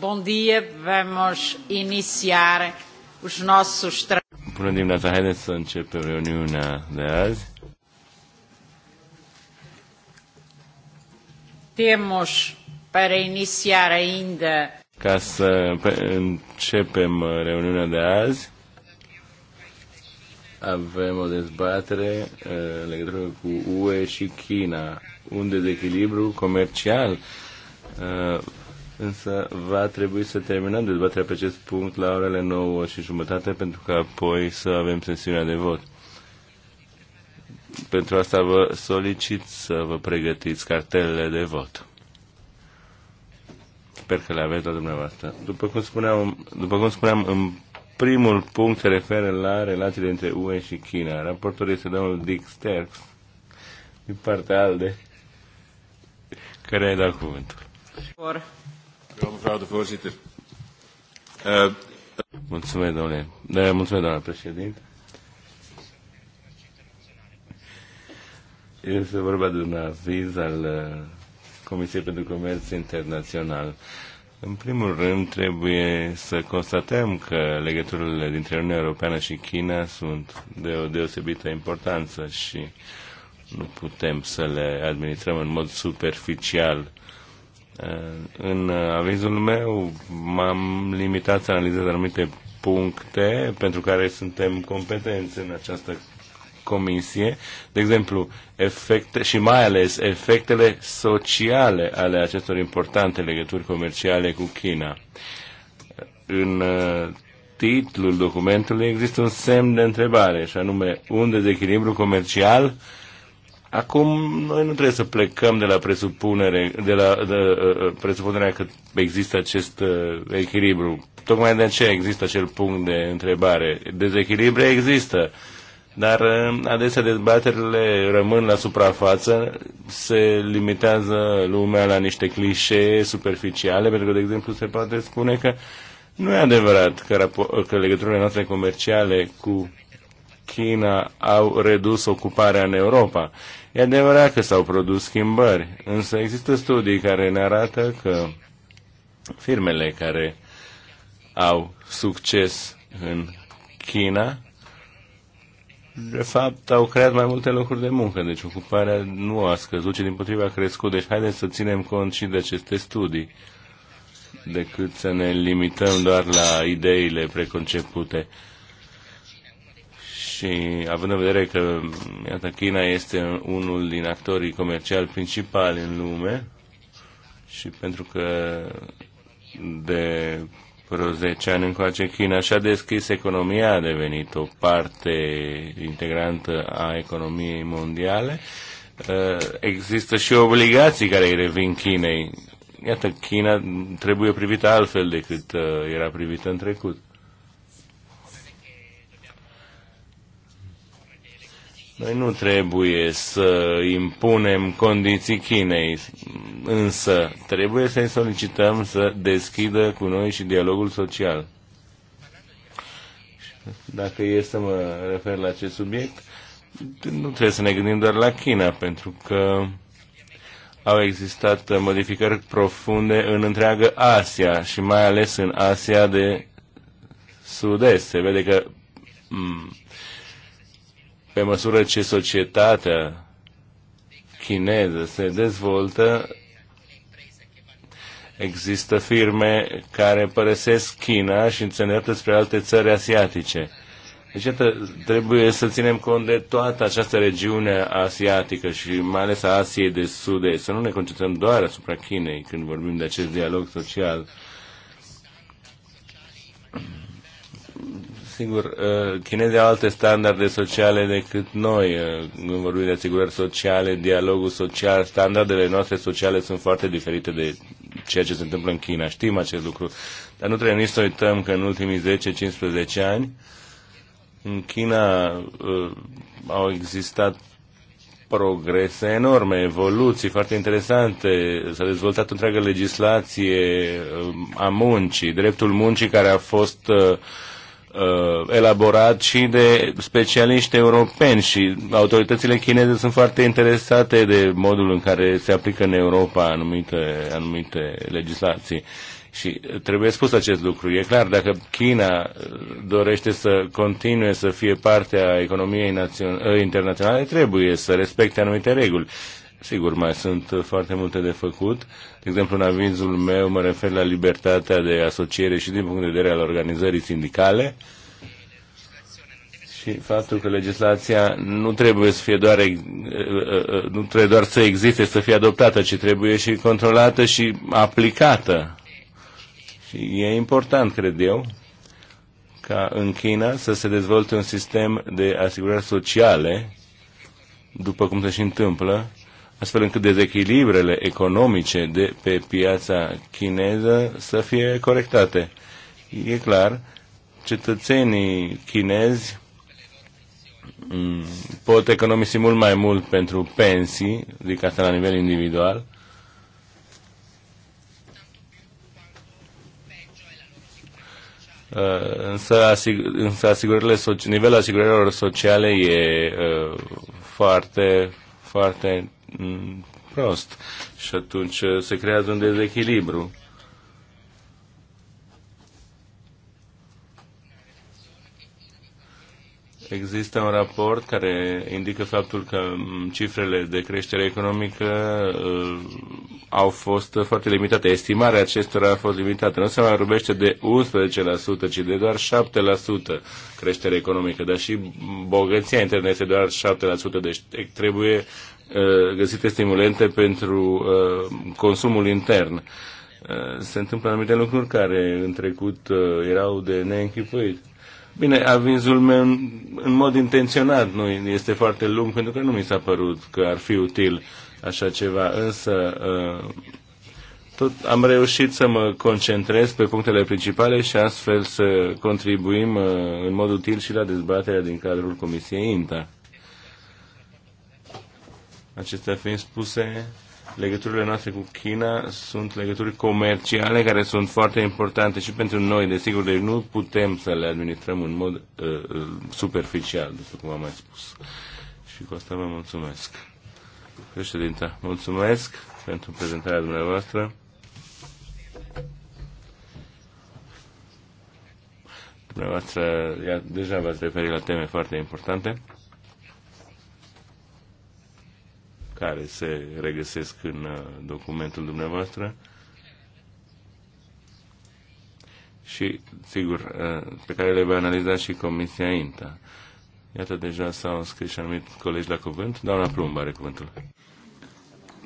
Bom dia, vamos iniciar os nossos Bună dimineața, haideți să începem reuniunea de azi. Temos para iniciar ainda ca să începem uh, reuniunea de azi. Avem o dezbatere uh, în legătură cu UE și China, un dezechilibru comercial uh, însă va trebui să terminăm dezbaterea pe acest punct la orele 9 și jumătate pentru că apoi să avem sesiunea de vot. Pentru asta vă solicit să vă pregătiți cartelele de vot. Sper că le aveți la dumneavoastră. După cum spuneam, după cum spuneam în primul punct se referă la relațiile între UE și China. Raportul este domnul Dick Sterks, din partea ALDE, care ai dat cuvântul. Eh, mulțumesc, domnule. Da, mulțumesc, doamna președinte. Este vorba de un aviz al eh, Comisiei pentru Comerț Internațional. În primul rând, trebuie să constatăm că legăturile dintre Uniunea Europeană și China sunt de o deosebită importanță și nu putem să le administrăm în mod superficial Eh, în avizul meu m-am limitat să analizez anumite puncte pentru care suntem competenți în această comisie, de exemplu, efecte și mai ales efectele sociale ale acestor importante legături comerciale cu China. În eh, titlul documentului există un semn de întrebare, și anume un dezechilibru comercial uh, Acum, noi nu trebuie să plecăm de la, presupunere, de la de, uh, uh, presupunerea că există acest uh, echilibru. Tocmai de aceea există acel punct de întrebare. Dezechilibre există, dar uh, adesea dezbaterile rămân la suprafață, se limitează lumea la niște clișee superficiale, pentru că, de exemplu, se poate spune că nu e adevărat că, că legăturile noastre comerciale cu China au redus ocuparea în Europa. E adevărat că s-au produs schimbări, însă există studii care ne arată că firmele care au succes în China, de fapt, au creat mai multe locuri de muncă, deci ocuparea nu a scăzut, ci din potriva a crescut. Deci haideți să ținem cont și de aceste studii, decât să ne limităm doar la ideile preconcepute și având în vedere că iată, China este unul din actorii comerciali principali în lume și pentru că de vreo 10 ani încoace China și-a deschis economia, a devenit o parte integrantă a economiei mondiale, eh, există și obligații care îi revin Chinei. Iată, China trebuie privită altfel decât eh, era privită în trecut. Noi nu trebuie să impunem condiții Chinei, însă trebuie să-i solicităm să deschidă cu noi și dialogul social. Dacă e să mă refer la acest subiect, nu trebuie să ne gândim doar la China, pentru că au existat modificări profunde în întreagă Asia și mai ales în Asia de Sud-Est. Se vede că mm, pe măsură ce societatea chineză se dezvoltă, există firme care părăsesc China și se îndreaptă spre alte țări asiatice. Deci, trebuie să ținem cont de toată această regiune asiatică și mai ales a Asiei de Sud-Est. Să nu ne concentrăm doar asupra Chinei când vorbim de acest dialog social. Sigur, uh, chinezii au alte standarde sociale decât noi. Uh, în vorbim de asigurări sociale, dialogul social, standardele noastre sociale sunt foarte diferite de ceea ce se întâmplă în China. Știm acest lucru. Dar nu trebuie nici să uităm că în ultimii 10-15 ani în China uh, au existat progrese enorme, evoluții foarte interesante. S-a dezvoltat întreaga legislație a muncii, dreptul muncii care a fost uh, uh, elaborat și de specialiști europeni și autoritățile chineze sunt foarte interesate de modul în care se aplică în Europa anumite, anumite legislații. Și trebuie spus acest lucru. E clar, dacă China uh, dorește să continue să fie parte a economiei uh, internaționale, trebuie să respecte anumite reguli. Sigur, mai sunt foarte multe de făcut. De exemplu, în avizul meu mă refer la libertatea de asociere și din punct de vedere al organizării sindicale și faptul că legislația nu trebuie să fie doar, ă, ă, ă, nu trebuie doar să existe, să fie adoptată, ci trebuie și controlată și aplicată. Și e important, cred eu, ca în China să se dezvolte un sistem de asigurări sociale, după cum se și întâmplă, astfel încât dezechilibrele economice de pe piața chineză să fie corectate. E clar, cetățenii chinezi mm, pot economisi mult mai mult pentru pensii, adică asta la nivel individual, uh, însă, asigur, însă asigurările nivelul asigurărilor sociale e uh, foarte, foarte Mm, prost și atunci uh, se creează un dezechilibru. Există un raport care indică faptul că mm, cifrele de creștere economică uh, au fost foarte limitate. Estimarea acestora a fost limitată. Nu se mai vorbește de 11%, ci de doar 7% creștere economică, dar și bogăția internă este doar 7%, deci trebuie Uh, găsite stimulente pentru uh, consumul intern. Uh, se întâmplă anumite lucruri care în trecut erau de neînchipuit. Bine, avizul meu în mod intenționat nu este foarte lung pentru că nu mi s-a părut că ar fi util așa ceva, însă tot am reușit să mă concentrez pe punctele principale și astfel să contribuim în mod util și la dezbaterea din cadrul Comisiei INTA. Acestea fiind spuse, legăturile noastre cu China sunt legături comerciale care sunt foarte importante și pentru noi, desigur, deci nu putem să le administrăm în mod uh, uh superficial, după cum am mai spus. Și cu asta vă mulțumesc. Președinte, mulțumesc pentru prezentarea dumneavoastră. Dumneavoastră, deja v-ați referit la teme foarte importante. care se regăsesc în uh, documentul dumneavoastră. Și, sigur, uh, pe care le va analiza și Comisia INTA. Iată, deja s-au scris și anumit colegi la cuvânt. Doamna Plumb are cuvântul.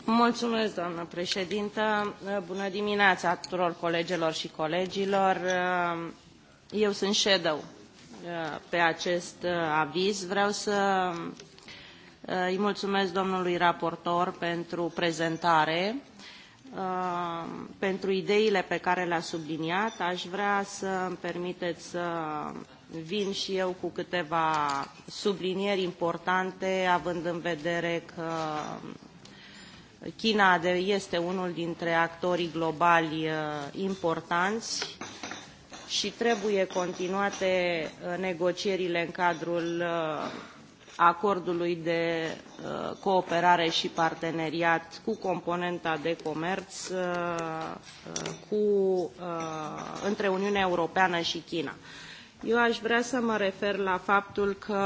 Mulțumesc, doamnă președintă. Bună dimineața tuturor colegelor și colegilor. Eu sunt shadow uh, pe acest aviz. Vreau să Uh, îi mulțumesc domnului raportor pentru prezentare, uh, pentru ideile pe care le-a subliniat. Aș vrea să îmi permiteți să vin și eu cu câteva sublinieri importante, având în vedere că China este unul dintre actorii globali uh, importanți și trebuie continuate negocierile în cadrul acordului de uh, cooperare și parteneriat cu componenta de comerț uh, uh, cu, între Uniunea Europeană și China. Eu aș vrea să mă refer la faptul că,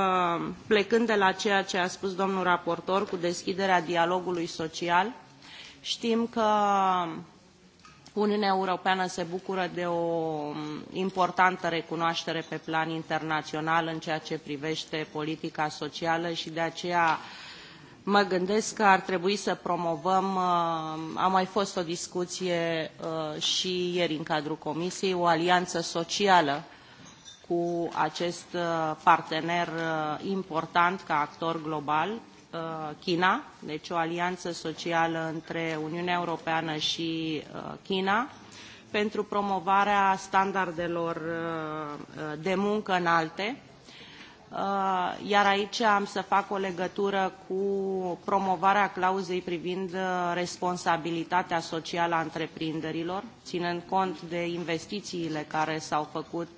plecând de la ceea ce a spus domnul raportor cu deschiderea dialogului social, știm că Uniunea Europeană se bucură de o mm, importantă recunoaștere pe plan internațional în ceea ce privește politica socială și de aceea mă gândesc că ar trebui să promovăm, mm, a mai fost o discuție mm, și ieri în cadrul Comisiei, o alianță socială cu acest partener important ca actor global Uh, China, deci o alianță socială între Uniunea Europeană și uh, China pentru promovarea standardelor uh, de muncă înalte, iar aici am să fac o legătură cu promovarea clauzei privind responsabilitatea socială a întreprinderilor, ținând cont de investițiile care s-au făcut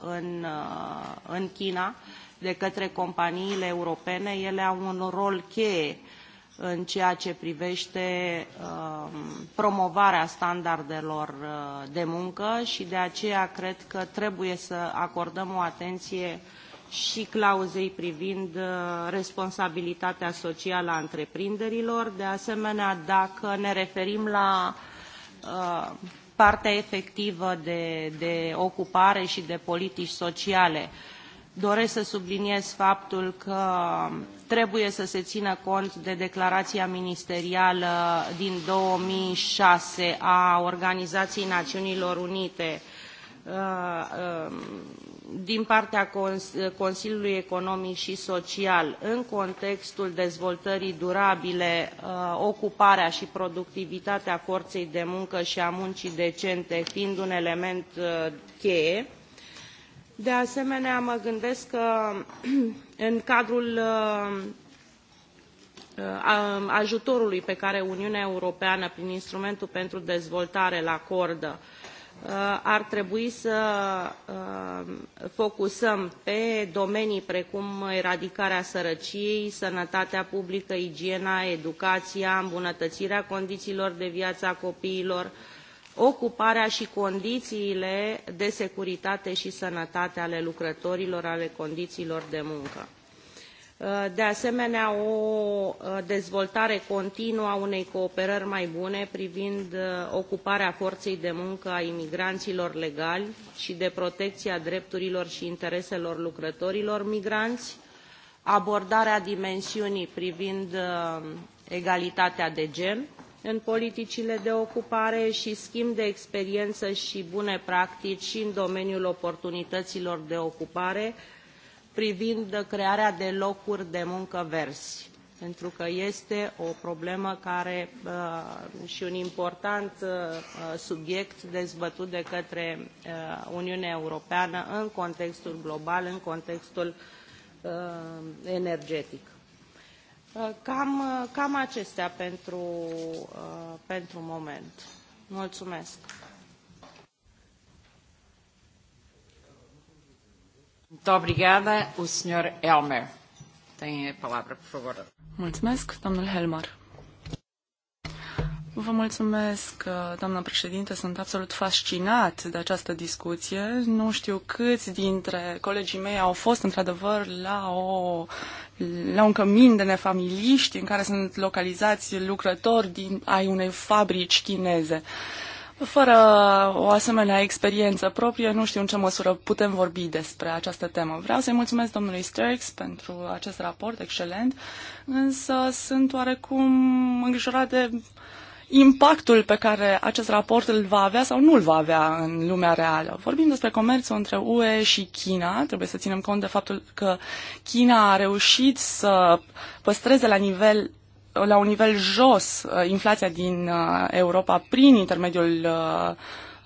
în, în China de către companiile europene, ele au un rol cheie în ceea ce privește uh, promovarea standardelor uh, de muncă și de aceea cred că trebuie să acordăm o atenție și clauzei privind uh, responsabilitatea socială a întreprinderilor. De asemenea, dacă ne referim la uh, partea efectivă de, de ocupare și de politici sociale, doresc să subliniez faptul că trebuie să se țină cont de declarația ministerială din 2006 a Organizației Națiunilor Unite uh, um, din partea Consiliului Economic și Social în contextul dezvoltării durabile, uh, ocuparea și productivitatea forței de muncă și a muncii decente fiind un element uh, cheie. De asemenea, mă gândesc că în cadrul uh, um, ajutorului pe care Uniunea Europeană prin instrumentul pentru dezvoltare la acordă uh, ar trebui să uh, focusăm pe domenii precum eradicarea sărăciei, sănătatea publică, igiena, educația, îmbunătățirea condițiilor de viață a copiilor, ocuparea și condițiile de securitate și sănătate ale lucrătorilor, ale condițiilor de muncă. Uh, de asemenea, o uh, dezvoltare continuă a unei cooperări mai bune privind uh, ocuparea forței de muncă a imigranților legali și de protecția drepturilor și intereselor lucrătorilor migranți, abordarea dimensiunii privind egalitatea de gen, în politicile de ocupare și schimb de experiență și bune practici și în domeniul oportunităților de ocupare privind crearea de locuri de muncă verzi, pentru că este o problemă care uh, și un important uh, subiect dezbătut de către uh, Uniunea Europeană în contextul global, în contextul energetic. Uh, cam, uh, cam acestea pentru, uh, pentru moment. Mulțumesc. obrigada. O senhor Elmer tem a palavra, por favor. Mulțumesc, domnul Helmer. Vă mulțumesc, doamna președinte. Sunt absolut fascinat de această discuție. Nu știu câți dintre colegii mei au fost într-adevăr la o la un cămin de nefamiliști în care sunt localizați lucrători din, ai unei fabrici chineze. Fără o asemenea experiență proprie, nu știu în ce măsură putem vorbi despre această temă. Vreau să-i mulțumesc domnului Sturks pentru acest raport excelent, însă sunt oarecum îngrijorat de impactul pe care acest raport îl va avea sau nu îl va avea în lumea reală. Vorbim despre comerțul între UE și China. Trebuie să ținem cont de faptul că China a reușit să păstreze la nivel la un nivel jos uh, inflația din uh, Europa prin intermediul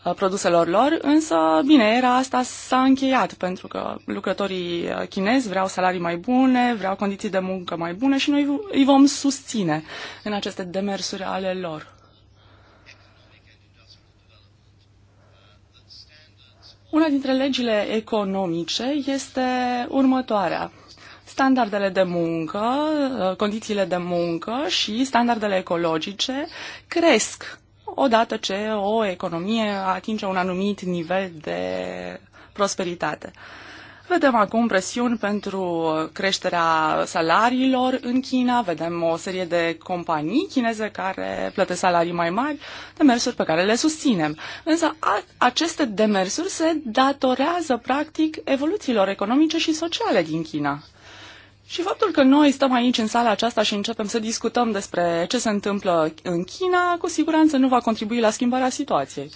uh, produselor lor, însă, bine, era asta s-a încheiat, pentru că lucrătorii chinezi vreau salarii mai bune, vreau condiții de muncă mai bune și noi îi vom susține în aceste demersuri ale lor. Una dintre legile economice este următoarea. Standardele de muncă, uh, condițiile de muncă și standardele ecologice cresc odată ce o economie atinge un anumit nivel de prosperitate. Uh, Vedem acum presiuni pentru creșterea salariilor în China, vedem o serie de companii chineze care plătesc salarii mai mari, demersuri pe care le susținem. Însă a, aceste demersuri se datorează practic evoluțiilor economice și sociale din China. Și faptul că noi stăm aici în sala aceasta și începem să discutăm despre ce se întâmplă în China, cu siguranță nu va contribui la schimbarea situației.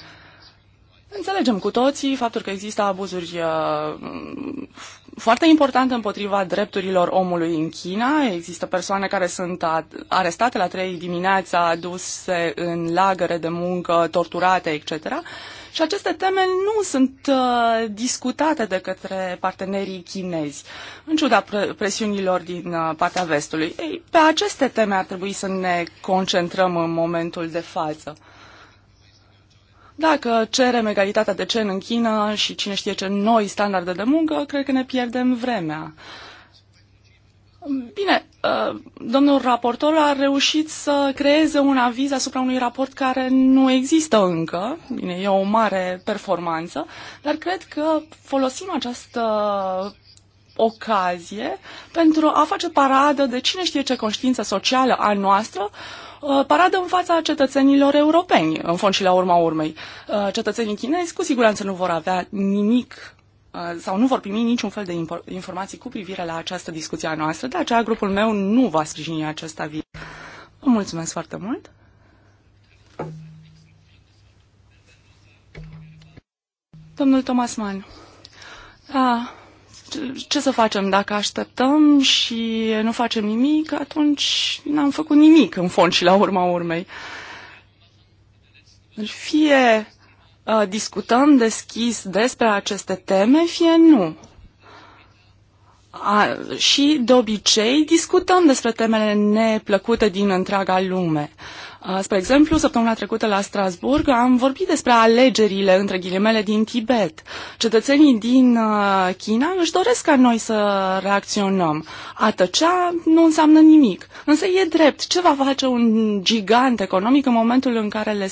Înțelegem cu toții faptul că există abuzuri uh, foarte importante împotriva drepturilor omului în China. Există persoane care sunt arestate la trei dimineața, aduse în lagăre de muncă, torturate, etc. Și aceste teme nu sunt uh, discutate de către partenerii chinezi, în ciuda presiunilor din uh, partea vestului. Ei, pe aceste teme ar trebui să ne concentrăm în momentul de față. Dacă cerem egalitatea de gen în China și cine știe ce noi standarde de muncă, cred că ne pierdem vremea. Bine, uh, domnul raportor a reușit să creeze un aviz asupra unui raport care nu există încă. Bine, e o mare performanță, dar cred că folosim această ocazie pentru a face paradă de cine știe ce conștiință socială a noastră uh, Uh, paradă în fața cetățenilor europeni, în fond și la urma urmei. Uh, cetățenii chinezi cu siguranță nu vor avea nimic uh, sau nu vor primi niciun fel de informații cu privire la această discuție a noastră, de aceea grupul meu nu va sprijini acest aviz. Vă mulțumesc foarte mult! Domnul Thomas Mann. Ah ce să facem dacă așteptăm și nu facem nimic, atunci n-am făcut nimic în fond și la urma urmei. Deci fie uh, discutăm deschis despre aceste teme, fie nu. A, și de obicei discutăm despre temele neplăcute din întreaga lume. Uh, Spre exemplu, săptămâna trecută la Strasburg am vorbit despre alegerile, între ghilimele, din Tibet. Cetățenii din China își doresc ca noi să reacționăm. A tăcea nu înseamnă nimic. Însă e drept. Ce va face un gigant economic în momentul în care le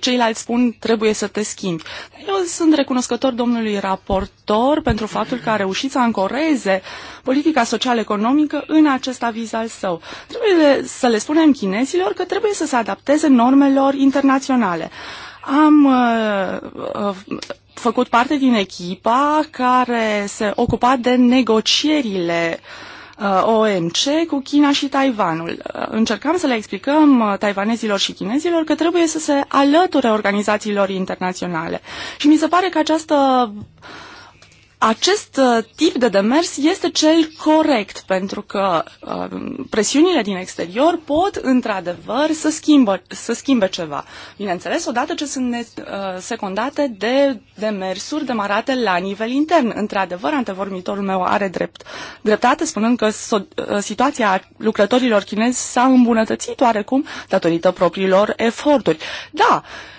ceilalți spun trebuie să te schimbi. Eu sunt recunoscător domnului raportor pentru faptul că a reușit să ancoreze politica social-economică în acest aviz al său. Trebuie să le spunem chinezilor că trebuie să se adapteze normelor internaționale. Am uh, uh, făcut parte din echipa care se ocupa de negocierile uh, Uh, OMC cu China și Taiwanul. Uh, Încercam să le explicăm uh, taiwanezilor și chinezilor că trebuie să se alăture organizațiilor internaționale. Și mi se pare că această uh, acest uh, tip de demers este cel corect, pentru că uh, presiunile din exterior pot, într-adevăr, să, schimbă, să schimbe ceva. Bineînțeles, odată ce sunt uh, secundate de demersuri demarate la nivel intern. Într-adevăr, antevormitorul meu are drept, dreptate, spunând că so- situația lucrătorilor chinezi s-a îmbunătățit oarecum datorită propriilor eforturi. Da, uh,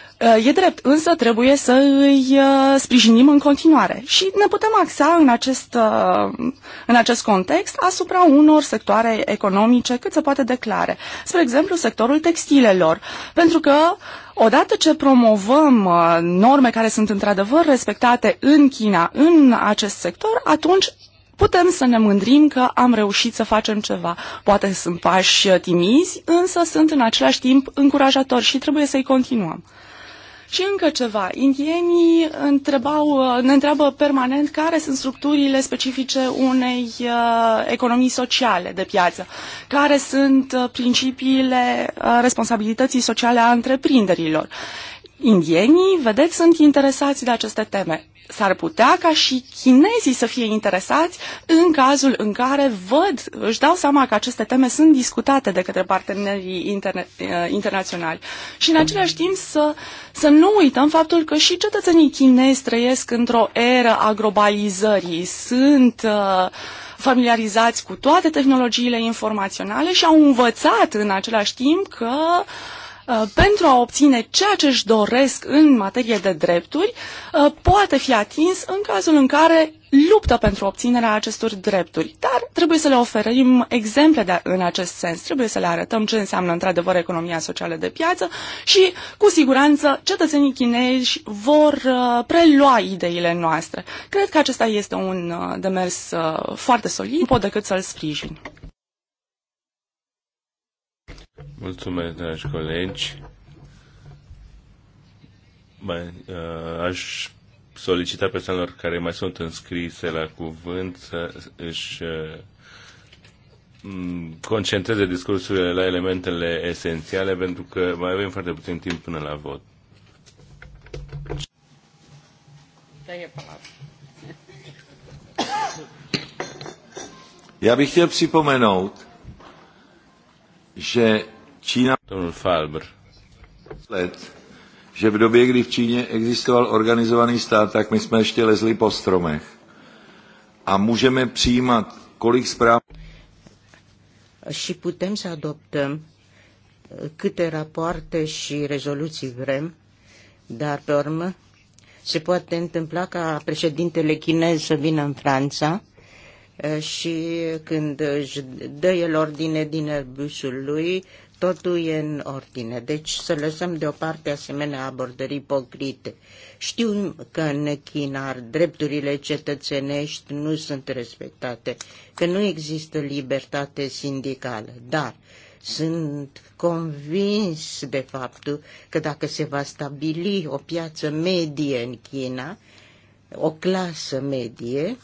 E drept, însă trebuie să îi uh, sprijinim în continuare și ne putem axa în acest, uh, în acest context asupra unor sectoare economice cât se poate declare. Spre exemplu, sectorul textilelor, pentru că Odată ce promovăm uh, norme care sunt într-adevăr respectate în China, în acest sector, atunci putem să ne mândrim că am reușit să facem ceva. Poate sunt pași timizi, însă sunt în același timp încurajatori și trebuie să-i continuăm. Și încă ceva, indienii întrebau, ne întreabă permanent care sunt structurile specifice unei uh, economii sociale de piață, care sunt uh, principiile uh, responsabilității sociale a întreprinderilor indienii, vedeți, sunt interesați de aceste teme. S-ar putea ca și chinezii să fie interesați în cazul în care văd, își dau seama că aceste teme sunt discutate de către partenerii interne, eh, internaționali. Și în același timp să, să nu uităm faptul că și cetățenii chinezi trăiesc într-o eră a globalizării. Sunt uh, familiarizați cu toate tehnologiile informaționale și au învățat în același timp că uh, Uh, pentru a obține ceea ce își doresc în materie de drepturi uh, poate fi atins în cazul în care luptă pentru obținerea acestor drepturi. Dar trebuie să le oferim exemple de, în acest sens. Trebuie să le arătăm ce înseamnă într-adevăr economia socială de piață și, cu siguranță, cetățenii chinezi vor uh, prelua ideile noastre. Cred că acesta este un demers foarte solid, nu pot decât să-l sprijin. Mulțumesc, dragi colegi. Mai, uh, aș solicita persoanelor care mai sunt înscrise la cuvânt să își uh, concentreze discursurile la elementele esențiale, pentru că mai avem foarte puțin timp până la vot. Já bych chtěl připomenout, že Čína... Domnul Falbr. Let, že v době, kdy v Číně existoval organizovaný stát, tak my jsme ještě lezli po stromech. A můžeme přijímat, kolik zpráv... Și putem să adoptăm uh, câte rapoarte și rezoluții vrem, dar pe urmă se poate întâmpla ca președintele chinez să vină în Franța uh, și când își dă el ordine din busul lui, totul e în ordine. Deci să lăsăm deoparte asemenea abordări ipocrite. Știu că în China drepturile cetățenești nu sunt respectate, că nu există libertate sindicală, dar sunt convins de faptul că dacă se va stabili o piață medie în China, o clasă medie,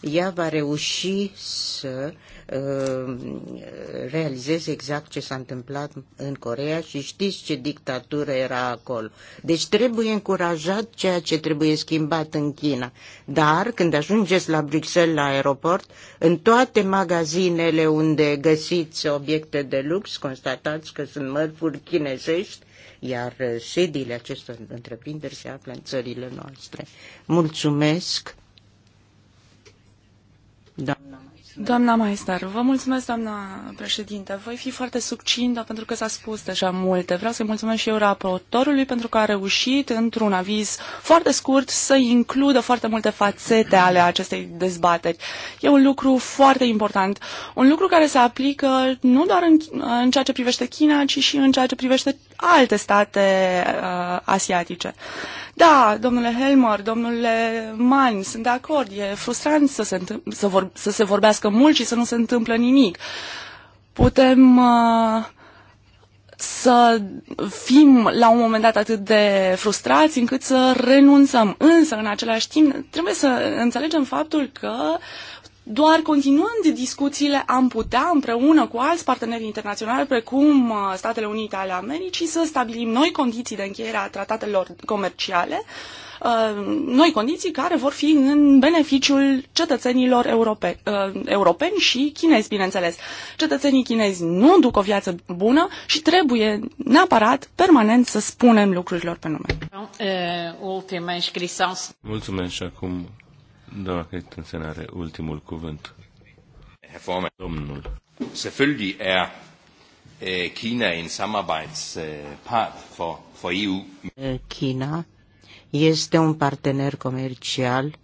ea va reuși să uh, realizeze exact ce s-a întâmplat în Corea și știți ce dictatură era acolo. Deci trebuie încurajat ceea ce trebuie schimbat în China. Dar când ajungeți la Bruxelles, la aeroport, în toate magazinele unde găsiți obiecte de lux, constatați că sunt mărfuri chinezești, iar sediile acestor întreprinderi se află în țările noastre. Mulțumesc! Doamna Maestar, vă mulțumesc, doamna președinte. Voi fi foarte succintă pentru că s-a spus deja multe. Vreau să-i mulțumesc și eu raportorului pentru că a reușit, într-un aviz foarte scurt, să includă foarte multe fațete ale acestei dezbateri. E un lucru foarte important. Un lucru care se aplică nu doar în, în ceea ce privește China, ci și în ceea ce privește alte state uh, asiatice. Da, domnule Helmer, domnule Mann, sunt de acord, e frustrant să se, să, vor, să se vorbească mult și să nu se întâmplă nimic. Putem uh, să fim la un moment dat atât de frustrați încât să renunțăm. Însă, în același timp, trebuie să înțelegem faptul că doar continuând discuțiile am putea împreună cu alți parteneri internaționali, precum uh, Statele Unite ale Americii, să stabilim noi condiții de încheiere a tratatelor comerciale, uh, noi condiții care vor fi în beneficiul cetățenilor europe, uh, europeni și chinezi, bineînțeles. Cetățenii chinezi nu duc o viață bună și trebuie neapărat permanent să spunem lucrurilor pe nume. Ultima eh, Mulțumesc și acum Doamna Christensen are ultimul cuvânt. Domnul. Selvfølgelig er China øh, en samarbejdspart for, for EU. Eh, China este un partener comercial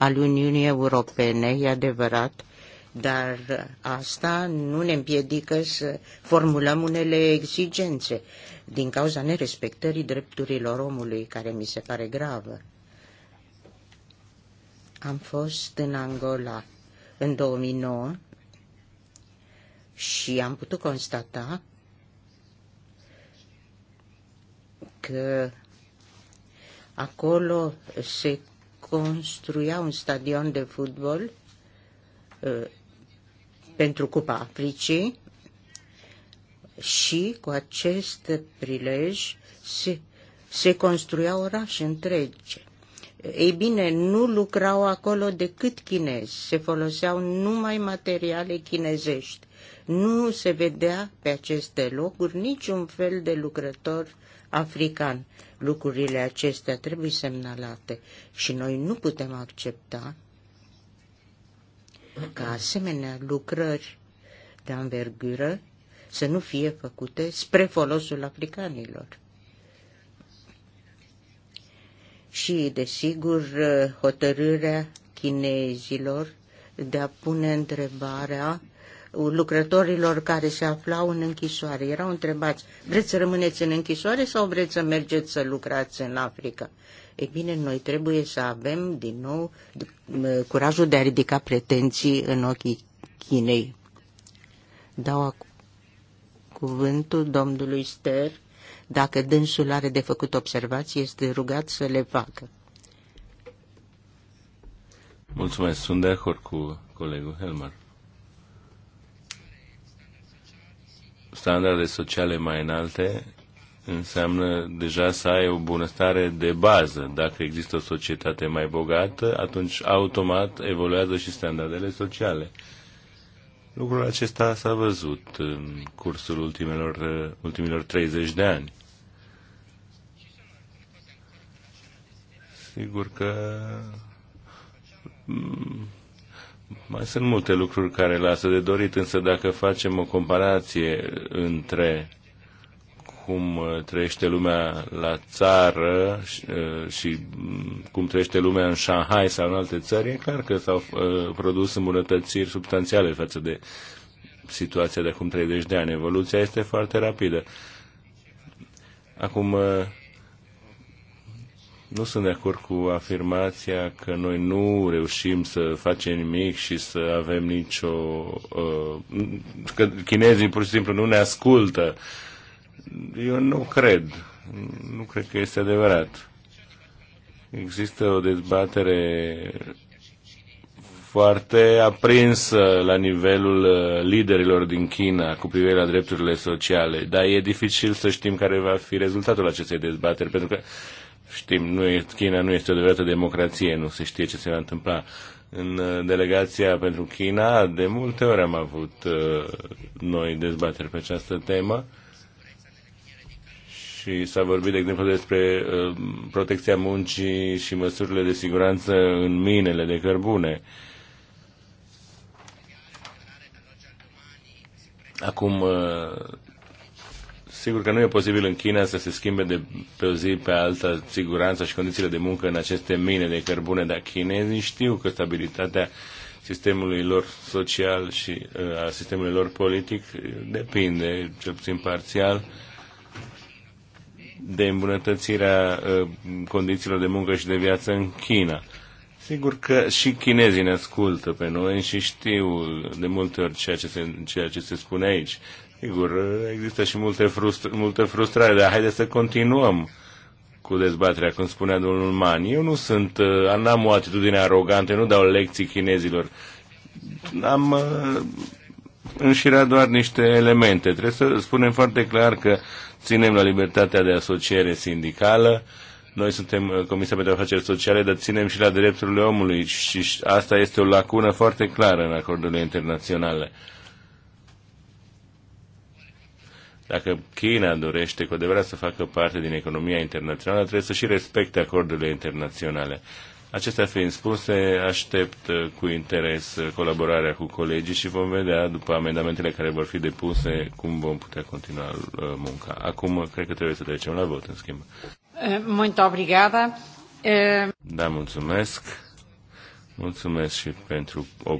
al Uniunii Europene, e adevărat, dar asta nu ne împiedică să formulăm unele exigențe din cauza nerespectării drepturilor omului, care mi se pare gravă am fost în Angola în 2009 și am putut constata că acolo se construia un stadion de fotbal uh, pentru Cupa Africii și cu acest prilej se, se construia orașe întregi. Ei bine, nu lucrau acolo decât chinezi, se foloseau numai materiale chinezești. Nu se vedea pe aceste locuri niciun fel de lucrător african. Lucrurile acestea trebuie semnalate și noi nu putem accepta ca asemenea lucrări de anvergură să nu fie făcute spre folosul africanilor. și, desigur, hotărârea chinezilor de a pune întrebarea lucrătorilor care se aflau în închisoare. Erau întrebați, vreți să rămâneți în închisoare sau vreți să mergeți să lucrați în Africa? Ei bine, noi trebuie să avem din nou curajul de a ridica pretenții în ochii Chinei. Dau cuvântul domnului Ster dacă dânsul are de făcut observații, este rugat să le facă. Mulțumesc, sunt de acord cu colegul Helmar. Standarde sociale mai înalte înseamnă deja să ai o bunăstare de bază. Dacă există o societate mai bogată, atunci automat evoluează și standardele sociale. Lucrul acesta s-a văzut în cursul ultimelor, ultimilor 30 de ani. Sigur că mm, mai sunt multe lucruri care lasă de dorit, însă dacă facem o comparație între cum uh, trăiește lumea la țară și, uh, mm, cum trăiește lumea în Shanghai sau în alte țări, e clar că s-au uh, produs îmbunătățiri substanțiale față de situația de acum 30 de ani. Evoluția este foarte rapidă. Acum, nu sunt de acord cu afirmația că noi nu reușim să facem nimic și să avem nicio... că chinezii pur și simplu nu ne ascultă eu nu cred. Nu cred că este adevărat. Există o dezbatere foarte aprinsă la nivelul uh, liderilor din China cu privire la drepturile sociale, dar e dificil să știm care va fi rezultatul acestei dezbateri, pentru că știm, nu e, China nu este o adevărată democrație, nu se știe ce se va întâmpla. În uh, delegația pentru China, de multe ori am avut uh, noi dezbateri pe această temă și s-a vorbit, de exemplu, despre uh, protecția muncii și măsurile de siguranță în minele de cărbune. Acum, uh, sigur că nu e posibil în China să se schimbe de pe o zi pe alta siguranța și condițiile de muncă în aceste mine de cărbune, dar chinezii știu că stabilitatea sistemului lor social și uh, a sistemului lor politic depinde, cel puțin parțial, de îmbunătățirea uh, condițiilor de muncă și de viață în China. Sigur că și chinezii ne ascultă pe noi și știu de multe ori ceea ce se, ceea ce se spune aici. Sigur, uh, există și multe, frustr- multe frustrare, dar haideți să continuăm cu dezbaterea, cum spunea domnul Man. Eu nu sunt, uh, n-am o atitudine arogantă, nu dau lecții chinezilor. Am înșira doar niște elemente. Trebuie să spunem foarte clar că ținem la libertatea de asociere sindicală, noi suntem uh, Comisia pentru Afaceri Sociale, dar ținem și la drepturile omului și asta este o lacună foarte clară în acordurile internaționale. Dacă China dorește cu adevărat să facă parte din economia internațională, trebuie să și respecte acordurile internaționale. Acestea fiind spuse, aștept uh, cu interes uh, colaborarea cu colegii și vom vedea după amendamentele care vor fi depuse cum vom putea continua uh, munca. Acum cred că trebuie să trecem la vot, în schimb. Eh, muito obrigada. Eh, da, mulțumesc. Mulțumesc și pentru o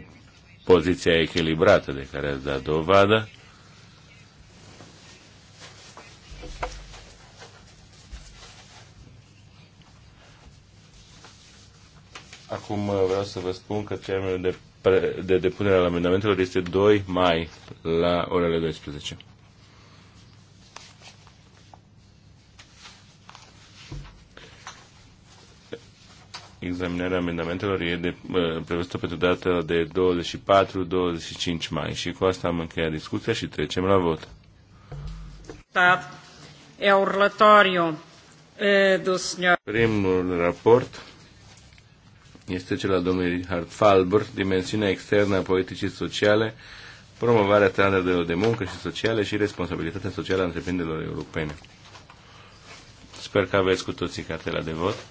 poziție echilibrată de care ați dat dovadă. Acum uh, vreau să vă spun că termenul de, pre, de depunere al amendamentelor este 2 mai la orele 12. examinarea amendamentelor e de, uh, prevăzută pentru data de 24-25 mai. Și cu asta am încheiat discuția și trecem la vot. Stat e urlătoriu uh, do Primul raport este cel al domnului Richard Falber, dimensiunea externă a politicii sociale, promovarea standardelor de muncă și sociale și responsabilitatea socială a întreprinderilor europene. Sper că aveți cu toții cartela de vot.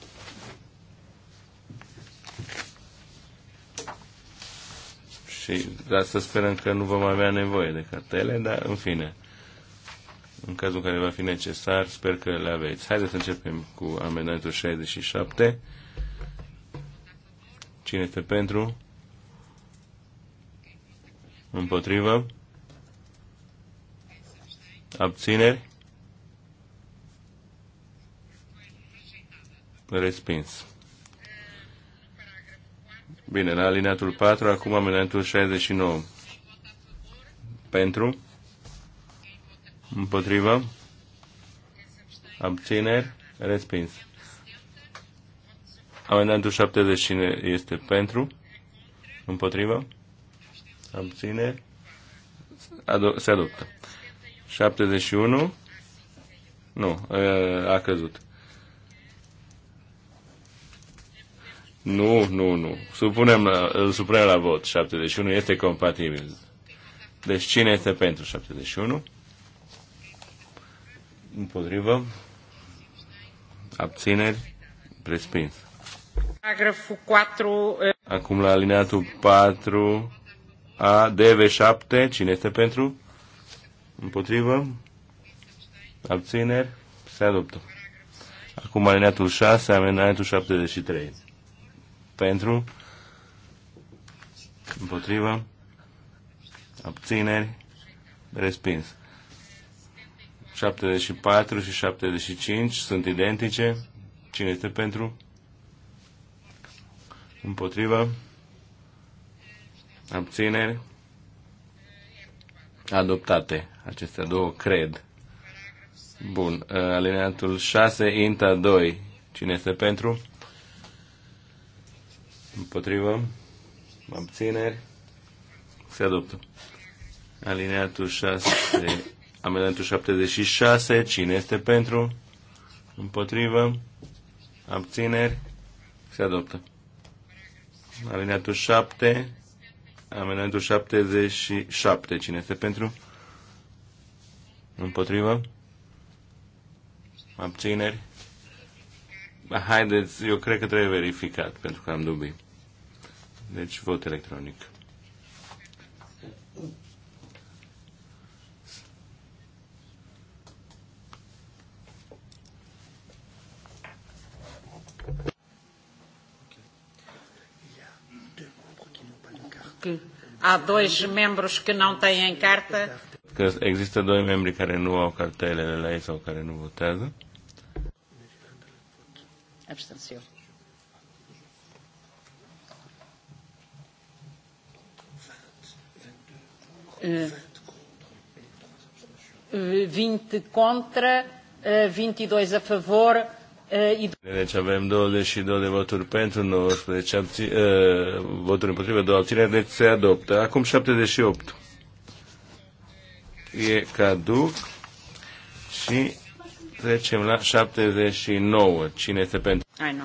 Și de asta sperăm că nu vom avea nevoie de cartele, dar în fine, în cazul în care va fi necesar, sper că le aveți. Haideți să începem cu amendamentul 67. Cine este pentru? Împotrivă? Abțineri? Respins. Bine, la alineatul 4, acum am alineatul 69. Pentru? Împotrivă? Abțineri? Respins. Amendamentul 70 este pentru? Împotrivă? Abține? Ado- se adoptă. 71? Nu, a căzut. Nu, nu, nu. Supunem la, îl supunem la vot. 71 este compatibil. Deci cine este pentru 71? Împotrivă? Abțineri? Respins. Paragraful 4. Eh, Acum la alineatul 4 a DV7, cine este pentru? Împotrivă? Abțineri? Se adoptă. Acum alineatul 6, amendamentul 73. Pentru? Împotrivă? Abțineri? Respins. 74 și 75 sunt identice. Cine este pentru? Împotrivă. Abțineri. Adoptate. Acestea două cred. Bun. Alineatul 6, INTA 2. Cine este pentru? Împotrivă. Abțineri. Se adoptă. Alineatul 6, amendamentul 76. Cine este pentru? Împotrivă. Abțineri. Se adoptă alineatul 7, amendamentul 77. Cine este pentru? Împotrivă? Abțineri? Haideți, eu cred că trebuie verificat, pentru că am dubii. Deci vot electronic. que há dois membros que não têm carta. Că există doi membri care nu au cartelele de ei sau care nu votează. Abstențion. Uh, 20 contra, uh, 22 a favor, deci avem 22 de voturi pentru, 19 uh, voturi împotrivă, 2 abțineri, deci se adoptă. Acum 78. E caduc și trecem la 79. Cine este pentru? Ai, nu.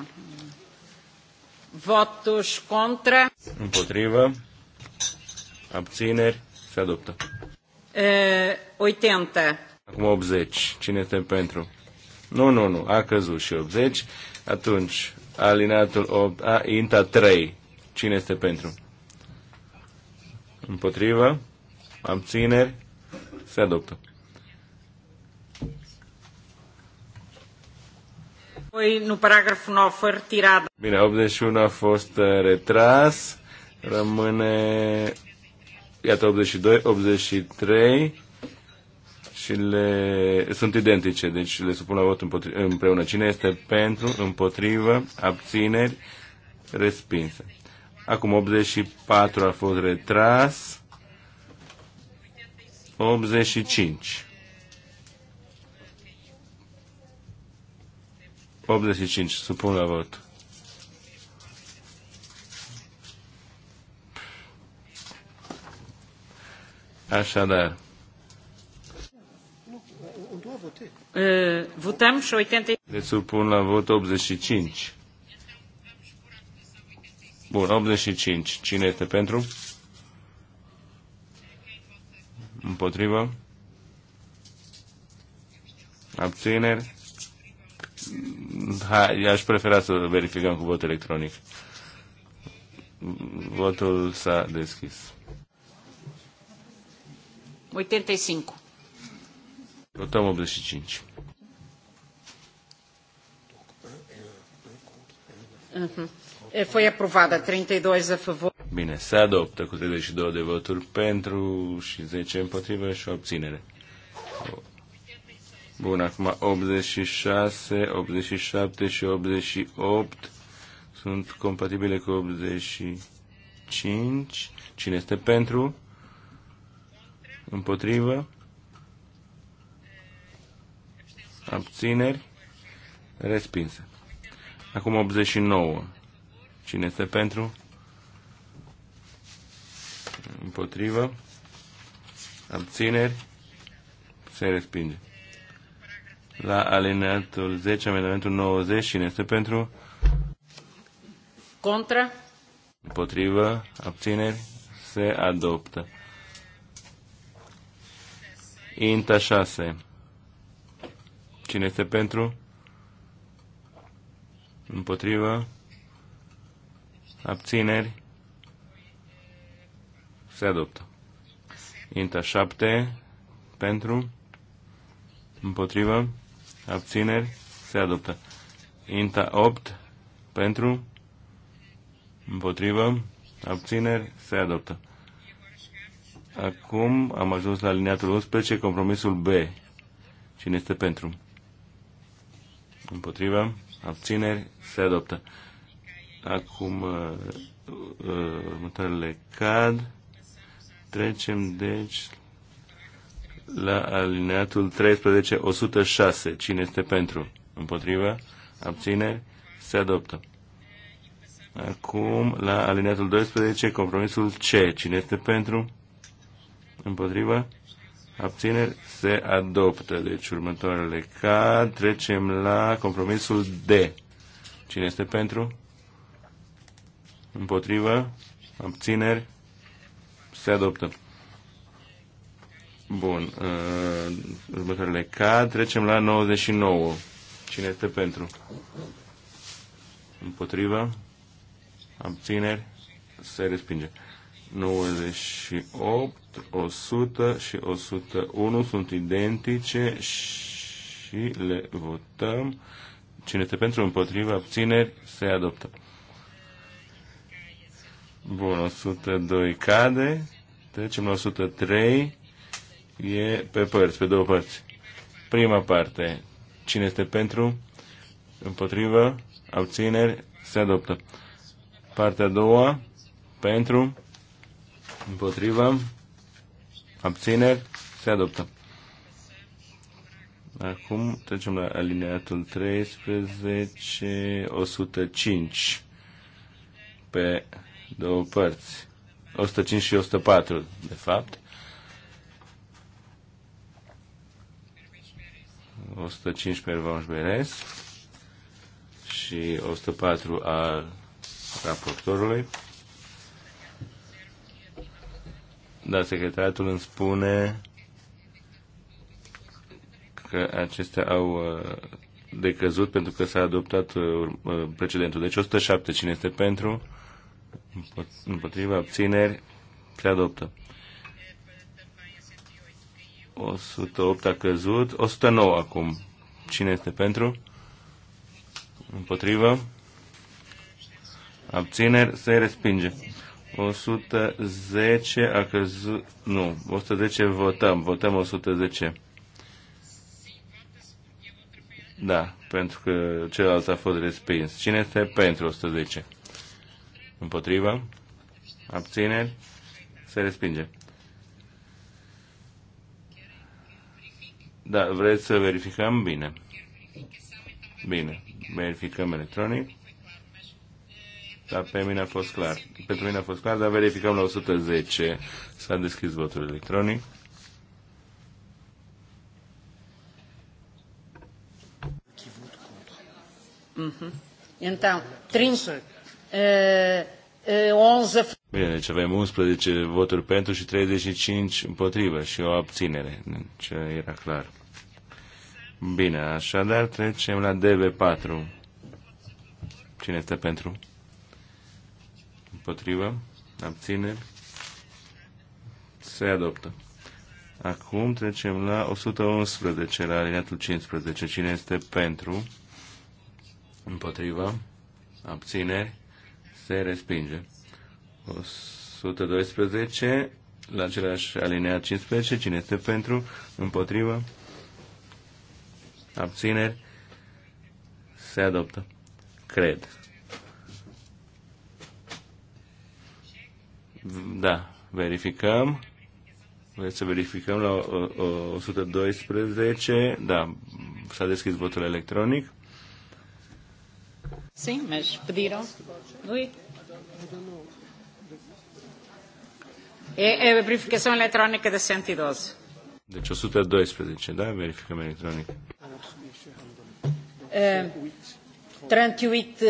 Votuși contra. Împotrivă. Abțineri. Se adoptă. E, 80. Acum 80. Cine este pentru? Nu, nu, nu, a căzut și 80. Atunci, alineatul 8, a, INTA 3. Cine este pentru? Împotrivă? țineri? Se adoptă. Păi, nu paragraful 9 a fost retirat. Bine, 81 a fost retras. Rămâne, iată, 82, 83, și le, sunt identice, deci le supun la vot împreună. Cine este pentru, împotrivă, abțineri, respinsă. Acum 84 a fost retras. 85. 85, supun la vot. Așadar, Eh, votăm și 80... Deci supun la vot 85. Bun, 85. Cine este pentru? Împotrivă? Abțineri? Hai, aș prefera să verificăm cu vot electronic. Votul s-a deschis. 85. Votăm 85. Uh-huh. Uhum. Foi aprovada 32 a favor. Bine, se adoptă cu 32 de voturi pentru și 10 împotrivă și obținere. Bun, acum 86, 87 și 88 sunt compatibile cu 85. Cine este pentru? Împotrivă? abțineri, respinsă. Acum 89. Cine este pentru? Împotrivă. Abțineri. Se respinge. La alineatul 10, amendamentul 90, cine este pentru? Contra. Împotrivă. Abțineri. Se adoptă. Inta 6. Cine este pentru? Împotrivă? Abțineri? Se adoptă. Inta 7 pentru? Împotrivă? Abțineri? Se adoptă. Inta 8 pentru? Împotrivă? Abțineri? Se adoptă. Acum am ajuns la liniatul 11, compromisul B. Cine este pentru? împotriva, Abțineri. Se adoptă. Acum uh, uh, următoarele cad. Trecem, deci, la alineatul 13, 106. Cine este pentru? Împotriva, Abține? Se adoptă. Acum, la alineatul 12, compromisul C. Cine este pentru? Împotriva, abțineri, se adoptă. Deci următoarele cad. Trecem la compromisul D. Cine este pentru? Împotrivă? Abțineri? Se adoptă. Bun. Uh, următoarele cad. Trecem la 99. Cine este pentru? Împotrivă? Abțineri? Se respinge. 98, 100 și 101 sunt identice și le votăm. Cine este pentru, împotriva, abțineri, se adoptă. Bun, 102 cade. Trecem la 103. E pe părți, pe două părți. Prima parte. Cine este pentru? împotriva Abțineri? Se adoptă. Partea a doua. Pentru? Împotrivă. Abțineri. Se adoptă. Acum trecem la alineatul 13, 105 pe două părți. 105 și 104, de fapt. 105 pe Vamos Beres și 104 al raportorului. dar secretariatul îmi spune că acestea au uh, decăzut pentru că s-a adoptat uh, uh, precedentul. Deci 107. Cine este pentru? Împotriva abțineri? Se adoptă. 108 a căzut. 109 acum. Cine este pentru? Împotrivă? Abțineri? Se respinge. 110 a căzut, nu, 110 votăm, votăm 110. Da, pentru că celălalt a fost respins. Cine este pentru 110? Împotriva? Abțineri? Se respinge. Da, vreți să verificăm? Bine. Bine. Verificăm electronic. Dar pe mine a fost clar. Pentru mine a fost clar, dar verificăm la 110. S-a deschis votul electronic. mm Então, 11... Bine, deci avem 11 voturi pentru și 35 împotrivă și o abținere. Deci era clar. Bine, așadar trecem la DV4. Cine este pentru? împotrivă, abțineri, se adoptă. Acum trecem la 111, la alineatul 15. Cine este pentru, împotriva, abțineri, se respinge. 112, la același alineat 15. Cine este pentru, împotriva, abțineri, se adoptă. Cred. Da, verificăm. Vreți să verificăm la 112? Uh, uh, da, s-a deschis votul electronic. Sim, mas pediram. Oui. É, E eh, eh, verificação eletrónica da 112. Deci 112, da? Verificăm electronic. Uh, 38... Uh,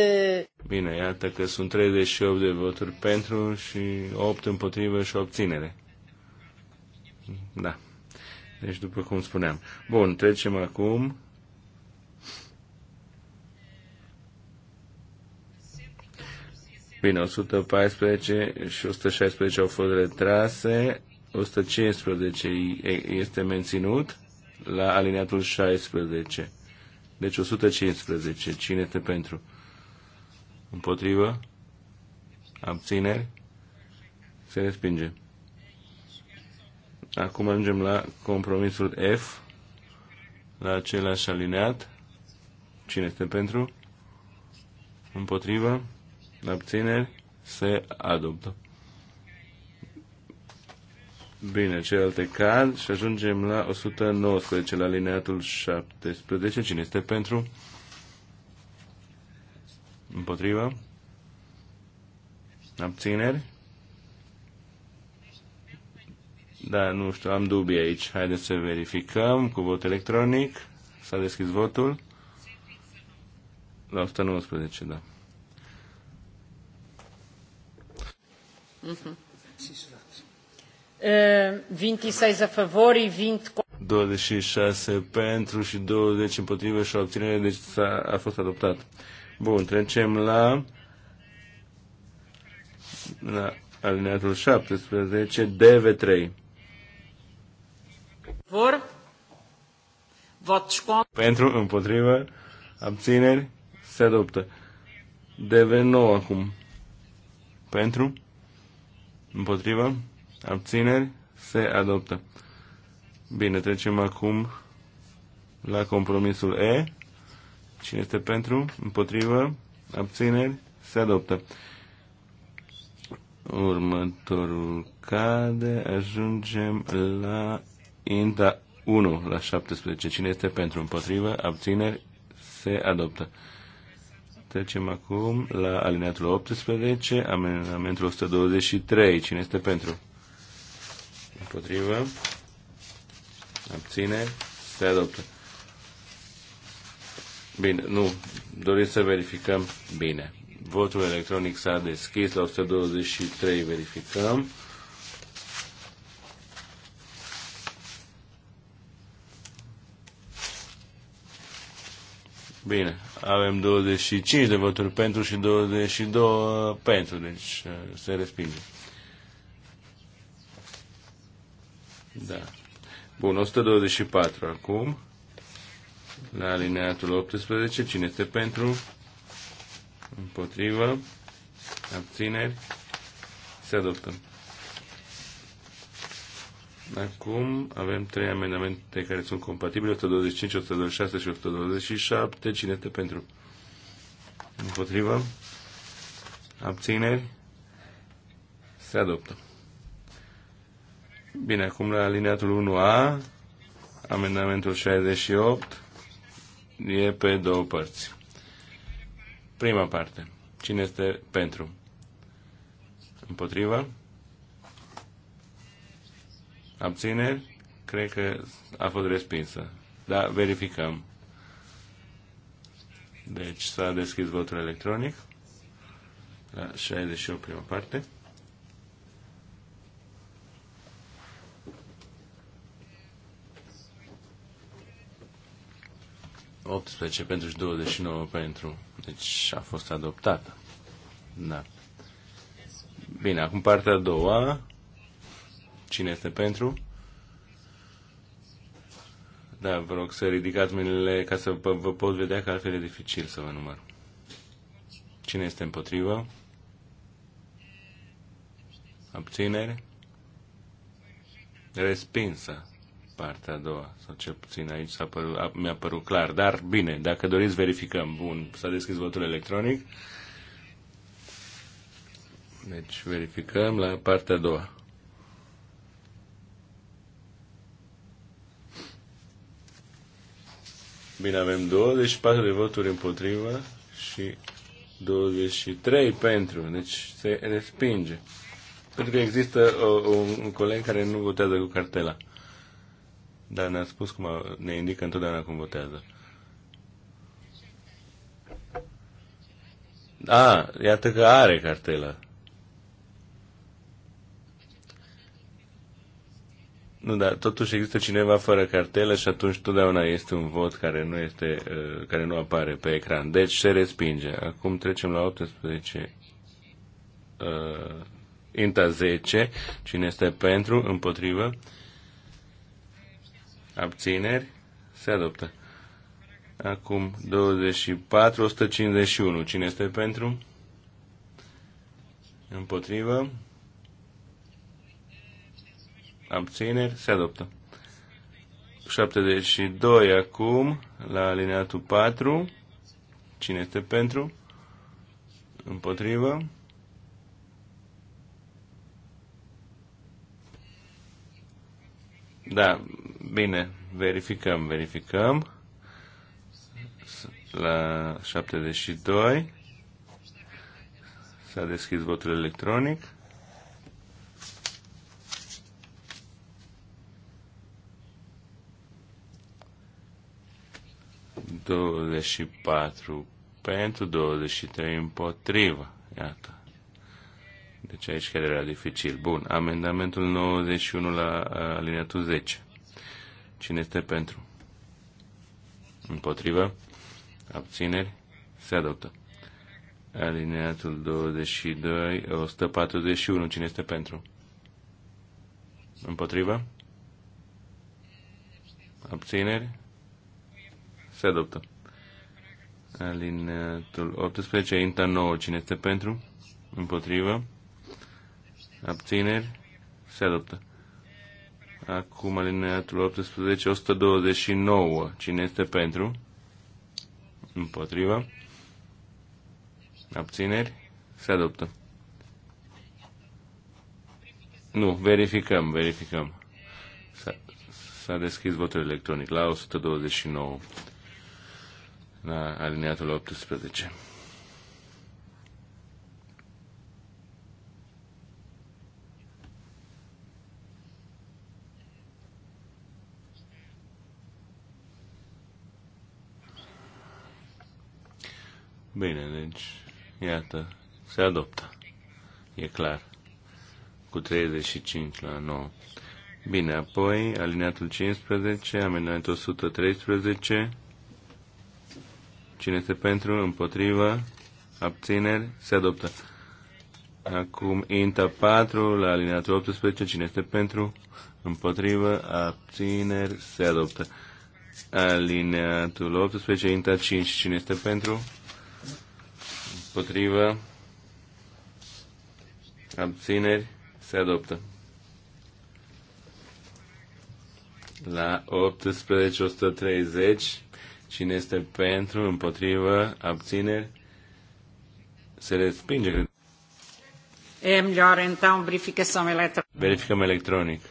Bine, iată că sunt 38 de voturi pentru și 8 împotrivă și obținere. Da. Deci, după cum spuneam. Bun, trecem acum Bine, 114 și 116 au fost retrase, 115 este menținut la alineatul 16. Deci 115. Cine te pentru? Împotrivă? Abțineri? Se respinge. Acum ajungem la compromisul F, la același alineat. Cine este pentru? Împotrivă? Abțineri? Se adoptă. Bine, celălalt ecran și ajungem la 119, la lineatul 17. Cine este pentru? Împotriva? Abțineri? Da, nu știu, am dubii aici. Haideți să verificăm cu vot electronic. S-a deschis votul. La 119, da. Mm-hmm. 26 a favor și 20 26 pentru și 20 împotrivă și o obținere, deci a a fost adoptat. Bun, trecem la, la alineatul 17, DV3. Vor? Vot Pentru, împotrivă, abțineri, se adoptă. DV9 acum. Pentru? Împotrivă? abțineri, se adoptă. Bine, trecem acum la compromisul E. Cine este pentru, împotrivă, abțineri, se adoptă. Următorul cade, ajungem la INTA 1 la 17. Cine este pentru, împotrivă, abțineri, se adoptă. Trecem acum la alineatul 18, amendamentul 123. Cine este pentru? Împotrivă. Abține. Se adoptă. Bine, nu. Doriți să verificăm? Bine. Votul electronic s-a deschis la 123. Verificăm. Bine, avem 25 de voturi pentru și 22 pentru, deci uh, se respinge. Da. Bun, 124 acum. La alineatul 18, cine este pentru? Împotrivă. Abțineri. Se adoptă. Acum avem trei amendamente care sunt compatibile, 125, 126 și 127. Cine este pentru? Împotrivă? Abțineri? Se adoptă. Bine, acum la alineatul 1A, amendamentul 68, e pe două părți. Prima parte. Cine este pentru? Împotriva? Abțineri? Cred că a fost respinsă. Da, verificăm. Deci s-a deschis votul electronic la 68 prima parte. 18 pentru și 29 pentru. Deci a fost adoptată. Da. Bine, acum partea a doua. Cine este pentru? Da, vă rog să ridicați mâinile ca să vă pot vedea că altfel e dificil să vă număr. Cine este împotrivă? Abțineri? Respinsă partea a doua, sau cel puțin aici s-a părut, a, mi-a părut clar. Dar bine, dacă doriți, verificăm. Bun, s-a deschis votul electronic. Deci verificăm la partea a doua. Bine, avem 24 de voturi împotriva și 23 pentru, deci se respinge. Pentru că există o, uh, un, un coleg care nu votează cu cartela dar ne-a spus cum a, ne indică întotdeauna cum votează. A, iată că are cartela. Nu, dar totuși există cineva fără cartelă și atunci totdeauna este un vot care nu, este, uh, care nu apare pe ecran. Deci se respinge. Acum trecem la 18. Uh, inta 10. Cine este pentru, împotrivă, abțineri, se adoptă. Acum 24, 151. Cine este pentru? Împotrivă. Abțineri. Se adoptă. 72 acum, la alineatul 4. Cine este pentru? Împotrivă. Da, Bine, verificăm, verificăm. La 72 s-a deschis votul electronic. Douăzeci și patru pentru, 23 împotrivă. Iată. Deci aici chiar era dificil. Bun, amendamentul 91 la uh, aliniatul 10. Cine este pentru? Împotrivă? Abțineri? Se adoptă. Alineatul 22, 141. Cine este pentru? Împotrivă? Abțineri? Se adoptă. Alineatul 18, inta 9. Cine este pentru? Împotrivă? Abțineri? Se adoptă. Acum alineatul 18, 129. Cine este pentru? Împotrivă. Abțineri? Se adoptă. Nu, verificăm, verificăm. S-a deschis votul electronic la 129, la alineatul 18. Bine, deci, iată, se adoptă. E clar. Cu 35 la 9. Bine, apoi, alineatul 15, amendamentul 113. Cine este pentru, împotrivă, abțineri, se adoptă. Acum, INTA 4, la alineatul 18, cine este pentru, împotrivă, abțineri, se adoptă. Alineatul 18, INTA 5, cine este pentru, Împotrivă. Abțineri. Se adoptă. La 18.130. Cine este pentru, împotrivă, abțineri? Se respinge, E É melhor então verificação eletrónica. Verificăm electronic.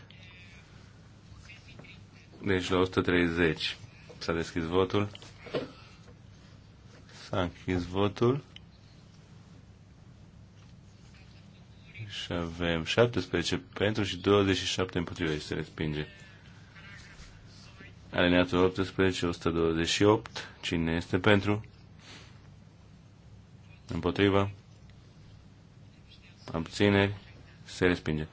Deci la 130 s-a deschis votul. S-a închis votul. și avem 17 pentru și 27 împotriva și deci se respinge. Aliniatul 18, 128, cine este pentru? Împotriva? Abțineri? Se respinge.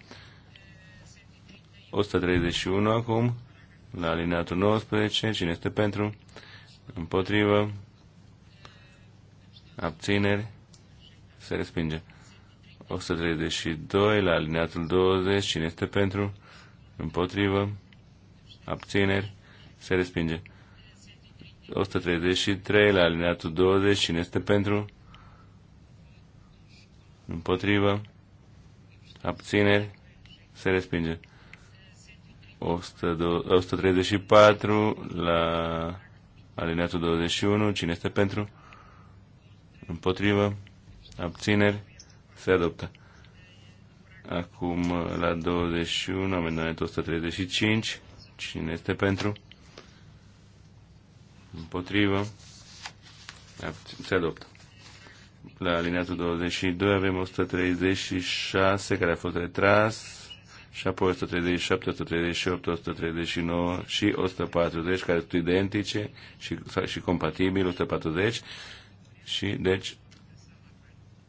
131 acum, la alineatul 19, cine este pentru? Împotriva? Abțineri? Se respinge. 132 la alineatul 20. Cine este pentru? Împotrivă? Abțineri? Se respinge. 133 la alineatul 20. Cine este pentru? Împotrivă? Abțineri? Se respinge. 134 la alineatul 21. Cine este pentru? Împotrivă? Abțineri? Se adoptă. Acum la 21, amendamentul 135. Cine este pentru? Împotrivă. Se adoptă. La alineatul 22 avem 136 care a fost retras și apoi 137, 138, 139 și 140 care sunt identice și, și compatibile, 140 și deci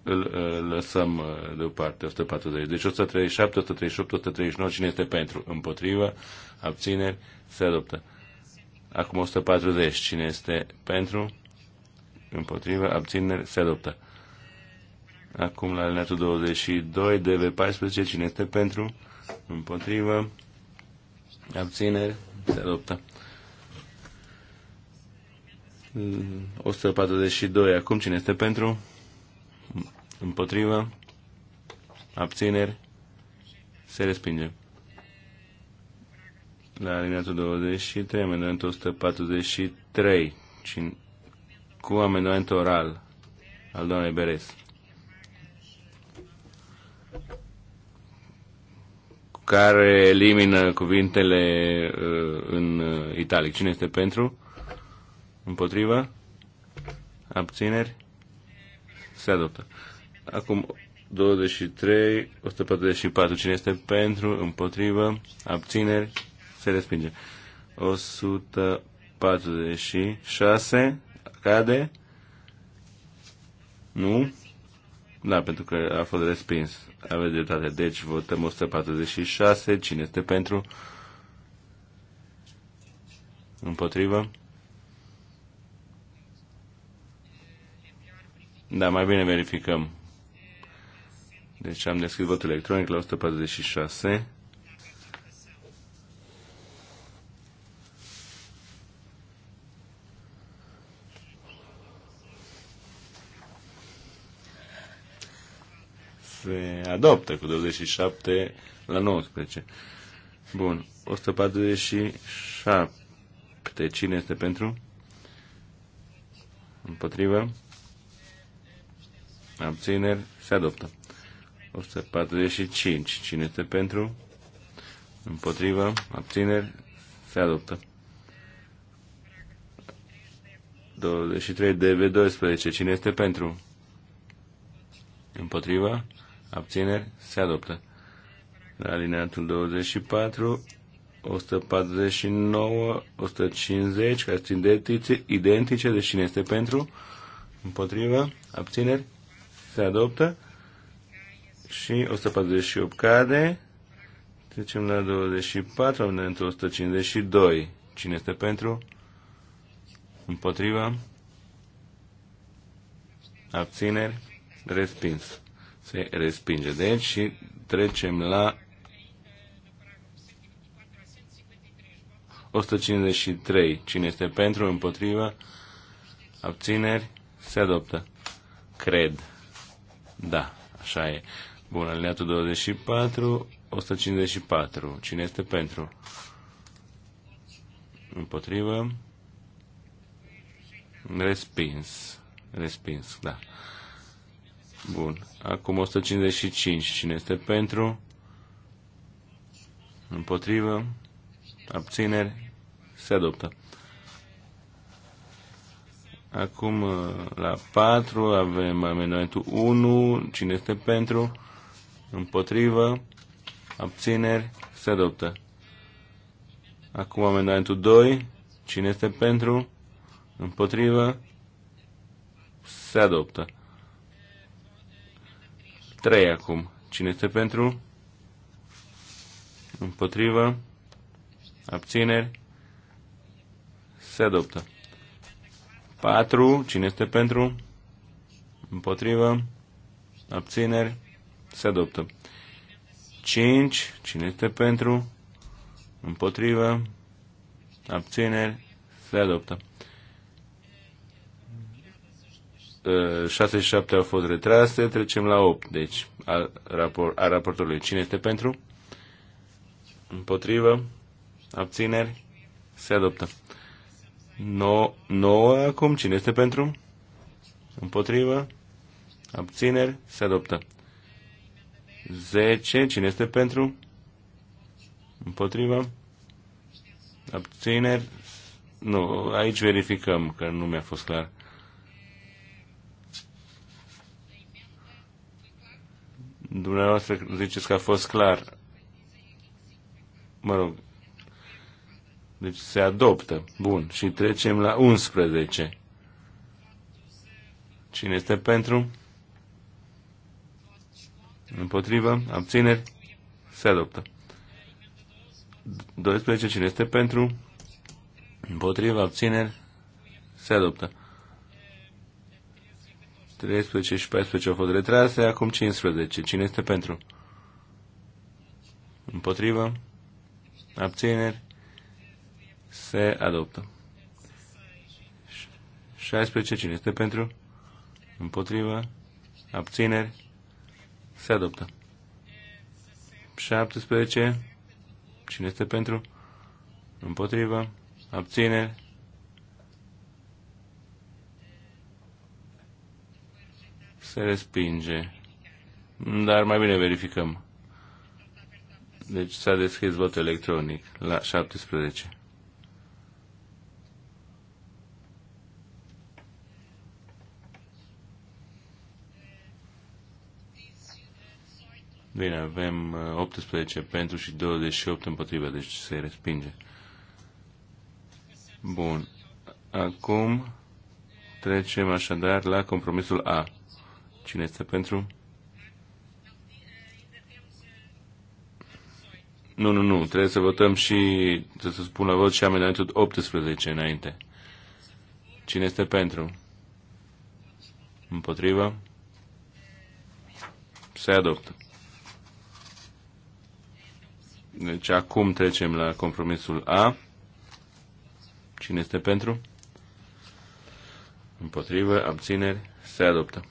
îl lăsăm uh, deoparte, 140. Deci 137, 138, 139, cine este pentru? Împotrivă, abțineri, se adoptă. Acum 140, cine este pentru? Împotrivă, abțineri, se adoptă. Acum la alineatul 22, DV14, cine este pentru? Împotrivă, abțineri, se adoptă. 142, mm, acum cine este pentru? Împotrivă. Abțineri. Se respinge. La alineatul 23, amendamentul 143, cu amendament oral al doamnei Beres. care elimină cuvintele uh, în uh, italic. Cine este pentru? Împotriva? Abțineri? Se adoptă. Acum 23, 144. Cine este pentru, împotrivă, abțineri, se respinge. 146 cade. Nu? Da, pentru că a fost respins. Aveți dreptate. Deci votăm 146. Cine este pentru? Împotrivă? Da, mai bine verificăm. Deci am deschis votul electronic la 146. Se adoptă cu 27 la 19. Bun. 147. Cine este pentru? Împotrivă? Abțineri? Se adoptă. 145. Cine este pentru? Împotrivă? Abțineri? Se adoptă. 23 DV12. Cine este pentru? Împotrivă? Abțineri? Se adoptă. La alineatul 24, 149, 150, care sunt identice, identice, deci cine este pentru? Împotrivă? Abțineri? Se adoptă. Și 148 cade. Trecem la 24, amendamentul 152. Cine este pentru? Împotriva? Abțineri? Respins. Se respinge. Deci și trecem la 153. Cine este pentru, împotriva, abțineri, se adoptă. Cred. Da, așa e. Bun, alineatul 24, 154. Cine este pentru? Împotrivă. Respins. Respins, da. Bun. Acum 155. Cine este pentru? Împotrivă. Abțineri. Se adoptă. Acum la 4 avem amendamentul 1. Cine este pentru? împotrivă, abțineri, se adoptă. Acum amendamentul 2, cine este pentru, împotrivă, se adoptă. 3 acum, cine este pentru, împotrivă, abțineri, se adoptă. 4, cine este pentru, împotrivă, abțineri, se adoptă. 5. Cine este pentru? Împotrivă? Abțineri? Se adoptă. 6 ă, și 7 au fost retrase, trecem la 8. Deci, a, rapor, a raportului. Cine este pentru? Împotrivă? Abțineri? Se adoptă. 9, no, acum. Cine este pentru? Împotrivă? Abțineri? Se adoptă. 10. Cine este pentru? Împotriva? Abțineri? Nu, aici verificăm, că nu mi-a fost clar. Dumneavoastră ziceți că a fost clar. Mă rog. Deci se adoptă. Bun. Și trecem la 11. Cine este pentru? Împotrivă. Abțineri. Se adoptă. 12. Cine este pentru? Împotrivă. Abțineri. Se adoptă. 13 și 14 au fost retrase, acum 15. Cine este pentru? Împotrivă? Abțineri? Se adoptă. 16. Cine este pentru? Împotrivă? Abțineri? Se adoptă. 17. Cine este pentru? Împotrivă. Abțineri. Se respinge. Dar mai bine verificăm. Deci s-a deschis votul electronic la 17. Bine, avem 18 uh, pentru și 28 împotriva, deci se respinge. Bun. Acum trecem așadar la compromisul A. Cine este pentru? Nu, nu, nu. Trebuie să votăm și, să spun la vot și amendamentul 18 înainte. Cine este pentru? Împotriva? Se adoptă. Deci acum trecem la compromisul A. Cine este pentru? Împotrivă, abțineri, se adoptă.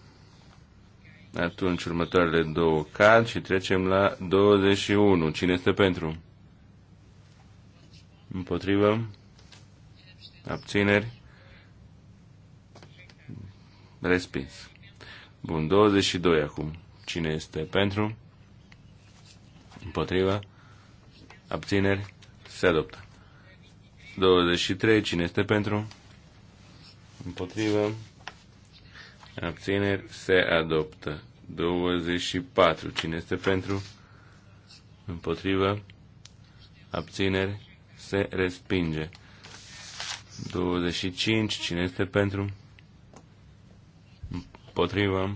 Atunci următoarele două cad și trecem la 21. Cine este pentru? Împotrivă, abțineri, respins. Bun, 22 acum. Cine este pentru? Împotrivă, Abțineri? Se adoptă. 23. Cine este pentru? Împotrivă. Abțineri? Se adoptă. 24. Cine este pentru? Împotrivă. Abțineri? Se respinge. 25. Cine este pentru? Împotrivă.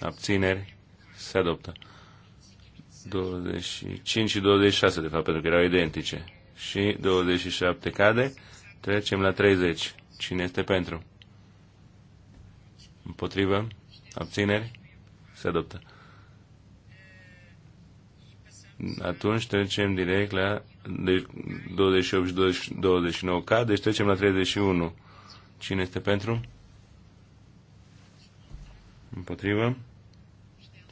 Abțineri? Se adoptă. 25 și 26, de fapt, pentru că erau identice. Și 27 cade. Trecem la 30. Cine este pentru? Împotrivă? Abțineri? Se adoptă. Atunci trecem direct la 28 deci, și 29 cade, deci trecem la 31. Cine este pentru? Împotrivă?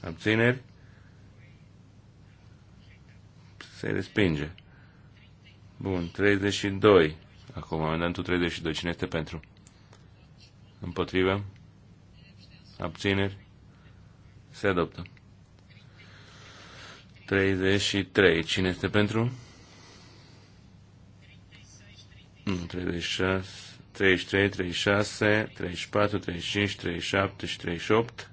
Abțineri? Se respinge. Bun, 32. Acum, amendamentul 32. Cine este pentru? Împotrivă? Abțineri? Se adoptă. 33. Cine este pentru? 36, 33, 36, 34, 35, 37 și 38.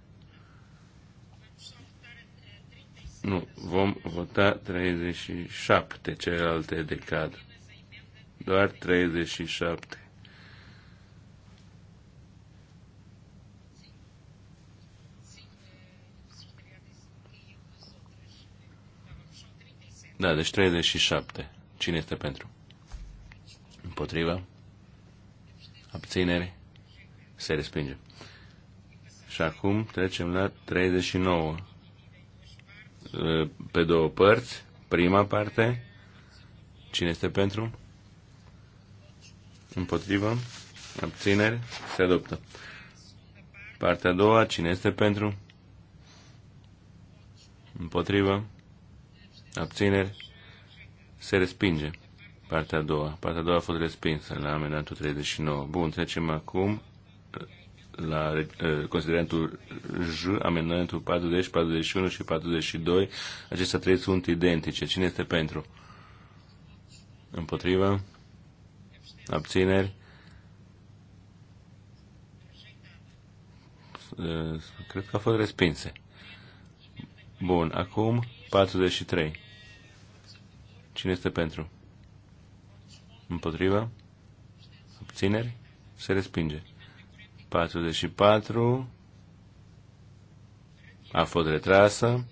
Nu, vom vota 37 celelalte de cadru. Doar 37. Da, deci 37. Cine este pentru? Împotriva? Abțineri? Se respinge. Și acum trecem la 39 Eh, pe două părți. Prima parte. Cine este pentru? Împotrivă. Abțineri. Se adoptă. Partea a doua. Cine este pentru? Împotrivă. Abțineri. Se respinge. Partea a doua. Partea a doua a fost respinsă la amendamentul 39. Bun, trecem acum la uh, considerentul J, amendamentul 40, 41 și 42. Acestea trei sunt identice. Cine este pentru? Împotrivă? Abțineri? Uh, cred că au fost respinse. Bun, acum 43. Cine este pentru? Împotrivă? Abțineri? Se respinge. 44 a fost retrasă.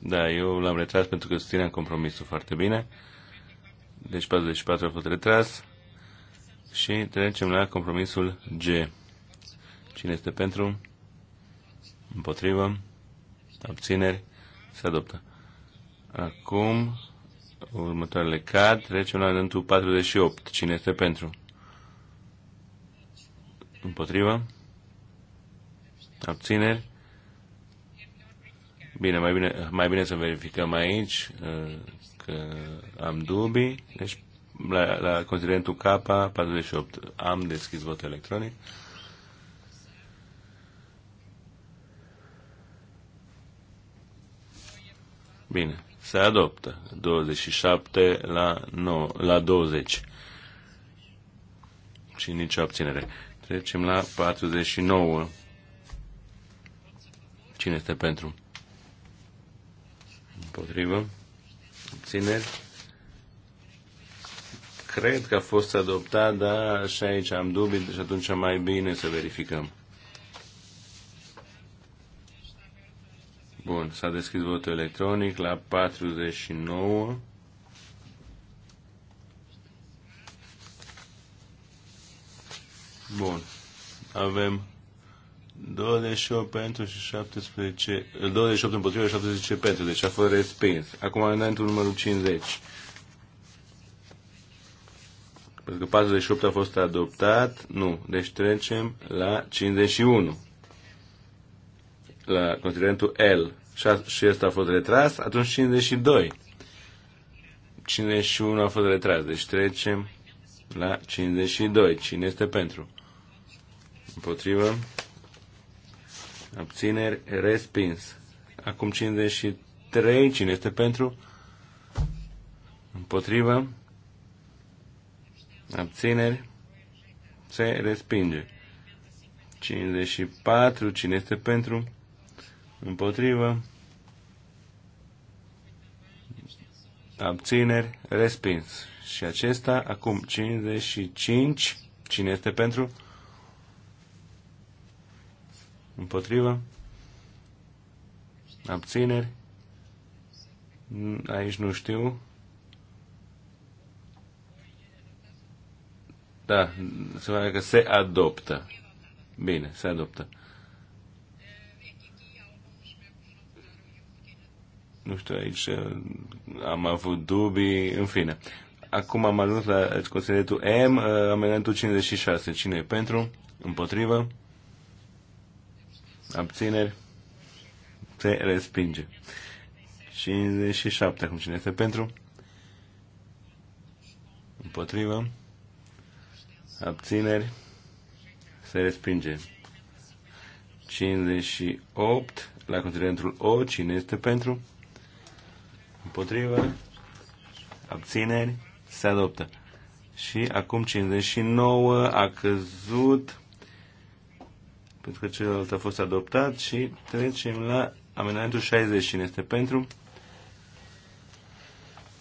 Da, eu l-am retras pentru că susțineam compromisul foarte bine. Deci 44 a fost retras. Și trecem la compromisul G. Cine este pentru? Împotrivă? Abțineri? Se adoptă. Acum, următoarele cad. Trecem la rândul 48. Cine este pentru? Împotrivă? Abțineri? Bine, mai bine, mai bine să verificăm aici uh, că am dubii. Deci, la, la considerentul K, 48, am deschis votul electronic. Bine, se adoptă 27 la, 9, la 20 și nicio abținere. Trecem la 49. Cine este pentru? Împotrivă. Țineri. Cred că a fost adoptat, dar și aici am dubii, deci atunci mai bine să verificăm. Bun, s-a deschis votul electronic la 49. Bun. Avem 28 pentru și 17, 28 împotriva și 17 pentru, deci a fost respins. Acum amendamentul numărul 50. Pentru că 48 a fost adoptat, nu. Deci trecem la 51. La considerentul L. Și ăsta a fost retras, atunci 52. 51 a fost retras, deci trecem la 52. Cine este pentru? Împotrivă. Abțineri. Respins. Acum 53. Cine este pentru? Împotrivă. Abțineri. Se respinge. 54. Cine este pentru? Împotrivă. Abțineri. Respins. Și acesta, acum 55. Cine este pentru? Împotrivă? Abțineri? Aici nu știu. Da, se pare că se adoptă. Bine, se adoptă. Nu știu, aici uh, am avut dubii, în fine. Acum am ajuns la considerentul M, uh, amendamentul 56. Cine e pentru? Împotrivă? abțineri, se respinge. 57 acum cine este pentru? Împotrivă. Abțineri. Se respinge. 58 la considerentul O. Cine este pentru? Împotrivă. Abțineri. Se adoptă. Și acum 59 a căzut pentru că celălalt a fost adoptat și trecem la amendamentul 60. Cine este pentru?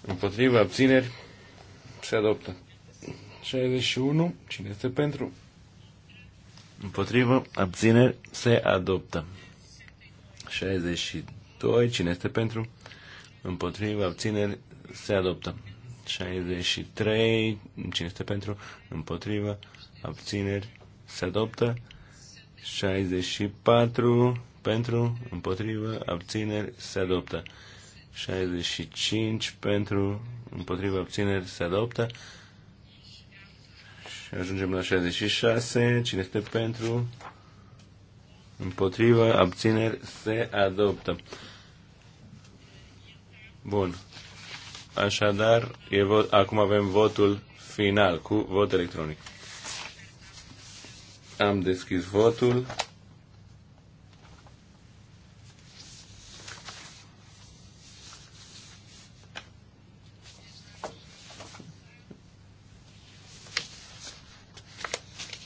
Împotriva abțineri se adoptă. 61. Cine este pentru? împotriva abțineri, se adoptă. 62. Cine este pentru? împotriva abțineri, se adoptă. 63. Cine este pentru? împotriva abțineri, se adoptă. 64 pentru, împotrivă, abțineri, se adoptă. 65 pentru, împotrivă, abțineri, se adoptă. Și ajungem la 66. Cine este pentru? Împotrivă, abțineri, se adoptă. Bun. Așadar, e vot, acum avem votul final cu vot electronic. Am deschis votul.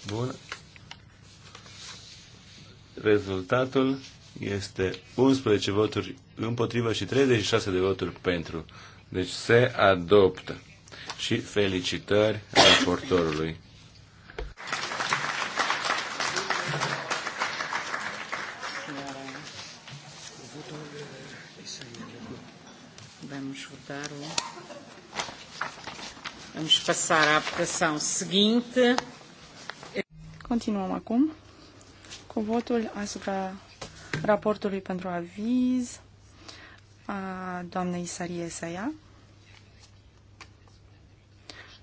Bun. Rezultatul este 11 voturi împotrivă și 36 de voturi pentru. Deci se adoptă. Și felicitări raportorului. passar à votação seguinte. Continuăm acum cu votul asupra raportului pentru aviz a doamnei Sarie Saia.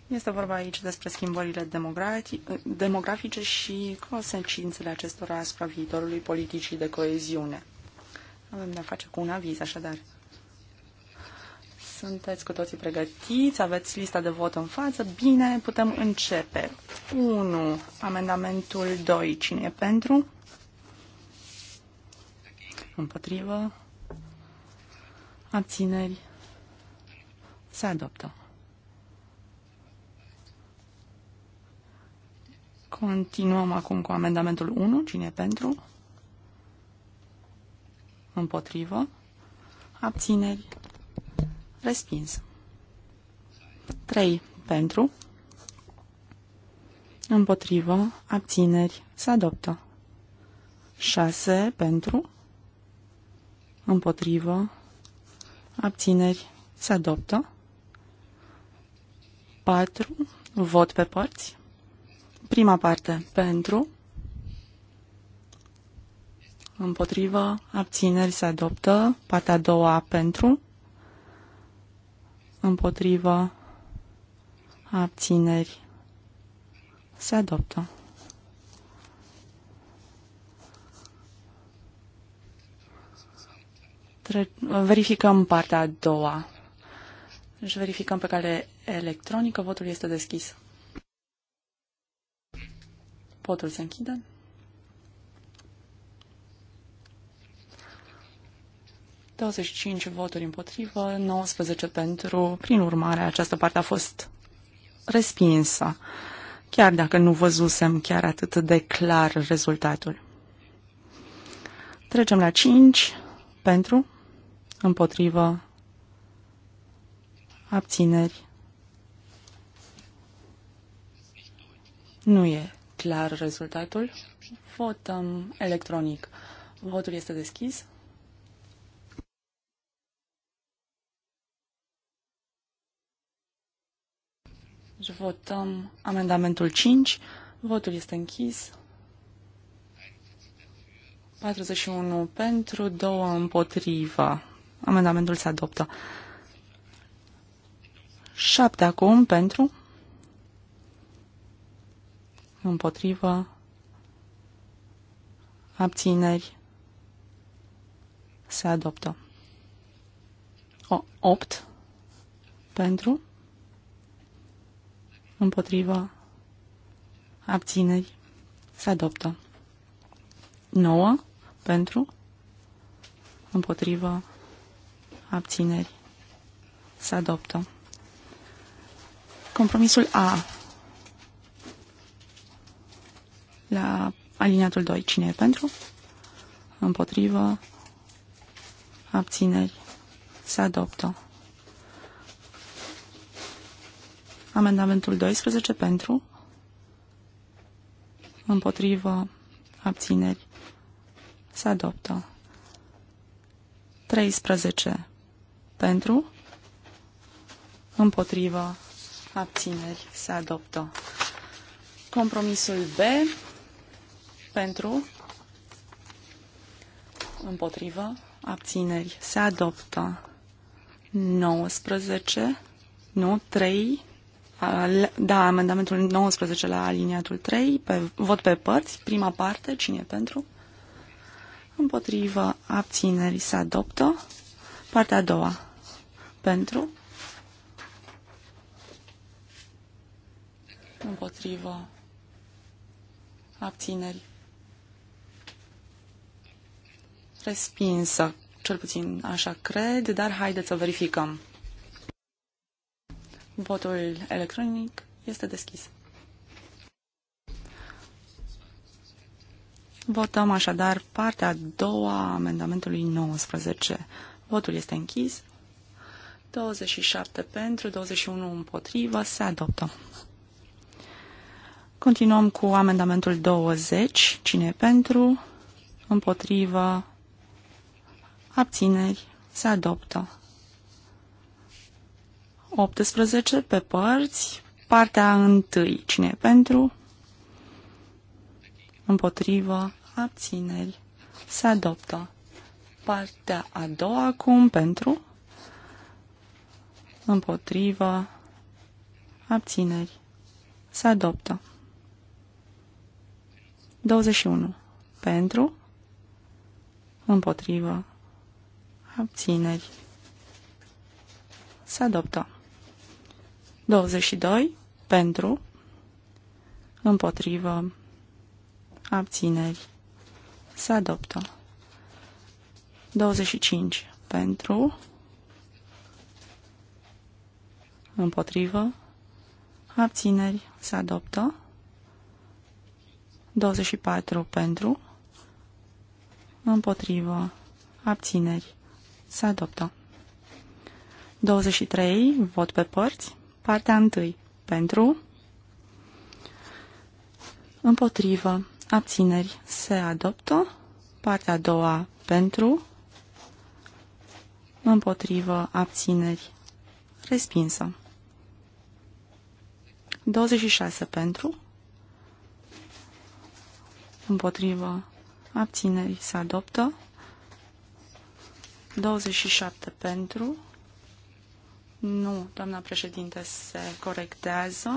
Este vorba aici despre schimbările demografice și consecințele acestora asupra viitorului politicii de coeziune. Avem de-a face cu un aviz, așadar. Sunteți cu toții pregătiți, aveți lista de vot în față. Bine, putem începe. 1. Amendamentul 2. Cine e pentru? Împotrivă? Abțineri? Se adoptă. Continuăm acum cu amendamentul 1. Cine e pentru? Împotrivă? Abțineri? Respins. 3. Pentru. Împotrivă. Abțineri. Se adoptă. 6. Pentru. Împotrivă. Abțineri. Se adoptă. 4. Vot pe părți. Prima parte. Pentru. Împotrivă. Abțineri. Se adoptă. Partea a doua. Pentru împotriva abțineri, se adoptă. Tre verificăm partea a doua. Și deci verificăm pe cale electronică, votul este deschis. Votul se închide. 25 voturi împotrivă, 19 pentru. Prin urmare, această parte a fost respinsă, chiar dacă nu văzusem chiar atât de clar rezultatul. Trecem la 5 pentru, împotrivă, abțineri. Nu e clar rezultatul. Votăm electronic. Votul este deschis. Deci votăm amendamentul 5. Votul este închis. 41 pentru, 2 împotriva. Amendamentul se adoptă. 7 acum pentru. Împotriva. Abțineri. Se adoptă. O, 8 pentru împotriva abțineri, se adoptă. 9 pentru, împotriva abțineri, se adoptă. Compromisul A la aliniatul 2. Cine e pentru? Împotriva abțineri, se adoptă. Amendamentul 12 pentru, împotrivă, abțineri, se adoptă. 13 pentru, împotrivă, abțineri, se adoptă. Compromisul B pentru, împotrivă, abțineri, se adoptă. 19, nu, 3, da, amendamentul 19 la aliniatul 3, pe, vot pe părți, prima parte, cine e pentru? Împotrivă, abținerii se adoptă. Partea a doua, pentru? Împotrivă, abținerii. Respinsă, cel puțin așa cred, dar haideți să verificăm. Votul electronic este deschis. Votăm așadar partea a doua a amendamentului 19. Votul este închis. 27 pentru, 21 împotrivă, se adoptă. Continuăm cu amendamentul 20. Cine e pentru? Împotrivă? Abțineri? Se adoptă. 18 pe părți, partea întâi. Cine e pentru? Împotrivă, abțineri, se adoptă. Partea a doua acum pentru? Împotrivă, abțineri, se adoptă. 21. Pentru, împotrivă, abțineri, se adoptă. 22 pentru, împotrivă, abțineri, se adoptă. 25 pentru, împotrivă, abțineri, se adoptă. 24 pentru, împotrivă, abțineri, se adoptă. 23, vot pe părți. Partea 1. Pentru. Împotrivă. Abțineri. Se adoptă. Partea a doua. Pentru. Împotrivă. Abțineri. Respinsă. 26 pentru. Împotrivă. Abțineri. Se adoptă. 27 pentru. Nu, doamna președinte, se corectează.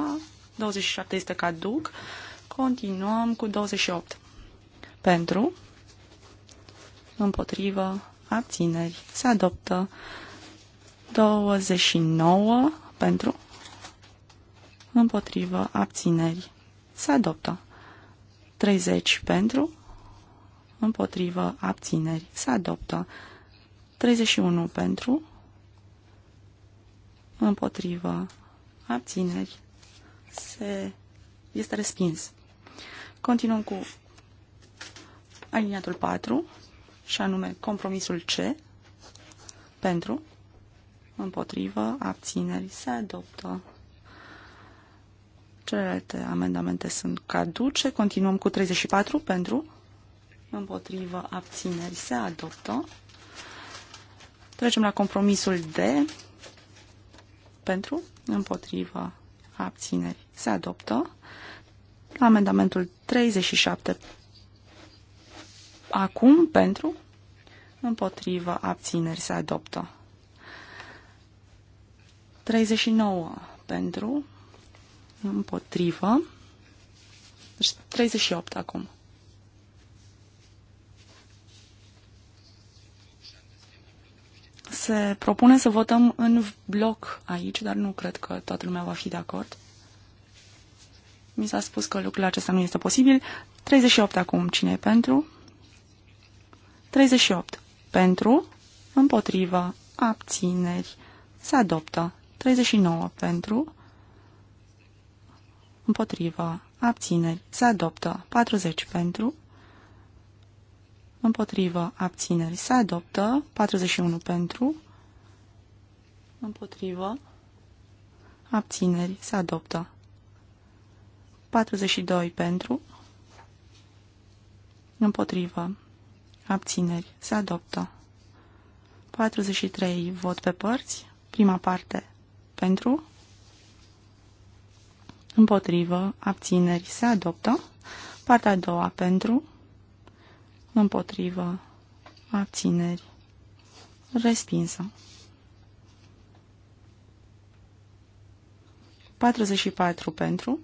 27 este caduc. Continuăm cu 28. Pentru, împotrivă, abțineri. Se adoptă 29 pentru, împotrivă, abțineri. Se adoptă 30 pentru, împotrivă, abțineri. Se adoptă 31 pentru, împotrivă, abțineri, se, este respins. Continuăm cu aliniatul 4, și anume compromisul C, pentru, împotrivă, abțineri, se adoptă. Celelalte amendamente sunt caduce. Continuăm cu 34 pentru, împotrivă, abțineri, se adoptă. Trecem la compromisul D pentru, împotrivă, abțineri, se adoptă. Amendamentul 37 acum pentru, împotrivă, abțineri, se adoptă. 39 pentru, împotrivă, 38 deci, acum. Se propune să votăm în bloc aici, dar nu cred că toată lumea va fi de acord. Mi s-a spus că lucrul acesta nu este posibil. 38 acum. Cine e pentru? 38. Pentru, împotriva, abțineri, se adoptă. 39 pentru, împotriva, abțineri, se adoptă. 40 pentru, Împotrivă. Abțineri. Se adoptă. 41 pentru. Împotrivă. Abțineri. Se adoptă. 42 pentru. Împotrivă. Abțineri. Se adoptă. 43 vot pe părți. Prima parte pentru. Împotrivă. Abțineri. Se adoptă. Partea a doua pentru împotrivă, abțineri, respinsă. 44 pentru,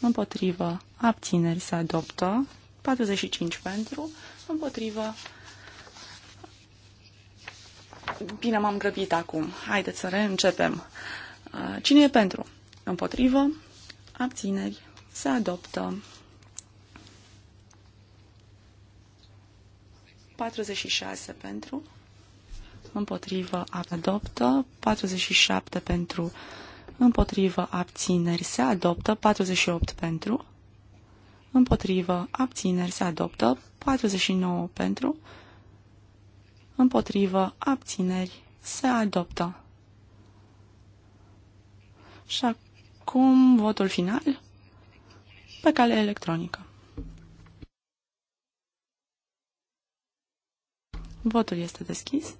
împotrivă, abțineri se adoptă, 45 pentru, împotrivă, Bine, m-am grăbit acum. Haideți să reîncepem. Cine e pentru? Împotrivă? Abțineri? Se adoptă. 46 pentru, împotrivă adoptă, 47 pentru, împotrivă abțineri se adoptă, 48 pentru, împotrivă abțineri se adoptă, 49 pentru, împotrivă abțineri se adoptă. Și acum votul final pe cale electronică. Votul este deschis.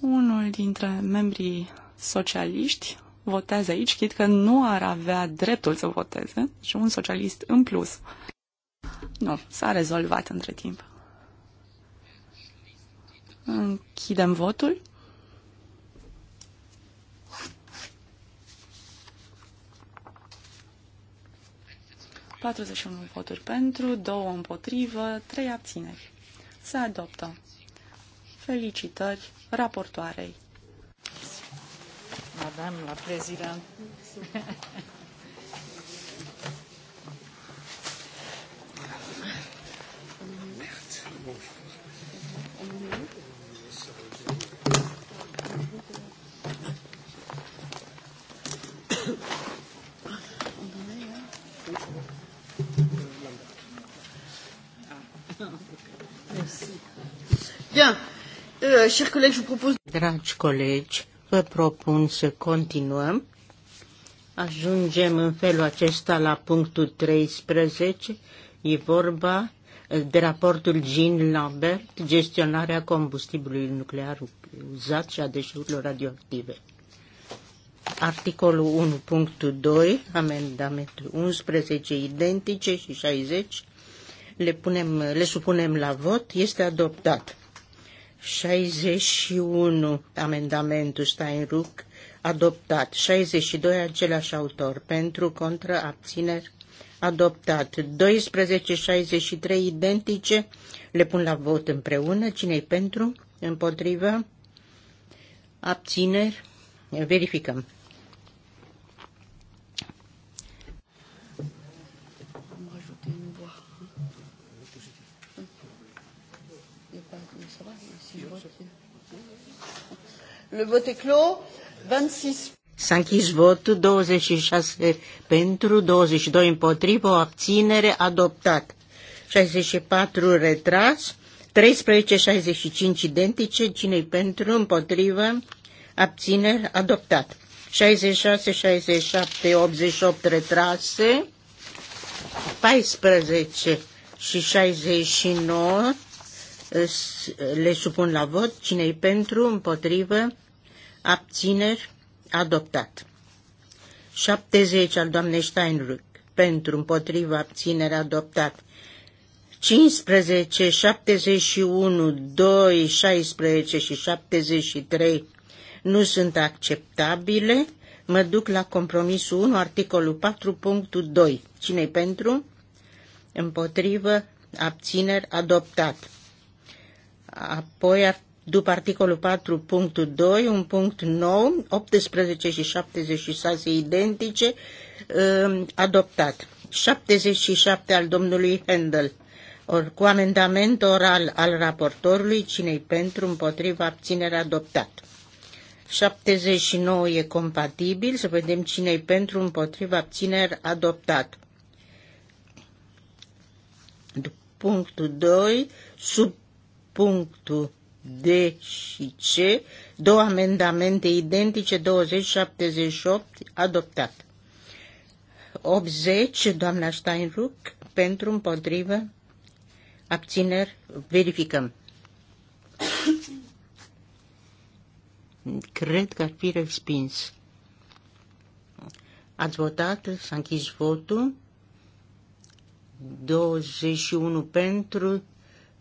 Unul dintre membrii socialiști votează aici, chit că nu ar avea dreptul să voteze, și deci un socialist în plus. Nu, s-a rezolvat între timp. Închidem votul. 41 voturi pentru, 2 împotrivă, 3 abțineri. Se adoptă. Felicitări raportoarei. Madame la Présidente. Merci. Bien. Euh, chers collègues, je vous propose... Dragi colegi, vă propun să continuăm. Ajungem în felul acesta la punctul 13. E vorba de raportul Jean Lambert, gestionarea combustibilului nuclear uzat și a deșeurilor radioactive. Articolul 1.2, amendamentul 11 identice și 60, le, punem, le supunem la vot, este adoptat. 61 amendamentul Steinruck adoptat. 62 același autor pentru contra abțineri adoptat. 12 63 identice le pun la vot împreună. Cine-i pentru? Împotrivă? Abțineri? Verificăm. Le vote est clos. 26. S-a închis votul, 26 pentru, 22 împotrivă, o abținere, adoptat. 64 retras, 13, 65 identice, cine pentru, împotrivă, abțineri, adoptat. 66, 67, 88 retrase, 14 și 69 le supun la vot, cine pentru, împotrivă, abțineri, adoptat. 70 al doamnei Steinruck, pentru, împotriva, abținere, adoptat. 15, 71, 2, 16 și 73 nu sunt acceptabile. Mă duc la compromisul 1, articolul 4.2. Cine-i pentru? Împotrivă, abțineri, adoptat. Apoi după articolul 4.2, un punct nou, 18 și 76 identice, uh, adoptat. 77 al domnului Handel. Or, cu amendament oral al raportorului, cinei pentru, împotriva, abținerea adoptat. 79 e compatibil, să vedem cine pentru, împotriva, abținerea adoptat. Punctul 2, sub punctul D și C, două amendamente identice, 2078, adoptat. 80, doamna Steinruck, pentru, împotrivă, abțineri, verificăm. Cred că ar fi respins. Ați votat, s-a închis votul. 21 pentru,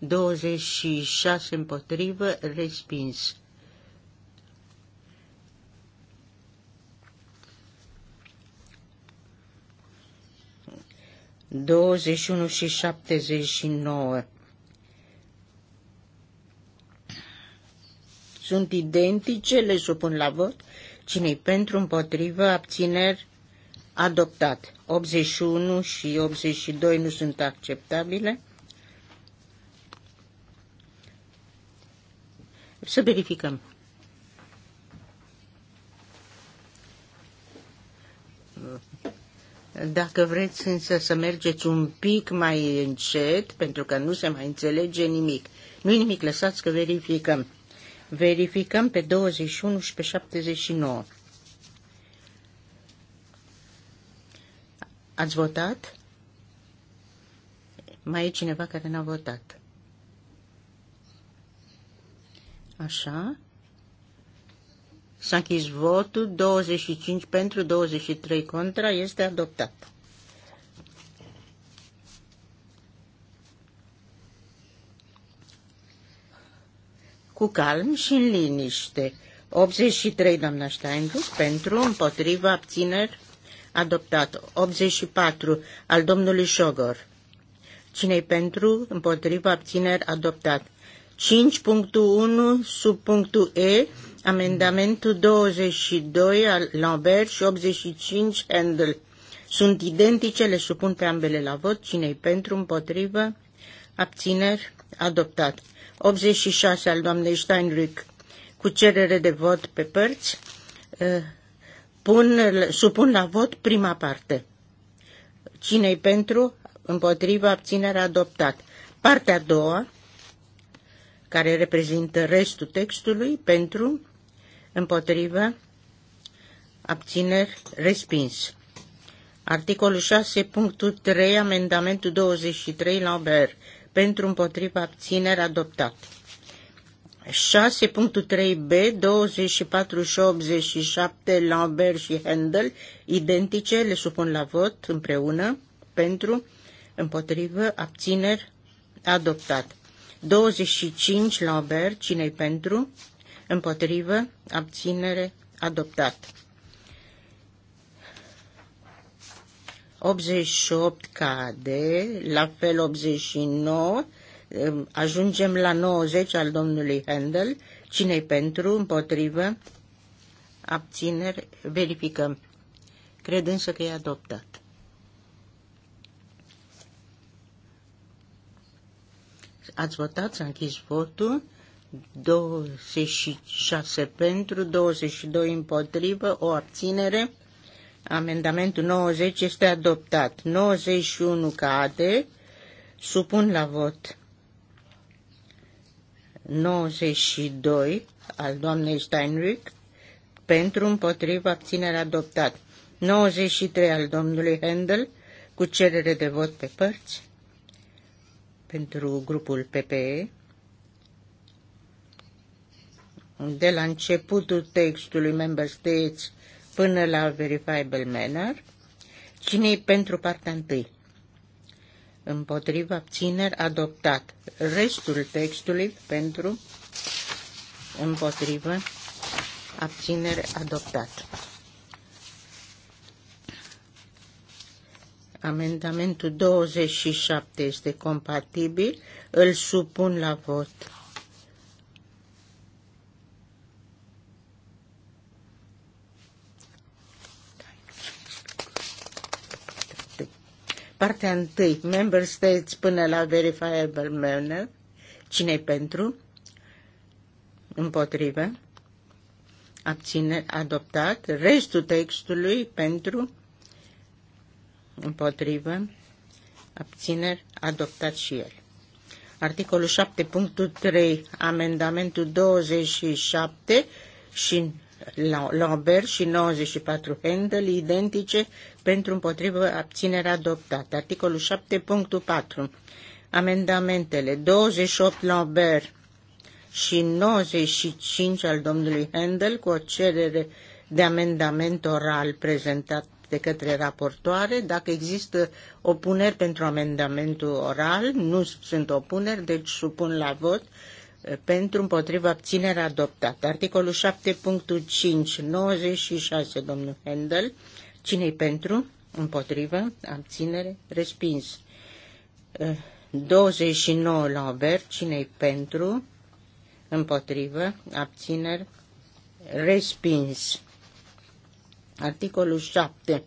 26 împotrivă, respins. Douăzeci unu și șaptezeci și nouă. Sunt identice, le supun la vot. cine pentru, împotrivă, abțineri, adoptat. 81 și 82 nu sunt acceptabile. Să verificăm. Dacă vreți însă să mergeți un pic mai încet, pentru că nu se mai înțelege nimic. nu nimic, lăsați că verificăm. Verificăm pe 21 și pe 79. Ați votat? Mai e cineva care n-a votat. Așa. S-a închis votul, 25 pentru, 23 contra, este adoptat. Cu calm și în liniște. 83, doamna Steinbuch, pentru, împotriva, abțineri, adoptat. 84, al domnului Șogor. Cine-i pentru, împotriva, abțineri, adoptat. 5.1 sub punctul E, amendamentul 22 al Lambert și 85 Handel. Sunt identice, le supun pe ambele la vot. cine e pentru, împotrivă, abțineri, adoptat. 86 al doamnei Steinrück cu cerere de vot pe părți. Ă, pun, supun la vot prima parte. Cine-i pentru, împotrivă, abținere, adoptat. Partea a doua, care reprezintă restul textului, pentru, împotrivă, abțineri, respins. Articolul 6.3, amendamentul 23 la OBR, pentru, împotriva abțineri, adoptat. 6.3b, 24 și 87, Lambert și Handel, identice, le supun la vot împreună, pentru, împotrivă, abțineri, adoptat. 25 la Ober, cine pentru? Împotrivă, abținere, adoptat. 88 cade, la fel 89, ajungem la 90 al domnului Handel, cine pentru, împotrivă, abțineri, verificăm. Cred însă că e adoptat. Ați votat, s-a închis votul. 26 pentru, 22 împotrivă, o abținere. Amendamentul 90 este adoptat. 91 cade. Supun la vot 92 al doamnei Steinrich pentru împotrivă, abținere adoptat. 93 al domnului Handel cu cerere de vot pe părți pentru grupul PPE. De la începutul textului Member States până la Verifiable Manner. cine pentru partea întâi? Împotriva abțineri adoptat. Restul textului pentru împotrivă abțineri adoptat. amendamentul 27 este compatibil, îl supun la vot. Partea 1. Member States până la verifiable manner. Cine-i pentru? Împotrivă. Abține adoptat. Restul textului pentru împotrivă, abțineri, adoptat și el. Articolul 7.3, amendamentul 27 și Lambert și 94 Handel, identice pentru împotrivă abținere adoptată. Articolul 7.4. Amendamentele 28 Lambert și 95 al domnului Handel cu o cerere de amendament oral prezentat de către raportoare. Dacă există opuneri pentru amendamentul oral, nu sunt opuneri, deci supun la vot eh, pentru împotriva abținerea adoptată. Articolul 7.5, 96, domnul Handel. Cine-i pentru? Împotrivă? Abținere? Respins. 29 eh, la ober, cine pentru? Împotrivă, abțineri, respins. Articolul 7.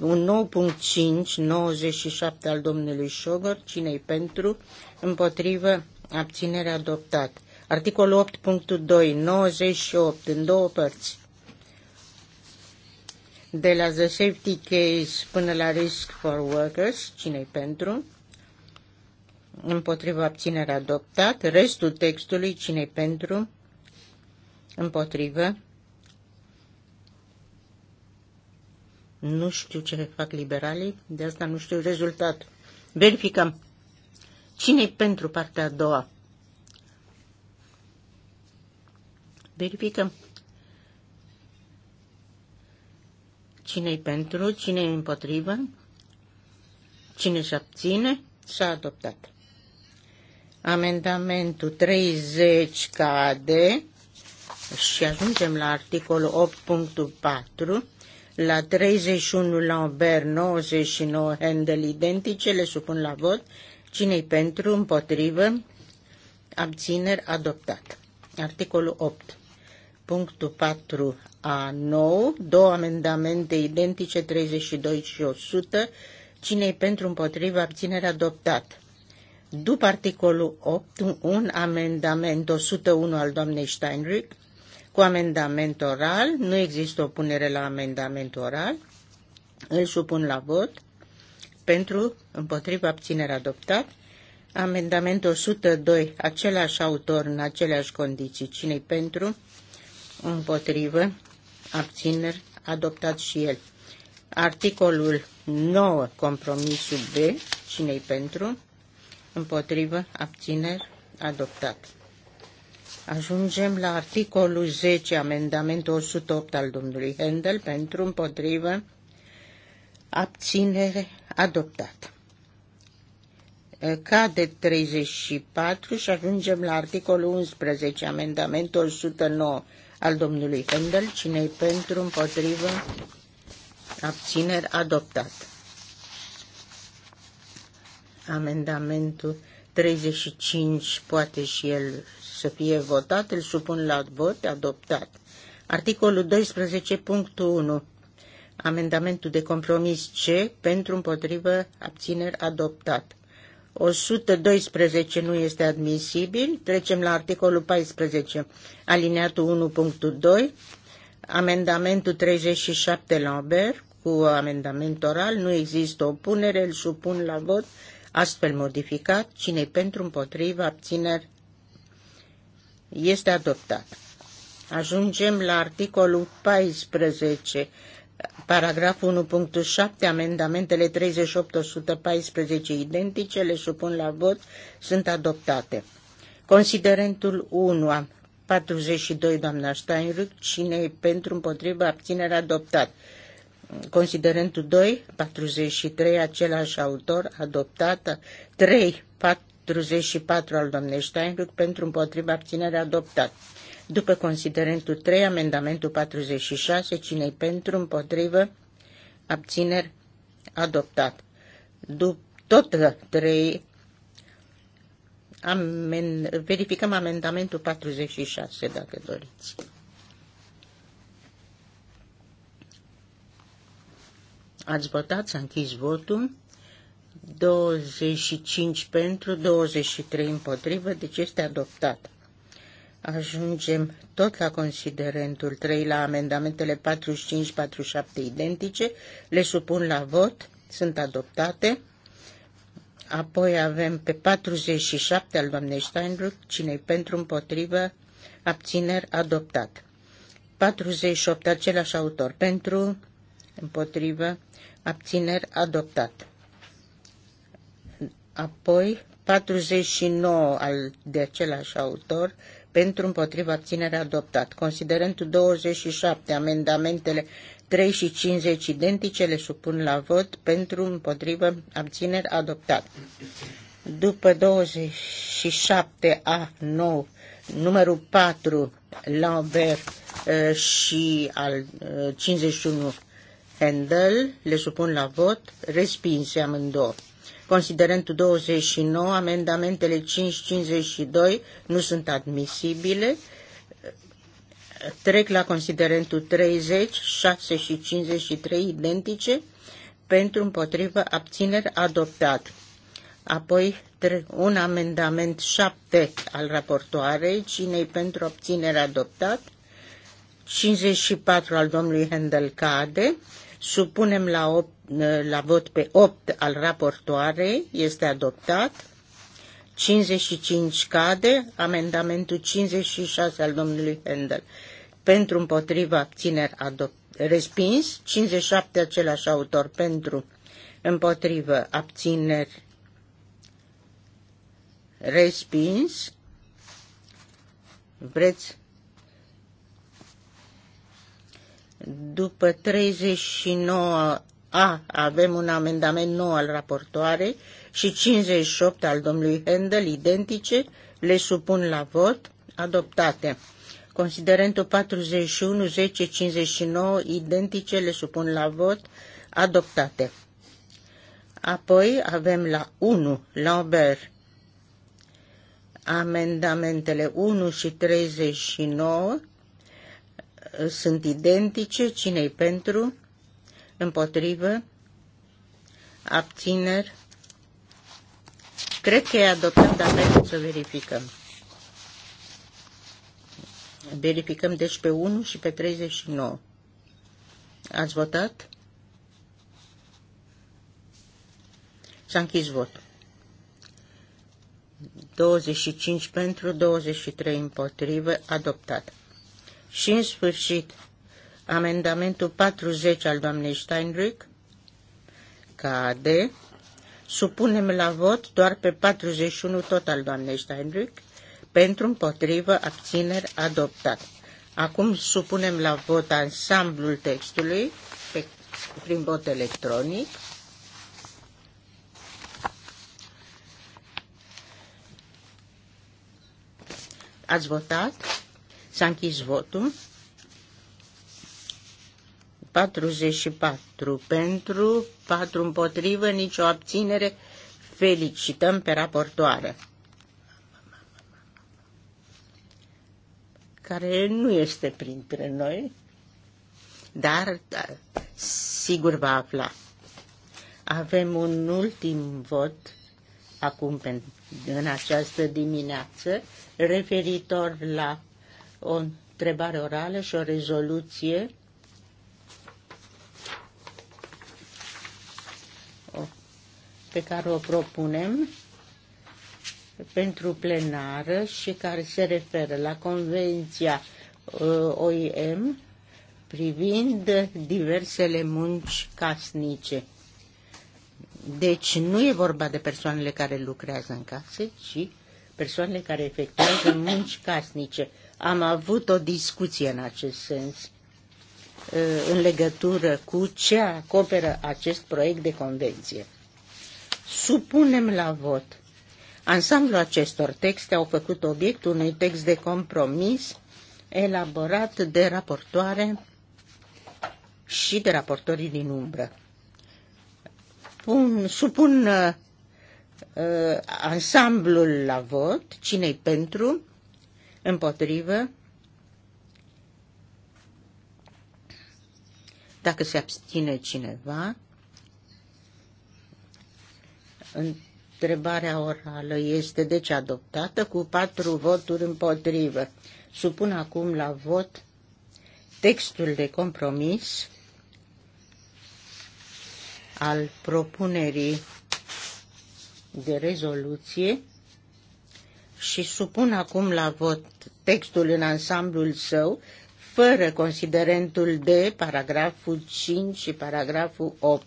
Un nou punct 5, 97 al domnului Șogor, cine-i pentru, împotrivă, abținere adoptat. Articolul 8.2, 98, în două părți. De la the safety case până la risk for workers, cine-i pentru, împotrivă, abținere adoptat, restul textului, cine pentru, împotrivă, Nu știu ce fac liberalii, de asta nu știu rezultatul. Verificăm. Cine-i pentru partea a doua? Verificăm. Cine-i pentru, cine-i împotrivă, cine se abține, s-a adoptat. Amendamentul 30 cade și ajungem la articolul 8.4 la 31 Lambert, 99 Handel, identice, le supun la vot. cine pentru, împotrivă, abțineri, adoptat. Articolul 8. Punctul 4 a 9, două amendamente identice, 32 și 100. cine pentru, împotrivă, abținere, adoptat. După articolul 8, un amendament 101 al doamnei Steinrich, cu amendament oral. Nu există o punere la amendament oral. Îl supun la vot. Pentru, împotriva, abținere adoptat. Amendament 102, același autor în aceleași condiții. Cine-i pentru? Împotrivă. Abțineri. Adoptat și el. Articolul 9, compromisul B. Cine-i pentru? Împotrivă. Abțineri. Adoptat. Ajungem la articolul 10, amendamentul 108 al domnului Handel pentru împotrivă abținere adoptat. Cade 34 și ajungem la articolul 11, amendamentul 109 al domnului Handel, cine e pentru împotrivă abținere adoptat. Amendamentul 35 poate și el să fie votat, îl supun la vot, adoptat. Articolul 12.1. Amendamentul de compromis C pentru împotrivă abțineri adoptat. 112 nu este admisibil. Trecem la articolul 14, alineatul 1.2. Amendamentul 37 Lambert cu amendament oral. Nu există opunere, îl supun la vot. Astfel modificat, cine pentru împotrivă abțineri este adoptat. Ajungem la articolul 14, paragraful 1.7, amendamentele 38 identice, le supun la vot, sunt adoptate. Considerentul 1, 42, doamna Steinruck, cine e pentru, împotriva, abținerea adoptat. Considerentul 2, 43, același autor, adoptată. 3, 4 44 al domnului Steinbrück pentru împotriva abținere adoptat. După considerentul 3, amendamentul 46, cinei pentru împotrivă abțineri adoptat. Dup- tot 3, amen, verificăm amendamentul 46, dacă doriți. Ați votat, s-a închis votul. 25 pentru, 23 împotrivă, deci este adoptat. Ajungem tot la considerentul 3, la amendamentele 45-47 identice, le supun la vot, sunt adoptate. Apoi avem pe 47 al doamnei Steinbrück, cine pentru împotrivă, abțineri, adoptat. 48, același autor, pentru, împotrivă, abțineri, adoptat. Apoi 49 al, de același autor pentru împotriva abținere adoptat. Considerând 27, amendamentele 3 și 50 identice le supun la vot pentru împotrivă abțineri adoptat. După 27A9, numărul 4, Lambert uh, și al 51 uh, Handel le supun la vot, respinse amândouă. Considerentul 29, amendamentele 5-52 nu sunt admisibile. Trec la considerentul 30, 6 și 53 identice pentru împotrivă abțineri adoptat. Apoi un amendament 7 al raportoarei, cinei pentru abținere adoptat, 54 al domnului Hendel cade, Supunem la, op, la vot pe 8 al raportoarei. Este adoptat. 55 cade. Amendamentul 56 al domnului Hendel. Pentru împotriva abțineri respins, 57 același autor pentru, împotrivă, abțineri, respins. Vreți După 39 a, avem un amendament nou al raportoarei și 58 al domnului Handel, identice, le supun la vot, adoptate. Considerentul 41, 10, 59, identice, le supun la vot, adoptate. Apoi avem la 1, Lambert, amendamentele 1 și 39, sunt identice, cine pentru, împotrivă, abțineri. Cred că e adoptat, dar haideți să verificăm. Verificăm deci pe 1 și pe 39. Ați votat? S-a închis votul. 25 pentru, 23 împotrivă, adoptat. Și în sfârșit, amendamentul 40 al doamnei Steinrück cade. Supunem la vot doar pe 41 tot al doamnei Steinrück pentru împotrivă abțineri adoptat. Acum supunem la vot ansamblul textului pe, prin vot electronic. Ați votat? S-a închis votul. 44 pentru, 4 împotrivă, nicio abținere. Felicităm pe raportoare. Care nu este printre noi, dar da, sigur va afla. Avem un ultim vot acum în această dimineață referitor la o întrebare orală și o rezoluție. pe care o propunem pentru plenară și care se referă la Convenția uh, OIM privind diversele munci casnice. Deci nu e vorba de persoanele care lucrează în case, ci persoanele care efectuează munci casnice. Am avut o discuție în acest sens uh, în legătură cu ce acoperă acest proiect de convenție. Supunem la vot. Ansamblul acestor texte au făcut obiectul unui text de compromis elaborat de raportoare și de raportorii din umbră. Pun, supun uh, uh, ansamblul la vot, cine pentru, Împotrivă. Dacă se abține cineva, întrebarea orală este deci adoptată cu patru voturi împotrivă. Supun acum la vot textul de compromis al propunerii de rezoluție și supun acum la vot textul în ansamblul său, fără considerentul de paragraful 5 și paragraful 8.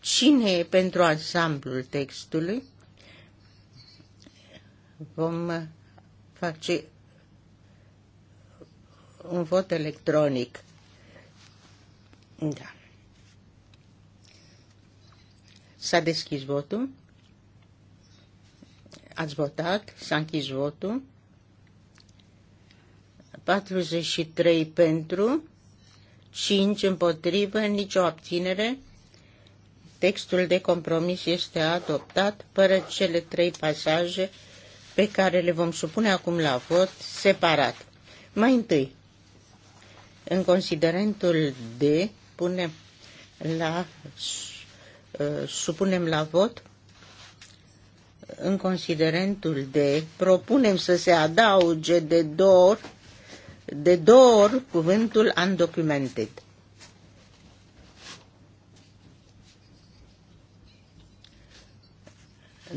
Cine e pentru ansamblul textului? Vom face un vot electronic. Da. S-a deschis votul. Ați votat, s-a închis votul. 43 pentru, 5 împotrivă, nicio abținere. Textul de compromis este adoptat, fără cele trei pasaje pe care le vom supune acum la vot separat. Mai întâi, în considerentul D, punem la, uh, supunem la vot în considerentul de propunem să se adauge de două ori, de două ori cuvântul undocumented.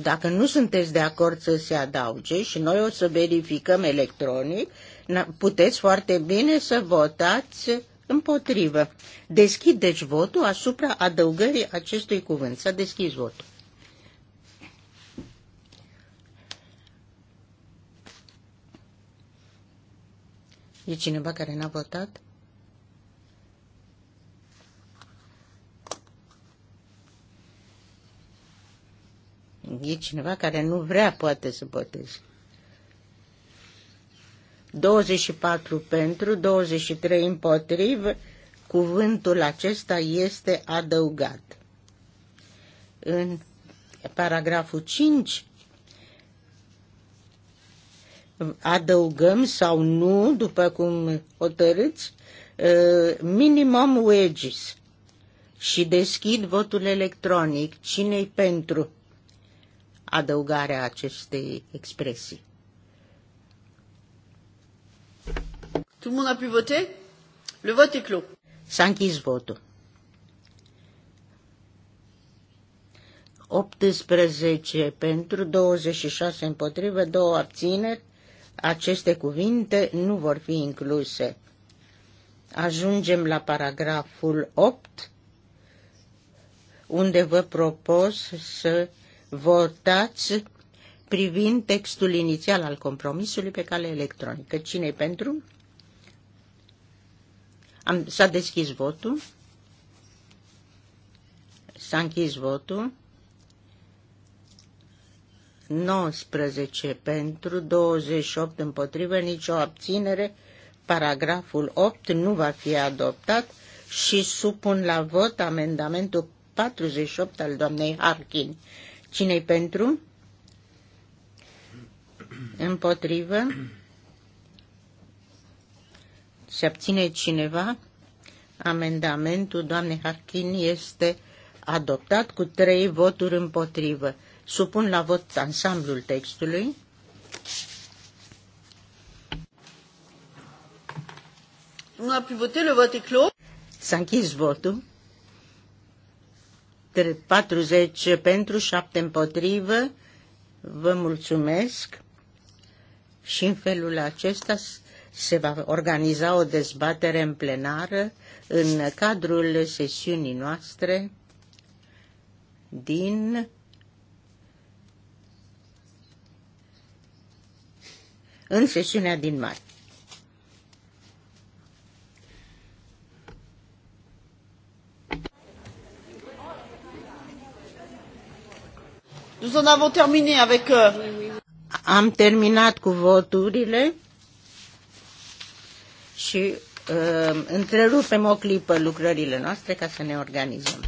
Dacă nu sunteți de acord să se adauge și noi o să verificăm electronic, puteți foarte bine să votați împotrivă. Deschideți deci, votul asupra adăugării acestui cuvânt. S-a deschis votul. E cineva care n-a votat? E cineva care nu vrea, poate, să voteze. 24 pentru, 23 împotrivă, cuvântul acesta este adăugat. În paragraful 5 adăugăm sau nu, după cum hotărâți, uh, minimum wages. Și deschid votul electronic. Cine-i pentru adăugarea acestei expresii? Tout le monde a pu voter Le vote est clos. S-a închis votul. 18 pentru, 26 împotrivă, 2 abțineri aceste cuvinte nu vor fi incluse. Ajungem la paragraful 8, unde vă propus să votați privind textul inițial al compromisului pe cale electronică. Cine-i pentru? Am, s-a deschis votul. S-a închis votul. 19 pentru, 28 împotrivă, nicio abținere. Paragraful 8 nu va fi adoptat și supun la vot amendamentul 48 al doamnei Harkin. cine pentru? Împotrivă? Se abține cineva? Amendamentul doamnei Harkin este adoptat cu trei voturi împotrivă. Supun la vot ansamblul textului. Nu a privotat le vot clos. S-a închis votul. 40 pentru, 7 împotrivă. Vă mulțumesc. Și în felul acesta se va organiza o dezbatere în plenară în cadrul sesiunii noastre din în sesiunea din martie. Nous avec... Euh, Am terminat cu voturile și uh, întrerupem o clipă lucrările noastre ca să ne organizăm.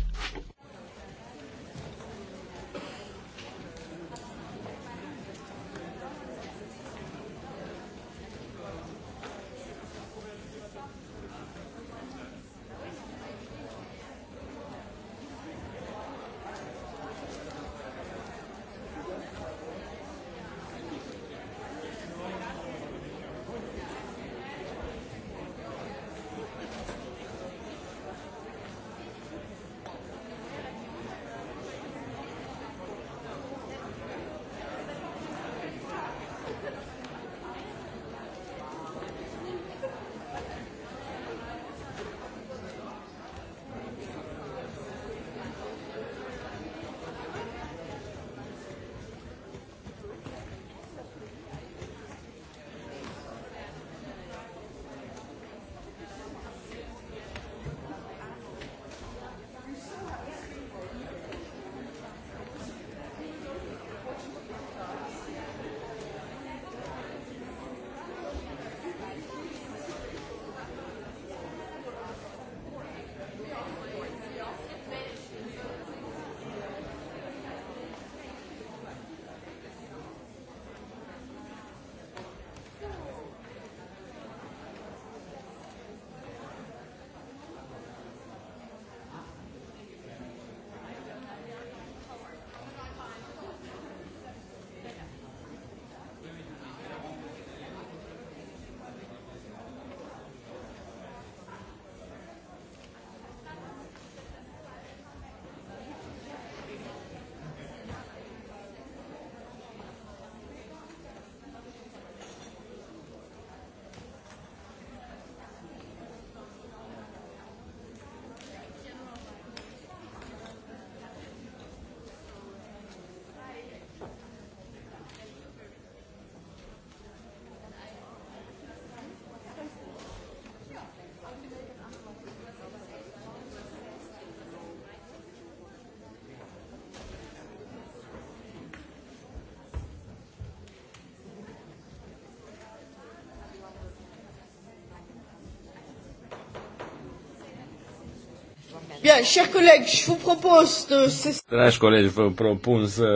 Bien, chers collègues, je vous propose de... Dragi colegi, vă propun să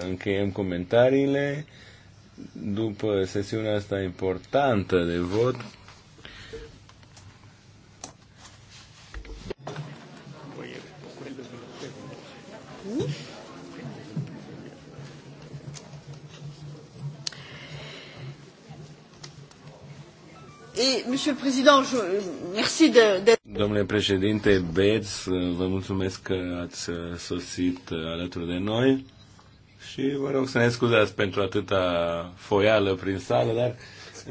încheiem comentariile după sesiunea asta importantă de vot. Et, Monsieur le Président, je, merci de, de... Domnule președinte Beț, vă mulțumesc că ați sosit alături de noi și vă rog să ne scuzați pentru atâta foială prin sală, dar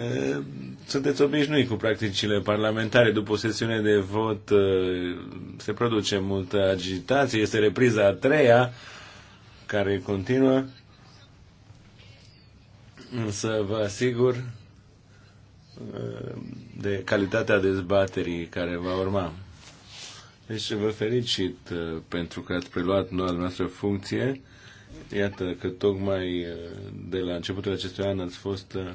e, sunteți obișnuit cu practicile parlamentare. După o sesiune de vot e, se produce multă agitație, este repriza a treia care continuă, însă vă asigur de calitatea dezbaterii care va urma. Deci vă felicit uh, pentru că ați preluat noua noastră funcție. Iată că tocmai uh, de la începutul acestui an ați fost uh,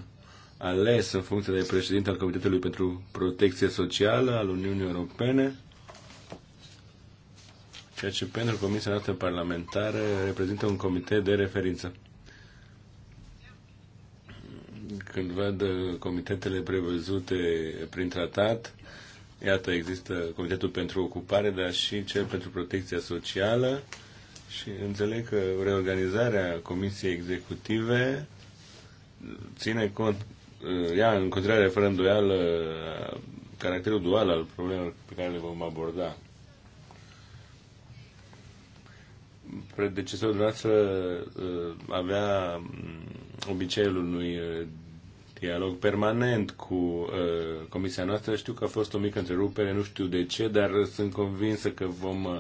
ales în funcție de președinte al Comitetului pentru Protecție Socială al Uniunii Europene, ceea ce pentru Comisia noastră parlamentară reprezintă un comitet de referință când văd uh, comitetele prevăzute prin tratat, iată, există Comitetul pentru Ocupare, dar și cel pentru Protecția Socială și înțeleg că reorganizarea Comisiei Executive ține cont, uh, ia în considerare fără îndoială uh, caracterul dual al problemelor pe care le vom aborda. Predecesorul dumneavoastră avea mm, obiceiul unui uh, dialog permanent cu uh, comisia noastră. Știu că a fost o mică întrerupere, nu știu de ce, dar sunt convinsă că vom uh,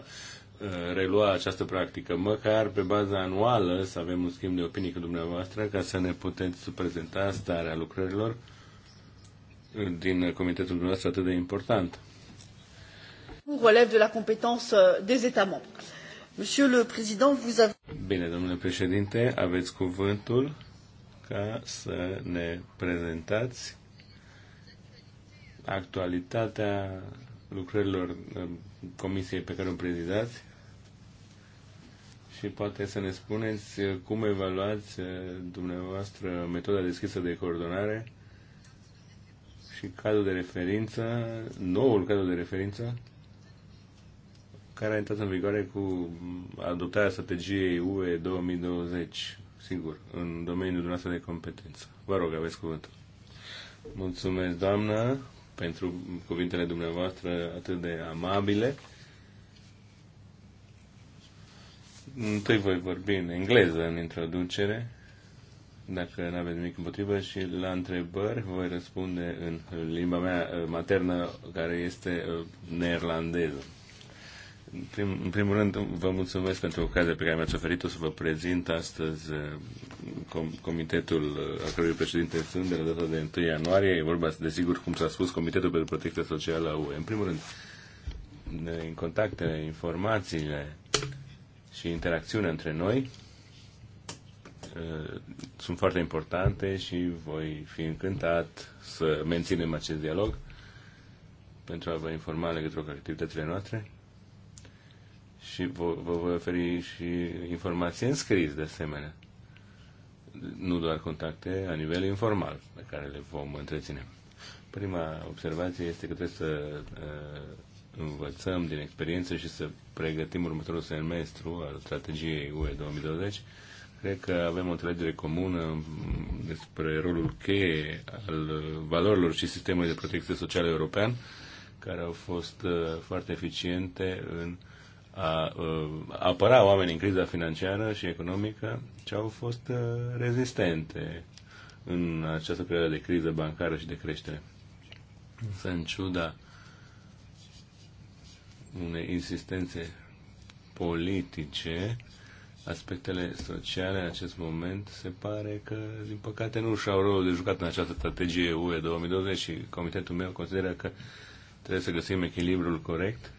relua această practică, măcar pe baza anuală, să avem un schimb de opinii cu dumneavoastră, ca să ne puteți prezenta starea lucrărilor din comitetul dumneavoastră atât de important. Relève de la competență euh, des États membres. Monsieur le Président, vous avez... Bine, domnule președinte, aveți cuvântul ca să ne prezentați actualitatea lucrărilor uh, comisiei pe care o prezidați și poate să ne spuneți uh, cum evaluați uh, dumneavoastră metoda deschisă de coordonare și cadrul de referință, noul cadru de referință, care a intrat în vigoare cu adoptarea strategiei UE 2020 sigur, în domeniul dumneavoastră de competență. Vă rog, aveți cuvântul. Mulțumesc, doamnă, pentru cuvintele dumneavoastră atât de amabile. Întâi voi vorbi în engleză în introducere, dacă nu aveți nimic împotrivă, și la întrebări voi răspunde în limba mea eh, maternă, care este eh, neerlandeză. În, prim, în primul rând, vă mulțumesc pentru ocazia pe care mi-ați oferit-o să vă prezint astăzi uh, com, comitetul uh, al cărui președinte sunt de la data de 1 ianuarie. E vorba, desigur, cum s-a spus, Comitetul pentru Protecția Socială a UE. În primul rând, în contactele, informațiile și interacțiunea între noi uh, sunt foarte importante și voi fi încântat să menținem acest dialog pentru a vă informa legătură cu activitățile noastre și vă, voi oferi și informații în scris de asemenea. Nu doar contacte la nivel informal pe care le vom întreține. Prima observație este că trebuie să uh, învățăm din experiență și să pregătim următorul semestru al strategiei UE 2020. Cred că avem o înțelegere comună mm, despre rolul cheie al uh, valorilor și sistemului de protecție socială european, care au fost uh, foarte eficiente în uh, a apăra oamenii în criza financiară și economică ce au fost rezistente în această perioadă de criză bancară și de creștere. Să în ciuda unei insistențe politice, aspectele sociale în acest moment se pare că, din păcate, nu și-au rolul de jucat în această strategie UE 2020 și comitetul meu consideră că trebuie să găsim echilibrul corect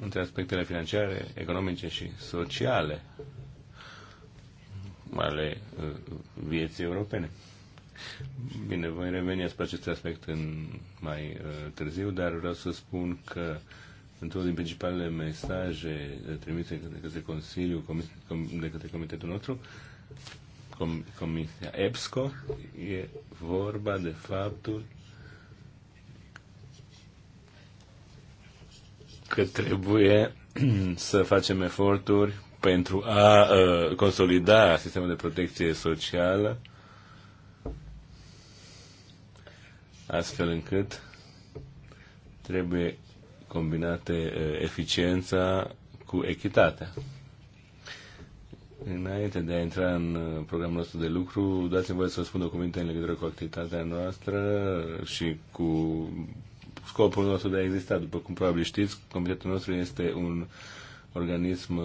între aspectele financiare, economice și sociale ale uh, vieții europene. Bine, voi reveni asupra acest aspect în mai uh, târziu, dar vreau să spun că într-unul din principalele mesaje uh, trimise de către Consiliu, de către Comitetul nostru, Comisia EBSCO, e vorba de faptul că trebuie să facem eforturi pentru a uh, consolida sistemul de protecție socială astfel încât trebuie combinate uh, eficiența cu echitatea. Înainte de a intra în uh, programul nostru de lucru, dați-mi voie să vă spun o cuvinte în legătură cu activitatea noastră și cu scopul nostru de a exista. După cum probabil știți, comitetul nostru este un organism uh,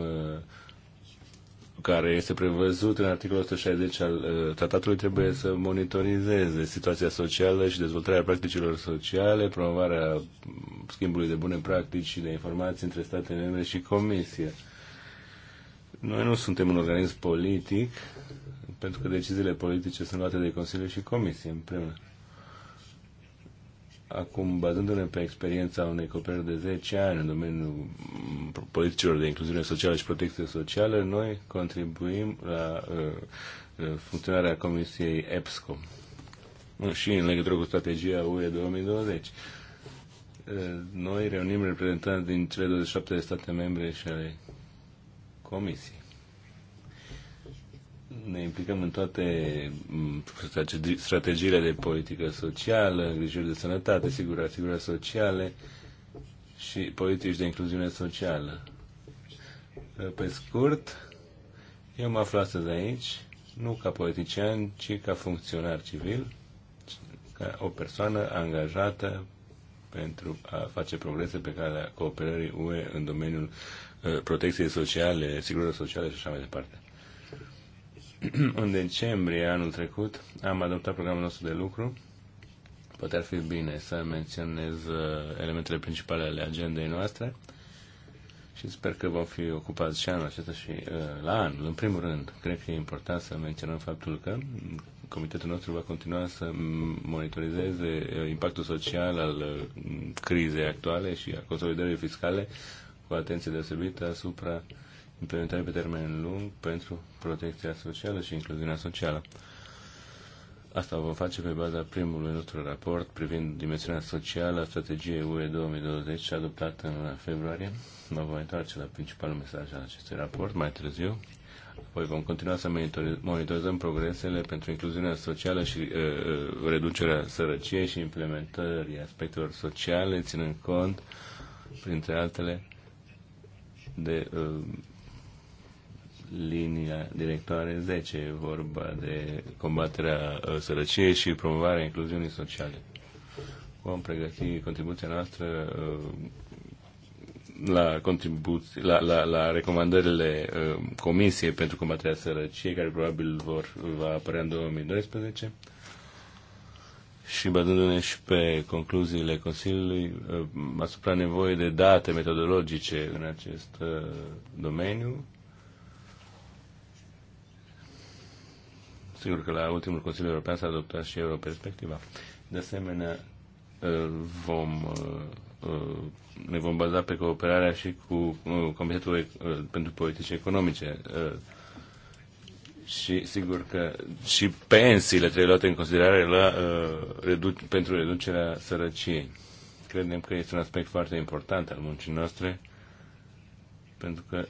care este prevăzut în articolul 160 al uh, tratatului, trebuie să monitorizeze situația socială și dezvoltarea practicilor sociale, promovarea schimbului de bune practici și de informații între statele membre și comisie. Noi nu suntem un organism politic, pentru că deciziile politice sunt luate de Consiliu și Comisie împreună. Acum, bazându-ne pe experiența unei copilări de 10 ani în domeniul mm, politicilor de incluziune socială și protecție socială, noi contribuim la uh, uh funcționarea Comisiei EPSCO uh, și în legătură cu strategia UE 2020. Uh, noi reunim reprezentanți din cele 27 de state membre și ale Comisiei ne implicăm în toate mm, strategiile de politică socială, îngrijiri de sănătate, sigur, asigurări sociale și politici de incluziune socială. Pe scurt, eu mă aflu astăzi aici, nu ca politician, ci ca funcționar civil, ca o persoană angajată pentru a face progrese pe calea cooperării UE în domeniul uh, protecției sociale, sigurării sociale și așa mai departe. în decembrie anul trecut am adoptat programul nostru de lucru. Poate ar fi bine să menționez uh, elementele principale ale agendei noastre și sper că vom fi ocupați și anul acesta și uh, la anul. În primul rând, cred că e important să menționăm faptul că comitetul nostru va continua să monitorizeze uh, impactul social al crizei actuale și a consolidării fiscale cu atenție deosebită asupra implementare pe termen lung pentru protecția socială și incluziunea socială. Asta vom face pe baza primului nostru raport privind dimensiunea socială a strategiei UE 2020 adoptată în februarie. Mă voi întoarce la principalul mesaj al acestui raport mai târziu. Apoi vom continua să monitorizăm progresele pentru incluziunea socială și uh, uh, reducerea sărăciei și implementării aspectelor sociale, ținând cont, printre altele, de uh, linia directoare 10, e vorba de combaterea uh, sărăciei și promovarea incluziunii sociale. Vom pregăti contribuția noastră uh, la, contribuți la, la, la recomandările uh, Comisiei pentru combaterea sărăciei, care probabil vor, va apărea în 2012 și bazându-ne și pe concluziile Consiliului asupra nevoie de date metodologice în acest domeniu Sigur că la ultimul Consiliu European s-a adoptat și perspectiva. De asemenea, uh, vom, uh, uh, ne vom baza pe cooperarea și cu Comitetul pentru Politici Economice. Și sigur că și pensiile trebuie luate în considerare la, pentru reducerea sărăciei. Credem că este un aspect foarte important al muncii noastre pentru că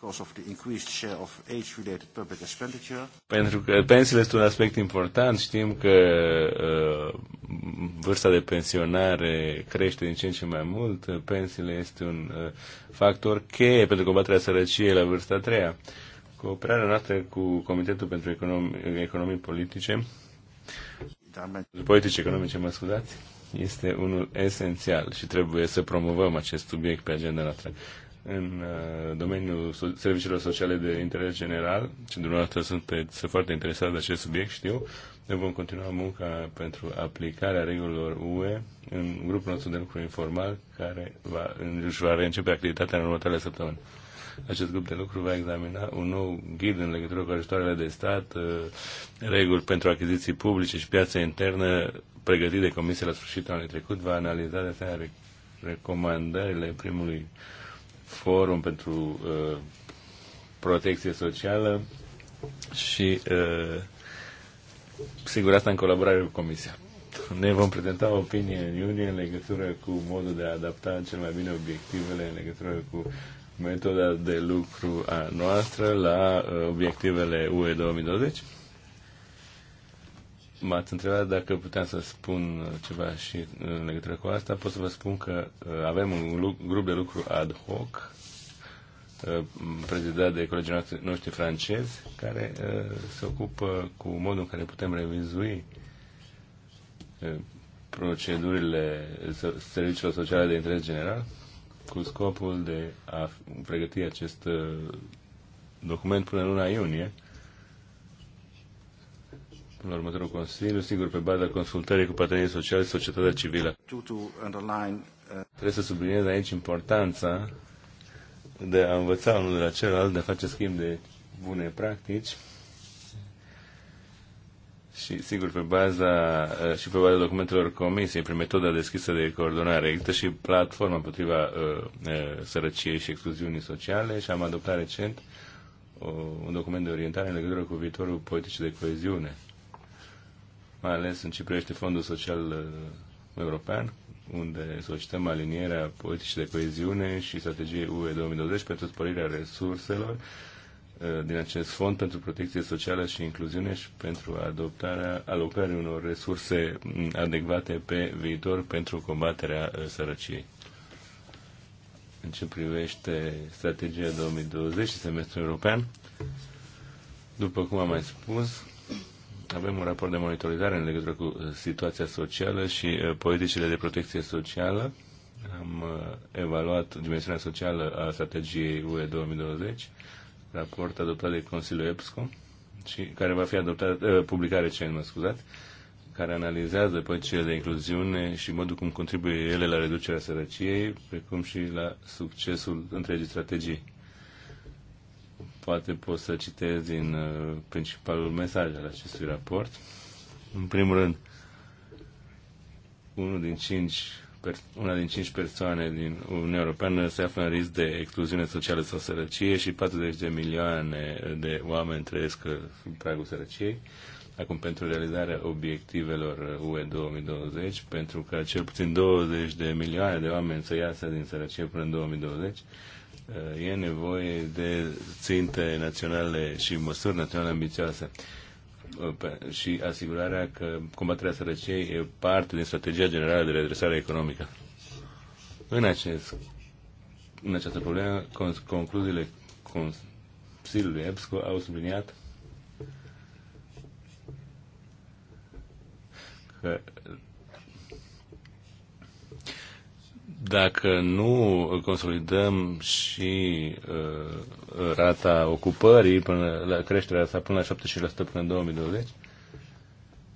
of the increased share of age-related public expenditure. Pentru că pensiile este un aspect important, știm că uh, vârsta de pensionare crește din ce în ce mai mult, pensiile este un uh, factor cheie pentru combaterea sărăciei la vârsta a treia. Cooperarea noastră cu Comitetul pentru Economii, Economii Politice, politice economice, mă scuzați, este unul esențial și trebuie să promovăm acest subiect pe agenda noastră în uh, domeniul serviciilor sociale de interes general și dumneavoastră sunteți foarte interesat de acest subiect, știu. Ne vom continua munca pentru aplicarea regulilor UE în grupul nostru de lucru informal care va, își va reîncepe activitatea în următoarele săptămâni. Acest grup de lucru va examina un nou ghid în legătură cu ajutoarele de stat, uh, reguli pentru achiziții publice și piața internă pregătit de comisie la sfârșitul anului trecut, va analiza de asemenea recomandările primului uh, forum pentru uh, protecție socială și uh, sigur asta în colaborare cu Comisia. Ne vom prezenta opinie în iunie în legătură cu modul de a adapta cel mai bine obiectivele în legătură cu metoda de lucru a noastră la uh, obiectivele UE 2020 m-ați întrebat dacă puteam să spun uh, ceva și uh, în legătură cu asta. Pot să vă spun că uh, avem un grup de lucru ad hoc prezidat de colegii noștri francezi, care se ocupă cu modul în care putem revizui procedurile serviciilor sociale de interes general cu scopul de a pregăti acest document până luna iunie în următorul Consiliu, sigur, pe baza consultării cu partenerii sociali și societatea civilă. Uh, Trebuie să subliniez aici importanța de a învăța unul de la celălalt, de a face schimb de bune practici și, sigur, pe baza, uh, și pe baza documentelor comisiei, prin metoda deschisă de coordonare, există și platforma împotriva uh, uh, sărăciei și excluziunii sociale și am adoptat recent uh, un document de orientare în legătură cu viitorul politicii de coeziune mai ales în ce privește Fondul Social uh, European, unde solicităm alinierea politicii de coeziune și strategiei UE 2020 pentru sporirea resurselor uh, din acest fond pentru protecție socială și incluziune și pentru adoptarea, alocarea unor resurse mm, adecvate pe viitor pentru combaterea uh, sărăciei. În ce privește strategia 2020 și semestrul european, după cum am mai spus, avem un raport de monitorizare în legătură cu uh, situația socială și uh, politicile de protecție socială. Am uh, evaluat dimensiunea socială a strategiei UE 2020, raport adoptat de Consiliul EPSCO și care va fi adoptat, publicat recent, mă scuzați, care analizează politicile de incluziune și modul cum contribuie ele la reducerea sărăciei, precum și la succesul întregii strategii poate pot să citez din uh, principalul mesaj al acestui raport. În primul rând, unul din cinci, una din cinci persoane din Uniunea Europeană se află în risc de excluziune socială sau sărăcie și 40 de milioane de oameni trăiesc uh, sub pragul sărăciei. Acum, pentru realizarea obiectivelor uh, UE 2020, pentru că cel puțin 20 de milioane de oameni să iasă din sărăcie până în 2020, Eh, e nevoie de ținte naționale și măsuri naționale ambițioase eh, și asigurarea că combaterea sărăciei e parte din strategia generală de redresare economică. În, acest, în această problemă, concluziile Consiliului EBSCO au subliniat că dacă nu consolidăm și uh, rata ocupării, până la creșterea sa până la 70% până în 2020,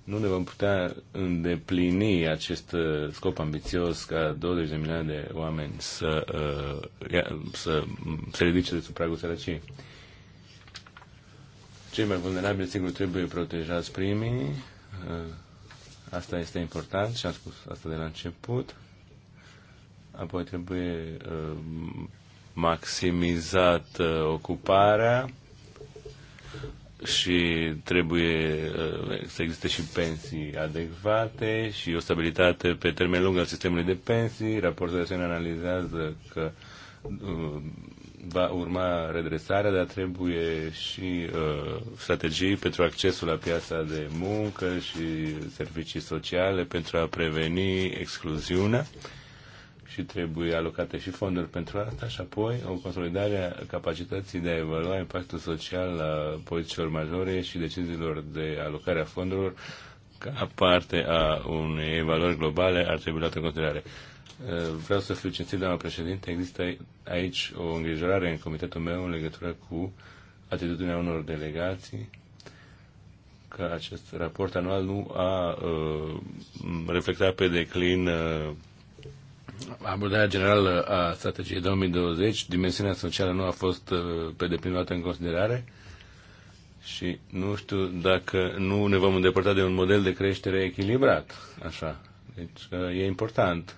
nu ne vom putea îndeplini acest uh, scop ambițios ca 20 de milioane de oameni să, uh, ia, să se ridice de sub pragul sărăciei. Cei mai vulnerabili, sigur, trebuie protejați primii. Uh, asta este important și am spus asta de la început. Uh, apoi trebuie uh, maximizată uh, ocuparea și trebuie uh, să existe și pensii adecvate și o stabilitate pe termen lung al sistemului de pensii. Raportul de asemenea analizează că va urma redresarea, dar trebuie și uh, strategii pentru accesul la piața de muncă și servicii sociale pentru a preveni excluziunea. Uh, și trebuie alocate și fonduri pentru asta și apoi o consolidare a capacității de a evalua impactul social la politicilor majore și deciziilor de alocare a fondurilor ca parte a unei evaluări globale ar trebui luată în considerare. Eh, vreau să fiu cinstit, doamna președinte, există aici o îngrijorare în comitetul meu în legătură cu atitudinea unor delegații că acest raport anual nu a uh, reflectat pe declin uh, abordarea generală a strategiei 2020, dimensiunea socială nu a fost uh, pe deplin luată în considerare și nu știu dacă nu ne vom îndepărta de un model de creștere echilibrat. Așa. Deci uh, e important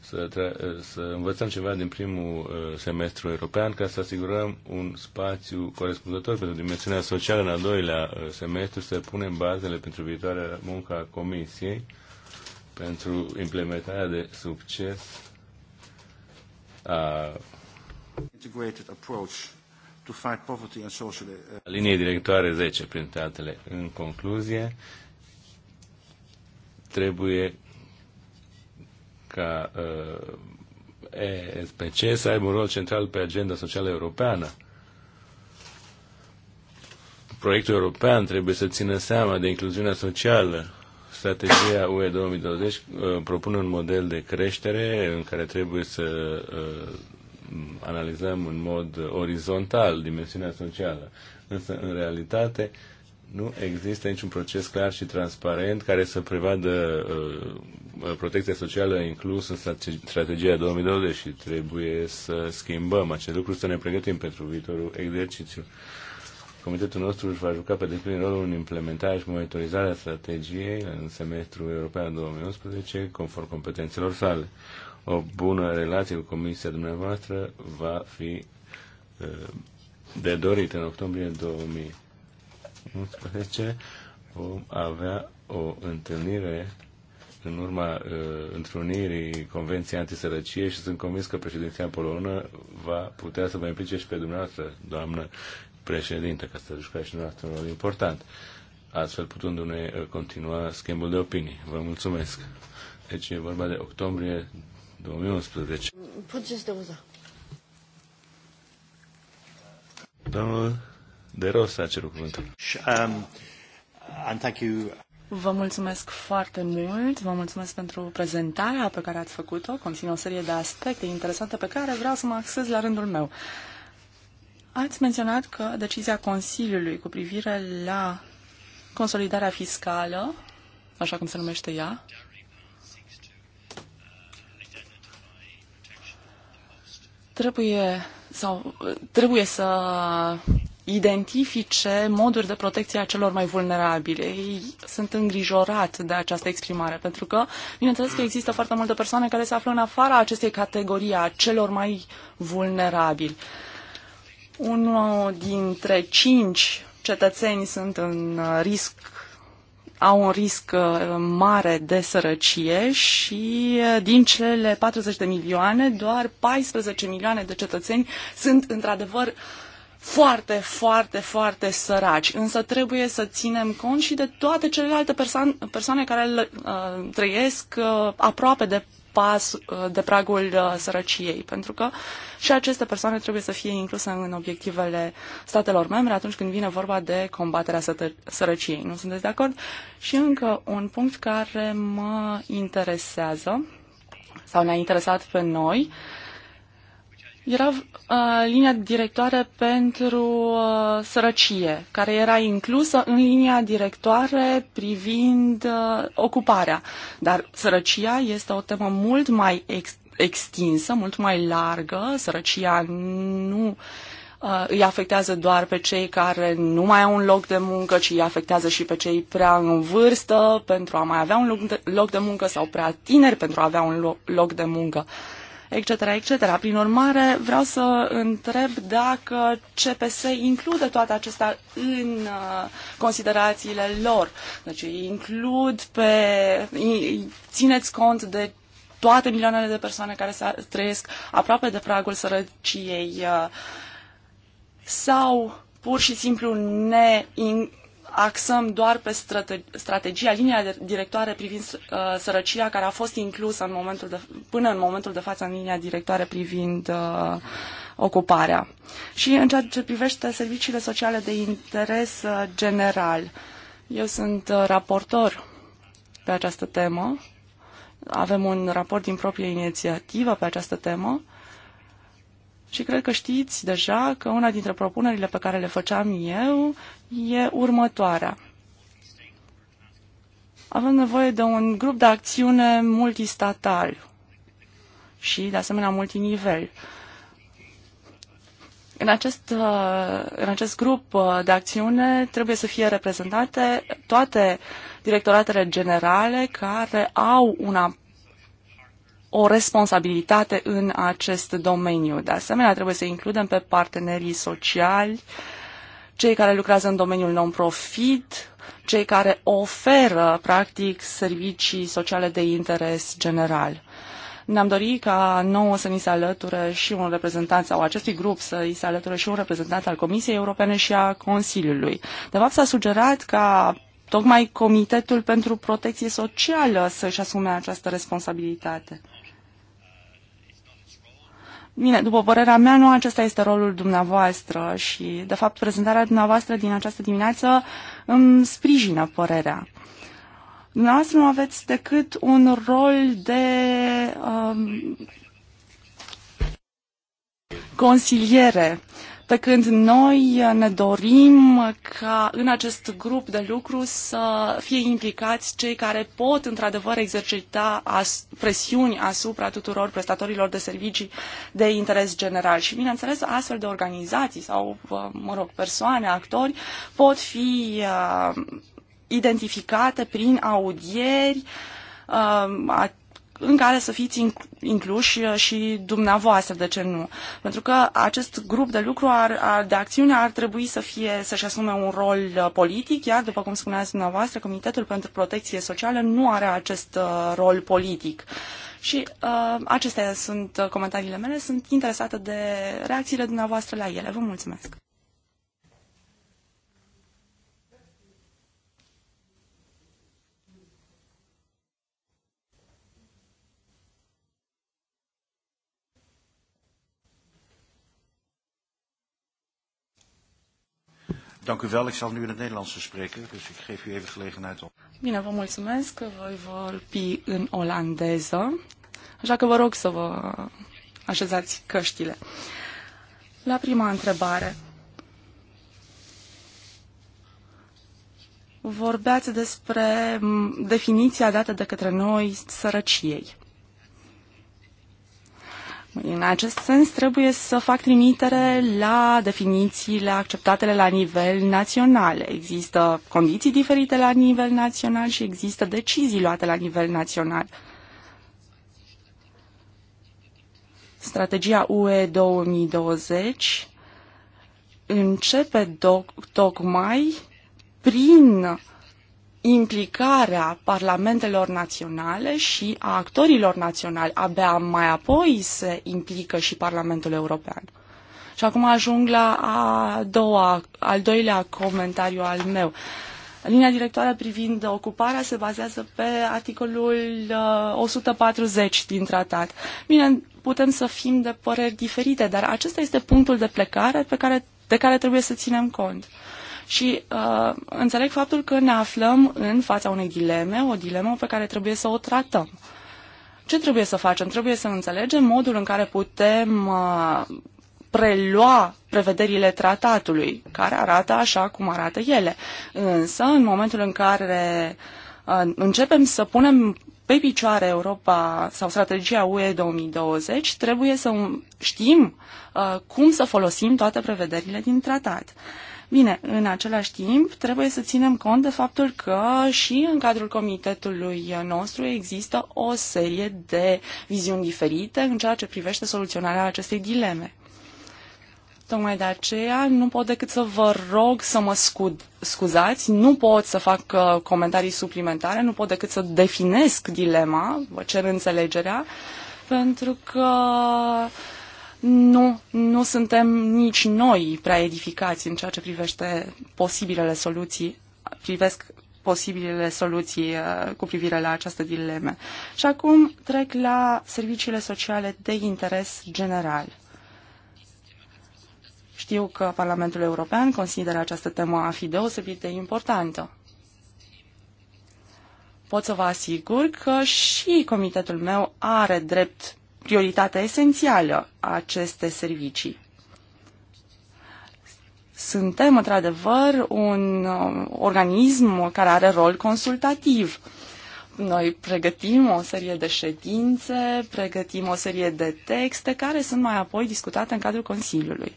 să, uh, să învățăm ceva din primul semestru european ca să asigurăm un spațiu corespunzător pentru dimensiunea socială în al doilea semestru, să punem bazele pentru viitoarea munca Comisiei pentru implementarea de succes a integrated approach to fight poverty and social uh, liniei directoare 10 printre altele. În concluzie, trebuie ca uh, ESPC să aibă un rol central pe agenda socială europeană. Proiectul european trebuie să țină seama de incluziunea socială Strategia UE 2020 uh, propune un model de creștere în care trebuie să uh, analizăm în mod orizontal dimensiunea socială. Însă, în realitate, nu există niciun proces clar și transparent care să prevadă uh, protecția socială inclus în strategia 2020 și trebuie să schimbăm acest lucru, să ne pregătim pentru viitorul exercițiu. Comitetul nostru își va juca pe deplin rolul în implementarea și monitorizarea strategiei în semestrul european 2011, conform competențelor sale. O bună relație cu Comisia dumneavoastră va fi de dorit în octombrie 2011. Vom avea o întâlnire în urma uh, întrunirii Convenției Antisărăcie și sunt convins că președinția polonă va putea să vă implice și pe dumneavoastră, doamnă președinte, că să jucați și noastră un rol important, astfel putându-ne uh, continua schimbul de opinii. Vă mulțumesc. Deci e vorba de octombrie 2011. Puteți te uza. Domnul De Rost a cerut cuvântul. Um, and thank you. Vă mulțumesc foarte mult, vă mulțumesc pentru prezentarea pe care ați făcut-o, conține o serie de aspecte interesante pe care vreau să mă axez la rândul meu. Ați menționat că decizia Consiliului cu privire la consolidarea fiscală, așa cum se numește ea, trebuie sau trebuie să identifice moduri de protecție a celor mai vulnerabile. Ei sunt îngrijorat de această exprimare, pentru că, bineînțeles că există foarte multe persoane care se află în afara acestei categorii a celor mai vulnerabili. Uh, unul dintre cinci cetățeni sunt în risc au un risc uh, mare de sărăcie și uh, din cele 40 de milioane, doar 14 milioane de cetățeni sunt într-adevăr foarte, foarte, foarte săraci. Însă trebuie să ținem cont și de toate celelalte persoane care uh, trăiesc aproape de pas uh, de pragul uh, sărăciei, pentru că și aceste persoane trebuie să fie incluse în obiectivele statelor membre atunci când vine vorba de combaterea sărăciei. Nu sunteți de acord? Și încă un punct care mă interesează sau ne-a interesat pe noi era uh, linia directoare pentru uh, sărăcie, care era inclusă în linia directoare privind uh, ocuparea. Dar sărăcia este o temă mult mai ex- extinsă, mult mai largă. Sărăcia nu uh, îi afectează doar pe cei care nu mai au un loc de muncă, ci îi afectează și pe cei prea în vârstă pentru a mai avea un loc de, loc de muncă sau prea tineri pentru a avea un lo- loc de muncă. Uh, etc., etc. Prin urmare, vreau să întreb dacă CPS include toate acestea în uh, considerațiile lor. Deci includ pe... țineți cont de toate milioanele de persoane care se trăiesc aproape de pragul sărăciei uh, sau pur și simplu ne axăm doar pe strategia, linia directoare privind uh, sărăcia care a fost inclusă în momentul de, până în momentul de față în linia directoare privind uh, ocuparea. Și în ceea ce privește serviciile sociale de interes uh, general, eu sunt uh, raportor pe această temă, avem un raport din proprie inițiativă pe această temă și cred că știți deja că una dintre propunerile pe care le făceam eu e următoarea. Avem nevoie de un grup de acțiune multistatal și, de asemenea, multinivel. În acest, în acest grup de acțiune trebuie să fie reprezentate toate directoratele generale care au un o responsabilitate în acest domeniu. De asemenea, trebuie să includem pe partenerii sociali, cei care lucrează în domeniul non-profit, cei care oferă, practic, servicii sociale de interes general. Ne-am dorit ca nouă să ni se alăture și un reprezentant sau acestui grup să îi se alăture și un reprezentant al Comisiei Europene și a Consiliului. De fapt, s-a sugerat ca tocmai Comitetul pentru Protecție Socială să-și asume această responsabilitate. Bine, după părerea mea, nu acesta este rolul dumneavoastră și, de fapt, prezentarea dumneavoastră din această dimineață îmi sprijină părerea. Dumneavoastră nu aveți decât un rol de um, consiliere pe când noi ne dorim ca în acest grup de lucru să fie implicați cei care pot într-adevăr exercita as- presiuni asupra tuturor prestatorilor de servicii de interes general. Și bineînțeles, astfel de organizații sau, mă rog, persoane, actori pot fi uh, identificate prin audieri uh, în care să fiți incluși uh, și dumneavoastră, de ce nu? Pentru că acest grup de lucru ar, ar, de acțiune ar trebui să fie, să-și asume un rol uh, politic, iar, după cum spuneați dumneavoastră, Comitetul pentru Protecție Socială nu are acest uh, rol politic. Și uh, acestea sunt uh, comentariile mele, sunt interesată de reacțiile dumneavoastră la ele. Vă mulțumesc! Dank u wel. Ik zal nu in het Nederlands spreken, dus ik geef u even gelegenheid om. Bine, vă mulțumesc. Voi vorbi în olandeză, așa că vă rog să vă așezați căștile. La prima întrebare. Vorbeați despre definiția dată de către noi sărăciei. În acest sens, trebuie să fac trimitere la definițiile acceptatele la nivel național. Există condiții diferite la nivel național și există decizii luate la nivel național. Strategia UE 2020 începe tocmai prin implicarea parlamentelor naționale și a actorilor naționali. Abia mai apoi se implică și Parlamentul European. Și acum ajung la a doua, al doilea comentariu al meu. Linia directoare privind ocuparea se bazează pe articolul 140 uh, din tratat. Bine, putem să fim de păreri diferite, dar acesta este punctul de plecare pe care, de care trebuie să ținem cont. Uh, și uh, înțeleg faptul că ne aflăm în fața unei dileme, o dilemă pe care trebuie să o tratăm. Ce trebuie să facem? Trebuie să înțelegem modul în care putem uh, prelua prevederile tratatului, care arată așa cum arată ele. Însă, în momentul în care uh, începem să punem pe picioare Europa sau strategia UE 2020, trebuie să știm uh, cum să folosim toate prevederile din tratat. Uh, Bine, în același timp, trebuie să ținem cont de faptul că și în cadrul comitetului nostru există o serie de viziuni diferite în ceea ce privește soluționarea acestei dileme. Tocmai de aceea nu pot decât să vă rog să mă scud, scuzați, nu pot să fac uh, comentarii suplimentare, nu pot decât să definesc dilema, vă cer înțelegerea, pentru că uh, nu, nu suntem nici noi prea edificați în ceea ce privește posibilele soluții, privesc posibilele soluții uh, cu privire la această dileme. Și acum trec la serviciile sociale de interes general. Știu că Parlamentul European consideră această temă a fi deosebit de importantă. Pot să vă asigur că și comitetul meu are drept prioritate esențială a aceste servicii. Suntem, într-adevăr, un uh, organism care are rol consultativ. Noi pregătim o serie de ședințe, pregătim o serie de texte care sunt mai apoi discutate în cadrul Consiliului.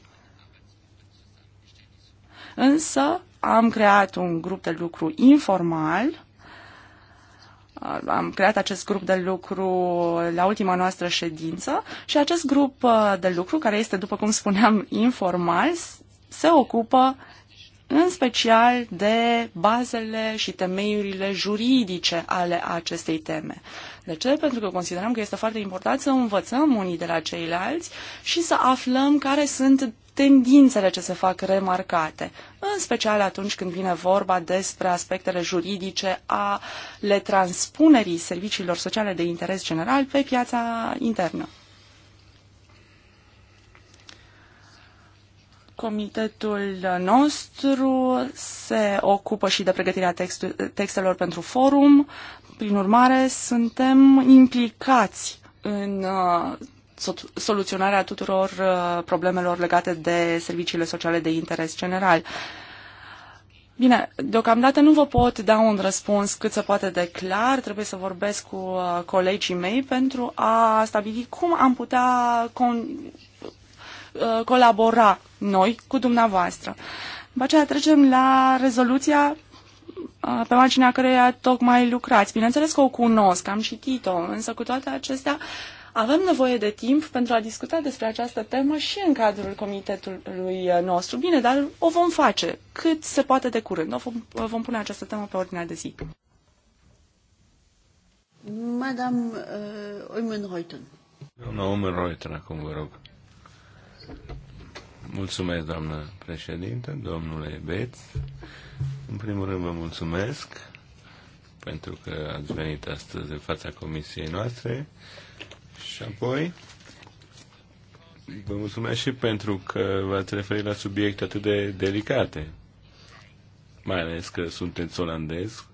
Însă am creat un grup de lucru informal am creat acest grup de lucru la ultima noastră ședință și acest grup uh, de lucru, care este, după cum spuneam, informal, se ocupă în special de bazele și temeiurile juridice ale acestei teme. De ce? Pentru că considerăm că este foarte important să învățăm unii de la ceilalți și să aflăm care sunt tendințele ce se fac remarcate, în special atunci când vine vorba despre aspectele juridice a le transpunerii serviciilor sociale de interes general pe piața internă. Comitetul nostru se ocupă și de pregătirea textelor pentru forum. Prin urmare, suntem implicați în uh, soluționarea tuturor uh, problemelor legate de serviciile sociale de interes general. Bine, deocamdată nu vă pot da un răspuns cât se poate de clar, trebuie să vorbesc cu uh, colegii mei pentru a stabili cum am putea con- uh, colabora noi cu dumneavoastră. După aceea trecem la rezoluția pe marginea căreia tocmai lucrați. Bineînțeles că o cunosc, am citit-o, însă cu toate acestea uh, avem nevoie de timp pentru a discuta despre această temă și în cadrul comitetului uh, nostru. Bine, dar o vom face cât se poate de curând. O vom, uh, vom pune această temă pe ordinea de zi. Madame uh, Oimenreuten. Doamna acum vă rog. Mulțumesc, doamnă președinte, domnule Beț. În primul rând vă mulțumesc pentru că ați venit astăzi în fața comisiei noastre și apoi, vă mulțumesc și pentru că v-ați referit la subiecte atât de delicate, mai ales că sunteți olandez,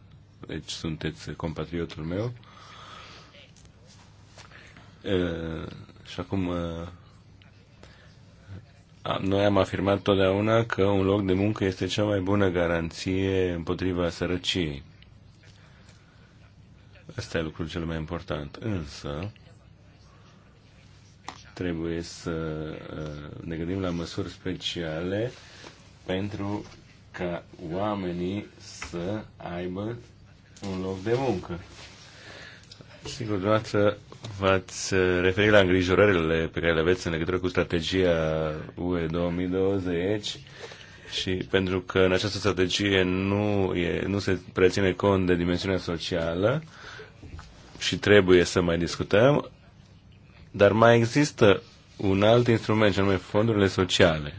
deci sunteți compatriotul meu. E, și acum, noi am afirmat totdeauna că un loc de muncă este cea mai bună garanție împotriva sărăciei. Asta e lucrul cel mai important. Însă, trebuie să uh, ne gândim la măsuri speciale pentru ca oamenii să aibă un loc de muncă. Sigur, dumneavoastră v-ați uh, referit la îngrijorările pe care le aveți în legătură cu strategia UE 2020 și pentru că în această strategie nu, e, nu se preține cont de dimensiunea socială și trebuie să mai discutăm, dar mai există un alt instrument, și anume fondurile sociale.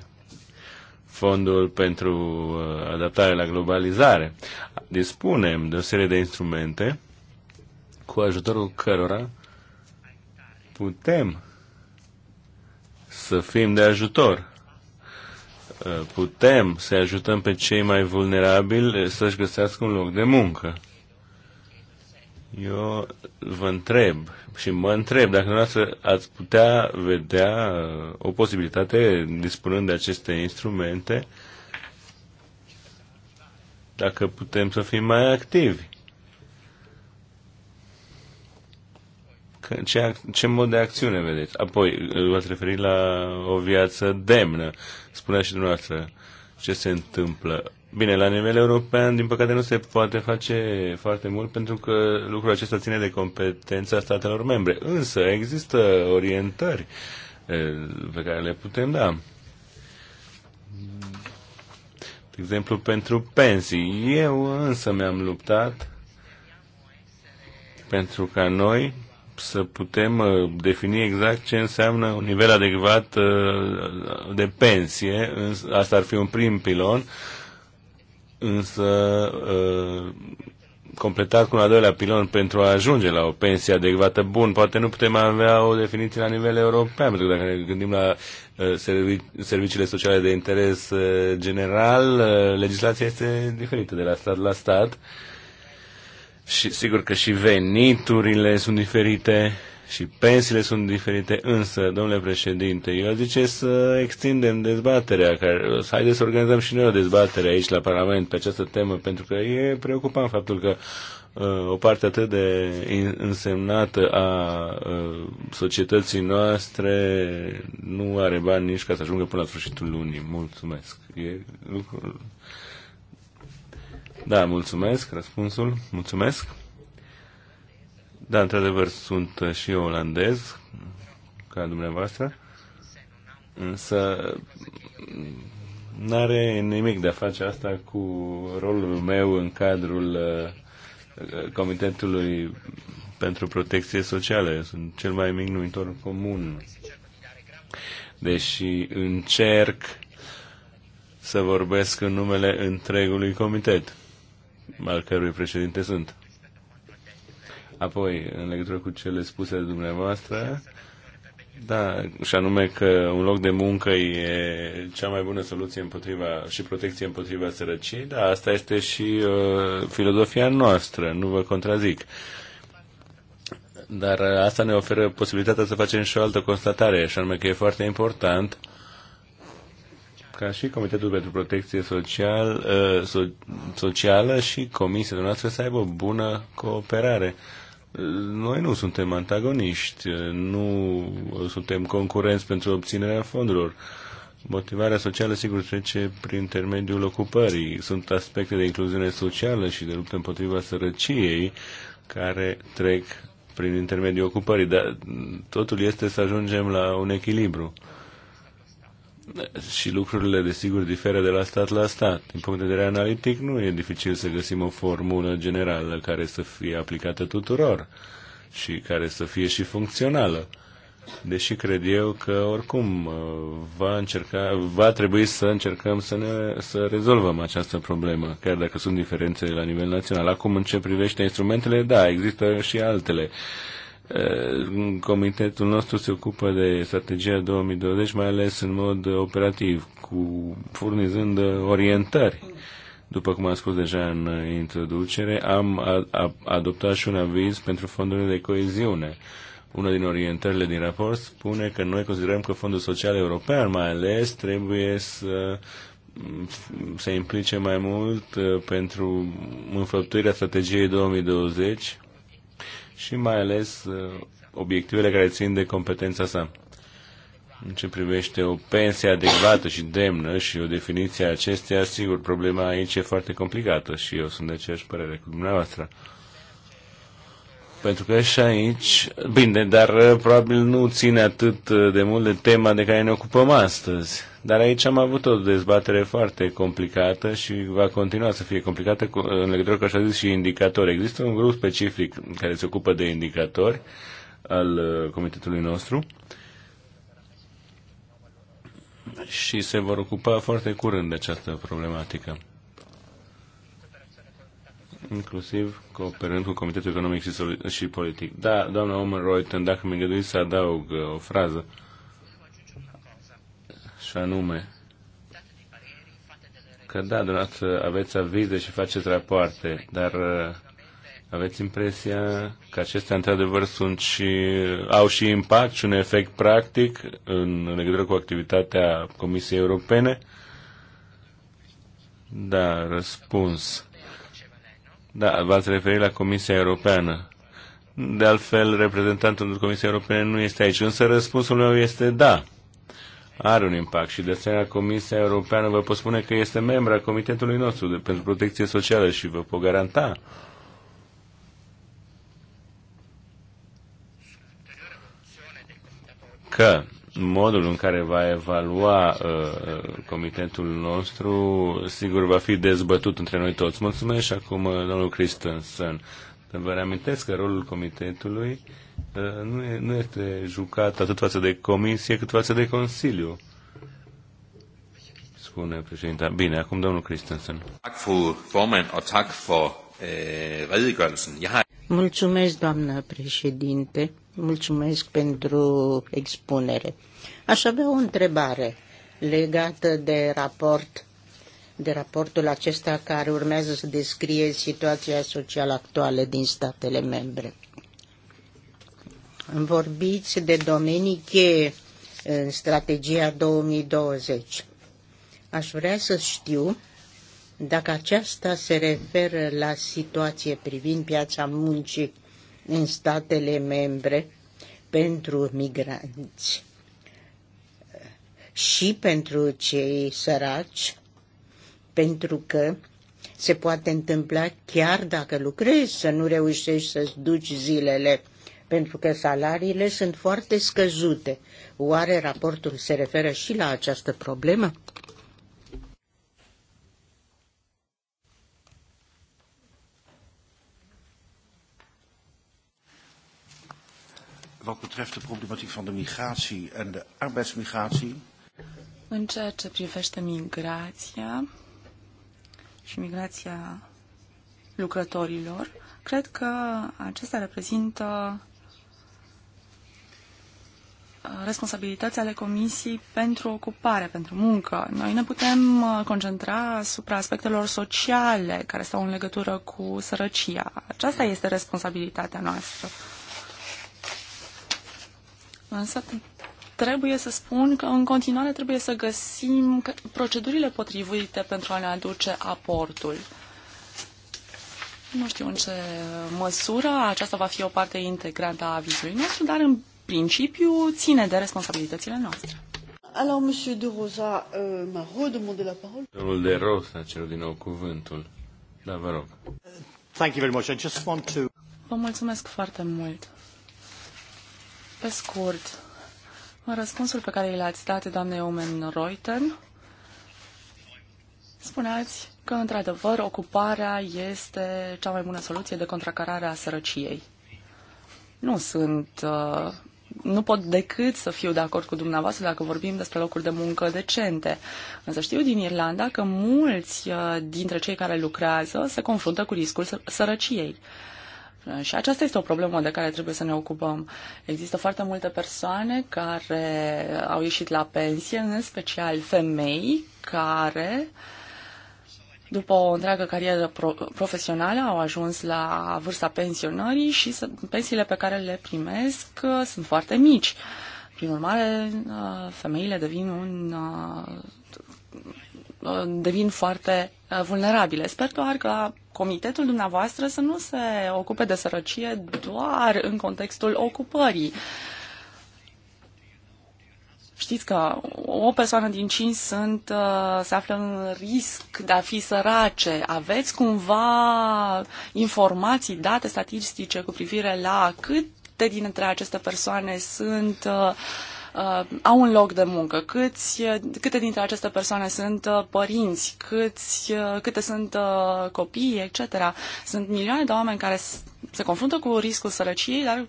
Fondul pentru uh, adaptare la globalizare. Dispunem de o serie de instrumente cu ajutorul cărora putem să fim de ajutor. Uh, putem să ajutăm pe cei mai vulnerabili să-și găsească un loc de muncă. Eu vă întreb și mă întreb dacă dumneavoastră ați putea vedea o posibilitate, dispunând de aceste instrumente, dacă putem să fim mai activi. ce, ce mod de acțiune vedeți? Apoi, v-ați referit la o viață demnă. Spunea și dumneavoastră ce se întâmplă. Bine, la nivel european, din păcate, nu se poate face foarte mult pentru că lucrul acesta ține de competența statelor membre. Însă există orientări eh, pe care le putem da. De exemplu, pentru pensii. Eu însă mi-am luptat pentru ca noi să putem eh, defini exact ce înseamnă un nivel adecvat eh, de pensie. Asta ar fi un prim pilon însă uh, completat cu un al doilea pilon pentru a ajunge la o pensie adecvată. Bun, poate nu putem avea o definiție la nivel european, pentru că dacă ne gândim la uh, servici, serviciile sociale de interes uh, general, legislația este diferită de la stat la stat. Și sigur că și veniturile sunt diferite și pensiile sunt diferite, însă, domnule președinte, eu zice să extindem dezbaterea, care, să haideți să organizăm și noi o dezbatere aici la Parlament pe această temă, pentru că e preocupant faptul că uh, o parte atât de însemnată a uh, societății noastre nu are bani nici ca să ajungă până la sfârșitul lunii. Mulțumesc. E lucrul... Da, mulțumesc, răspunsul. Mulțumesc. Da, într-adevăr, sunt și eu olandez, ca dumneavoastră, însă nu are nimic de a face asta cu rolul meu în cadrul uh, Comitetului pentru Protecție Socială. Sunt cel mai mic numitor comun. Deși încerc să vorbesc în numele întregului comitet, al cărui președinte sunt. Apoi, în legătură cu cele spuse de dumneavoastră, da, și anume că un loc de muncă e cea mai bună soluție împotriva și protecție împotriva sărăciei, da, asta este și uh, filozofia noastră, nu vă contrazic. Dar uh, asta ne oferă posibilitatea să facem și o altă constatare, și anume că e foarte important ca și Comitetul pentru Protecție Social, uh, so, Socială și Comisia noastră să aibă o bună cooperare. Uh, noi nu suntem antagoniști, nu suntem concurenți pentru obținerea fondurilor. Motivarea socială, sigur, trece prin intermediul ocupării. Sunt aspecte de incluziune socială și de luptă împotriva sărăciei care trec prin intermediul ocupării, dar totul este să ajungem la un echilibru și lucrurile, desigur, diferă de la stat la stat. Din punct de vedere analitic, nu e dificil să găsim o formulă generală care să fie aplicată tuturor și care să fie și funcțională. Deși cred eu că, oricum, uh, va, încerca, va trebui să încercăm să, ne, să rezolvăm această problemă, chiar dacă sunt diferențe la nivel național. Acum, în ce privește instrumentele, da, există și altele. Uh, Uh, comitetul nostru se ocupă de strategia 2020, mai ales în mod operativ, cu furnizând orientări. După cum am spus deja în introducere, am adoptat și un aviz pentru fondurile de coeziune. Una din orientările din raport spune că noi considerăm că Fondul Social European, mai ales, trebuie să se implice mai mult uh, pentru înfăptuirea strategiei 2020 și mai ales uh, obiectivele care țin de competența sa. În ce privește o pensie adecvată și demnă și o definiție a acesteia, sigur, problema aici e foarte complicată și eu sunt de aceeași părere cu dumneavoastră. Pentru că și aici, bine, dar uh, probabil nu ține atât uh, de mult de tema de care ne ocupăm astăzi. Dar aici am avut o dezbatere foarte complicată și va continua să fie complicată cu, în legătură cu, așa zis, și indicatori. Există un grup specific care se ocupă de indicatori al uh, comitetului nostru și se vor ocupa foarte curând de această problematică inclusiv cooperând cu Comitetul Economic și, și Politic. Da, doamna Omer Reuten, dacă mi îngăduiți să adaug uh, o frază, uh, și anume că da, dumneavoastră aveți avize și faceți rapoarte, dar uh, aveți impresia că acestea într-adevăr sunt și, au și impact și un efect practic în legătură cu activitatea Comisiei Europene? Da, răspuns. Da, v-ați referit la Comisia Europeană. De altfel, reprezentantul Comisiei Europene nu este aici, însă răspunsul meu este da are un impact și de aceea Comisia Europeană vă pot spune că este membra Comitetului nostru de, pentru protecție socială și vă pot garanta că modul în care va evalua uh, uh comitetul nostru, sigur, va fi dezbătut între noi toți. Mulțumesc și acum uh, domnul Christensen. Vă reamintesc că rolul comitetului uh, nu, e, nu este jucat atât față de comisie cât față de Consiliu. Spune președinta. Bine, acum domnul Christensen. Øh, Mulțumesc, doamnă președinte. Mulțumesc pentru expunere. Aș avea o întrebare legată de raport de raportul acesta care urmează să descrie situația socială actuală din statele membre. Vorbiți de domenii cheie în strategia 2020. Aș vrea să știu dacă aceasta se referă la situație privind piața muncii în statele membre pentru migranți și pentru cei săraci pentru că se poate întâmpla chiar dacă lucrezi să nu reușești să-ți duci zilele, pentru că salariile sunt foarte scăzute. Oare raportul se referă și la această problemă? Wat betreft de problematiek van de migratie en de arbeidsmigratie. În ceea ce privește migrația, și migrația lucrătorilor, cred că acestea reprezintă uh, responsabilități ale Comisiei pentru ocupare, pentru muncă. Noi ne putem uh, concentra asupra aspectelor sociale care stau în legătură cu sărăcia. Aceasta este responsabilitatea noastră. Însă trebuie să spun că în continuare trebuie să găsim procedurile potrivite pentru a ne aduce aportul. Nu știu în ce măsură aceasta va fi o parte integrantă a avizului nostru, dar în principiu ține de responsabilitățile noastre. Alors, Monsieur de Rosa euh, m-a redemandé la parole. Domnul de Rosa cer din nou cuvântul. Da, vă rog. Thank you very much. I just want to... Vă mulțumesc foarte mult. Pe scurt, în răspunsul pe care l-ați dat doamne Omen Reuten, spuneați că, într-adevăr, ocuparea este cea mai bună soluție de contracarare a sărăciei. Nu sunt uh, nu pot decât să fiu de acord cu dumneavoastră dacă vorbim despre locuri de muncă decente. Însă știu din Irlanda că mulți uh, dintre cei care lucrează se confruntă cu riscul sărăciei. Și aceasta este o problemă de care trebuie să ne ocupăm. Există foarte multe persoane care au ieșit la pensie, în special femei, care după o întreagă carieră pro- profesională au ajuns la vârsta pensionării și pensiile pe care le primesc uh, sunt foarte mici. Prin urmare, uh, femeile devin un uh, devin foarte vulnerabile. Sper doar că comitetul dumneavoastră să nu se ocupe de sărăcie doar în contextul ocupării. Știți că o persoană din cinci sunt, uh, se află în risc de a fi sărace. Aveți cumva informații, date statistice cu privire la cât de dintre aceste persoane sunt uh, uh, au un loc de muncă, câți, uh, câte dintre aceste persoane sunt uh, părinți, câți, uh, câte sunt uh, copii, etc. Sunt milioane de oameni care se confruntă cu riscul sărăciei, dar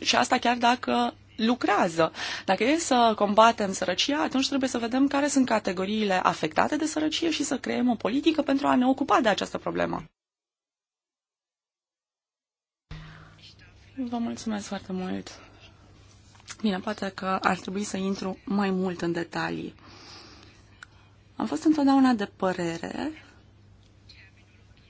și asta chiar dacă lucrează. Dacă e să combatem sărăcia, atunci trebuie să vedem care sunt categoriile afectate de sărăcie și să creăm o politică pentru a ne ocupa de această problemă. Vă mulțumesc foarte mult. Bine, poate că ar trebui să intru mai mult în detalii. Am fost întotdeauna de părere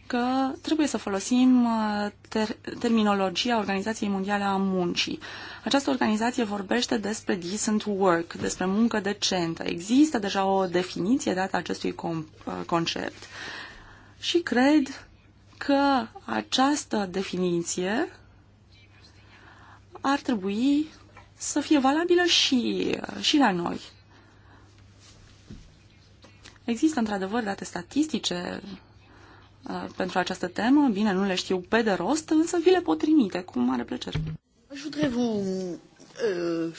că trebuie să folosim uh, ter- terminologia Organizației Mondiale a Muncii. Această organizație vorbește despre decent work, despre muncă decentă. Există deja o definiție dată acestui uh, concept și cred că această definiție ar trebui să fie valabilă și, și la noi. Există într-adevăr date statistice uh, pentru această temă, bine, nu le știu pe de rost, însă vi le pot trimite cu mare plăcere. Euh,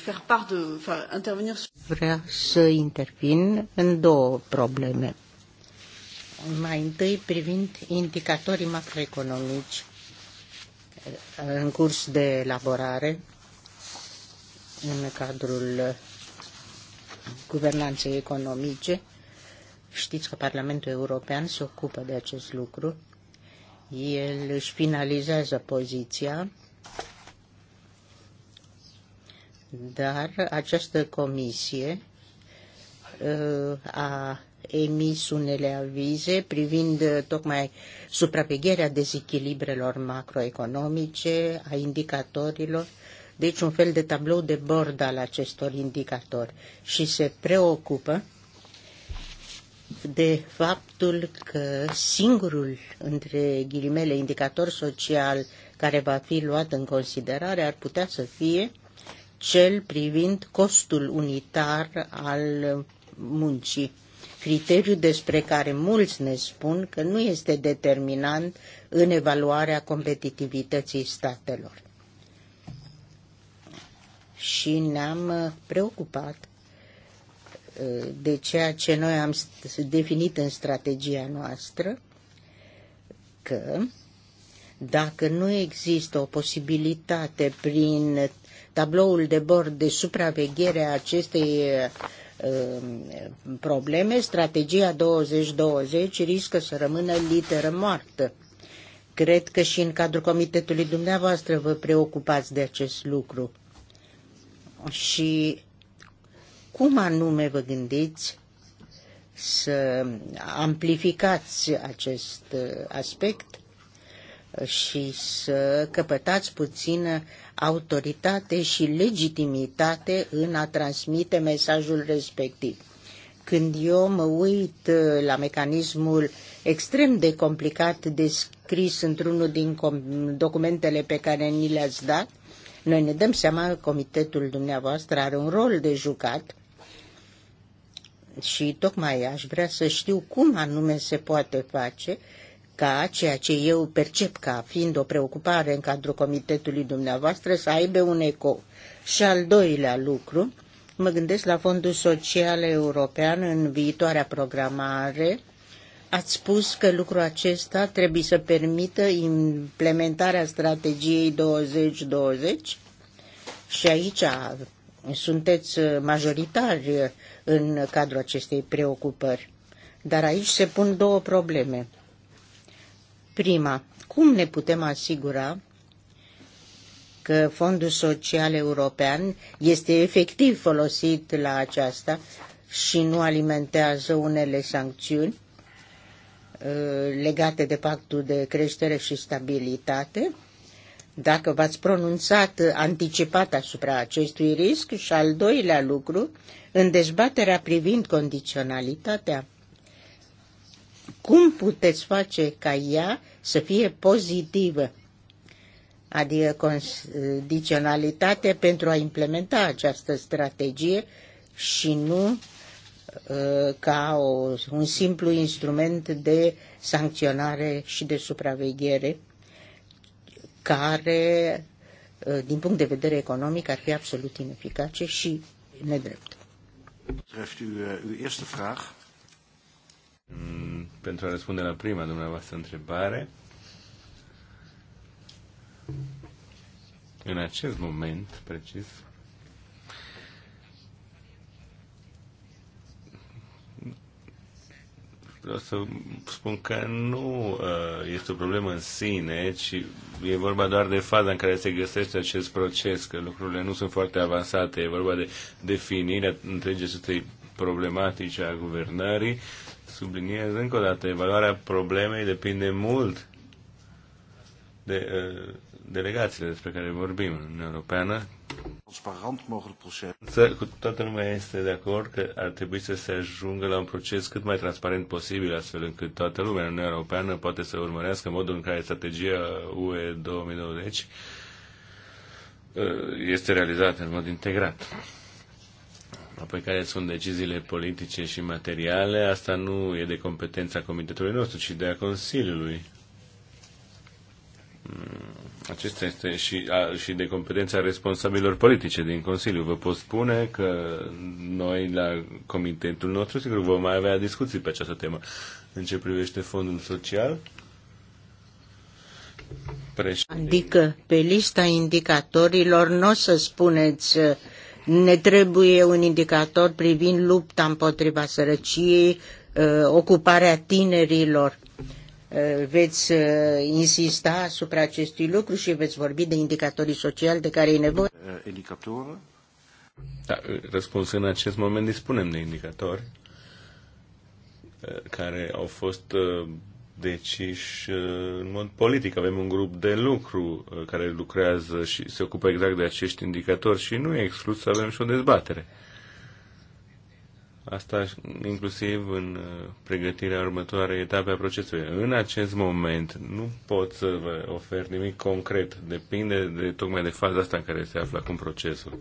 Vreau să intervin în două probleme. Mai întâi privind indicatorii macroeconomici uh, în curs de elaborare în cadrul guvernanței economice. Știți că Parlamentul European se ocupă de acest lucru. El își finalizează poziția, dar această comisie uh, a emis unele avize privind uh, tocmai supravegherea dezechilibrelor macroeconomice, a indicatorilor deci un fel de tablou de bord al acestor indicatori și se preocupă de faptul că singurul, între ghilimele, indicator social care va fi luat în considerare ar putea să fie cel privind costul unitar al muncii. Criteriu despre care mulți ne spun că nu este determinant în evaluarea competitivității statelor și ne-am uh, preocupat uh, de ceea ce noi am definit în strategia noastră, că dacă nu există o posibilitate prin tabloul de bord de supraveghere a acestei uh, probleme, strategia 2020 riscă să rămână literă moartă. Cred că și în cadrul comitetului dumneavoastră vă preocupați de acest lucru și cum anume vă gândiți să amplificați acest uh, aspect și să căpătați puțină autoritate și legitimitate în a transmite mesajul respectiv. Când eu mă uit uh, la mecanismul extrem de complicat descris într-unul din documentele pe care ni le-ați dat, noi ne dăm seama că comitetul dumneavoastră are un rol de jucat și tocmai aș vrea să știu cum anume se poate face ca ceea ce eu percep ca fiind o preocupare în cadrul comitetului dumneavoastră să aibă un eco. Și al doilea lucru, mă gândesc la Fondul Social European în viitoarea programare Ați spus că lucrul acesta trebuie să permită implementarea strategiei 2020 și aici sunteți majoritari în cadrul acestei preocupări. Dar aici se pun două probleme. Prima, cum ne putem asigura că Fondul Social European este efectiv folosit la aceasta și nu alimentează unele sancțiuni? Uh, legate de pactul de creștere și stabilitate. Dacă v-ați pronunțat anticipat asupra acestui risc și al doilea lucru, în dezbaterea privind condiționalitatea, cum puteți face ca ea să fie pozitivă, adică condiționalitate pentru a implementa această strategie și nu Uh, ca o, un simplu instrument de sancționare și de supraveghere care, uh, din punct de vedere economic, ar fi absolut ineficace și nedrept. Uh, mm, pentru a răspunde la prima dumneavoastră întrebare, în acest moment precis, vreau să spun că nu uh, este o problemă în sine, ci e vorba doar de faza în care se găsește acest proces, că lucrurile nu sunt foarte avansate, e vorba de definirea întregii acestei problematice a guvernării. Subliniez încă o dată, evaluarea problemei depinde mult de uh, delegațiile despre care vorbim în Europeană, Însă, cu toată lumea este de acord că ar trebui să se ajungă la un proces cât mai transparent posibil, astfel încât toată lumea în Uniunea Europeană poate să urmărească modul în care strategia UE 2020 uh, este realizată în mod integrat. Apoi care sunt deciziile politice și materiale, asta nu e de competența comitetului nostru, ci de a Consiliului. Mm, acesta este și, a, și de competența responsabililor politice din Consiliu. Vă pot spune că noi la comitetul nostru sigur vom mai avea discuții pe această temă. În ce privește fondul social, președinte. Adică pe lista indicatorilor nu o să spuneți ne trebuie un indicator privind lupta împotriva sărăciei, ă, ocuparea tinerilor. Eh, veți eh, insista asupra acestui lucru și veți vorbi de indicatorii sociali de care e nevoie? Eh, Indicator? Da, răspuns în acest moment dispunem de indicatori care au fost deciși în mod politic. Avem un grup de lucru care lucrează și se ocupă exact de acești indicatori și nu e exclus să avem și o dezbatere Asta inclusiv în uh, pregătirea următoarei etape a procesului. În acest moment nu pot să vă ofer nimic concret. Depinde de tocmai de faza asta în care se află acum procesul.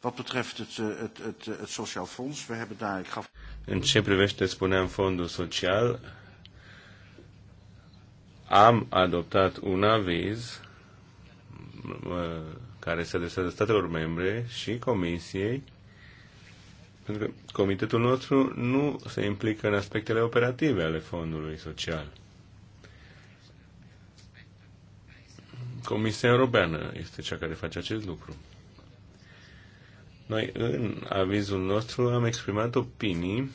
Wat betreft het, eh, het, het, eh, het Sociaal Fonds, we hebben daar... Ik gaf... În ce privește, spuneam, fondul social, am adoptat un aviz care se adresează statelor membre și Comisiei pentru că comitetul nostru nu se implică în aspectele operative ale fondului social. Comisia Europeană este cea care face acest lucru. Noi, în avizul nostru, am exprimat opinii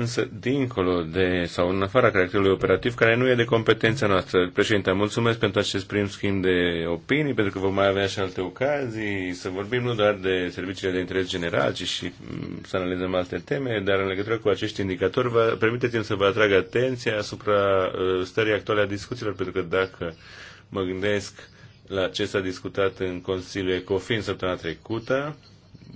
însă dincolo de, sau în afara caracterului operativ, care nu e de competența noastră. Președinte, mulțumesc pentru acest prim schimb de opinii, pentru că vom mai avea și alte ocazii să vorbim nu doar de serviciile de interes general, ci și mm, să analizăm alte teme, dar în legătură cu acești indicatori, vă, permiteți-mi să vă atrag atenția asupra uh, stării actuale a discuțiilor, pentru că dacă mă gândesc la ce s-a discutat în Consiliul Ecofin săptămâna trecută,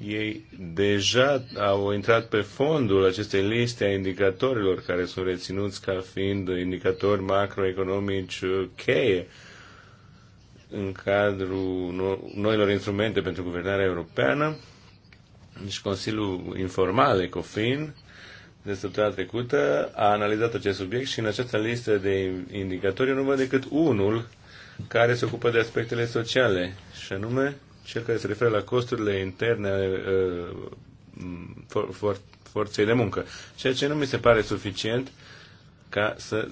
ei deja au intrat pe fondul acestei liste a indicatorilor care sunt reținuți ca fiind indicatori macroeconomici uh, cheie în cadrul noilor instrumente pentru guvernarea europeană. Deci Consiliul Informal ECOFIN de săptămâna trecută a analizat acest subiect și în această listă de indicatori eu nu văd decât unul care se ocupă de aspectele sociale și anume cel care se referă la costurile interne uh, for, for, forței de muncă. Ceea ce nu mi se pare suficient ca să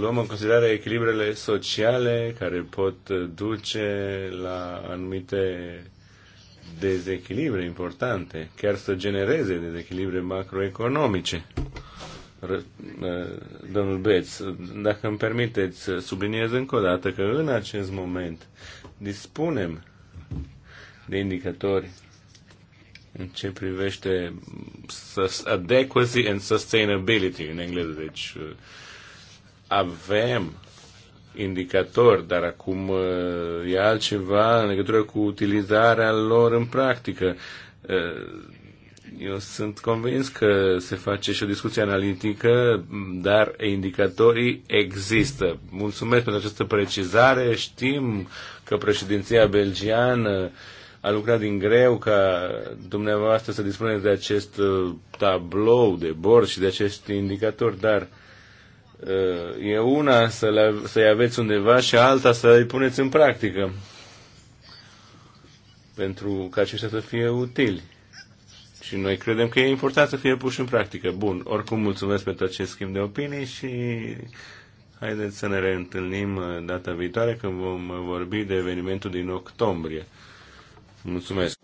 luăm în considerare echilibrele sociale care pot uh, duce la anumite dezechilibre importante, chiar să genereze dezechilibre macroeconomice. Uh, domnul Beț, dacă îmi permiteți, subliniez încă o dată că în acest moment dispunem de indicatori în ce privește adequacy and sustainability în engleză. Deci uh, avem indicatori, dar acum uh, e altceva în legătură cu utilizarea lor în practică. Uh, eu sunt convins că se face și o discuție analitică, dar indicatorii există. Mulțumesc pentru această precizare. Știm că președinția belgiană uh, a lucrat din greu ca dumneavoastră să dispuneți de acest uh, tablou de bord și de acest indicator, dar uh, e una să le, să-i aveți undeva și alta să-i puneți în practică pentru ca aceștia să fie utili. Și noi credem că e important să fie puși în practică. Bun, oricum mulțumesc pentru acest schimb de opinii și haideți să ne reîntâlnim uh, data viitoare când vom vorbi de evenimentul din octombrie. Mulțumesc!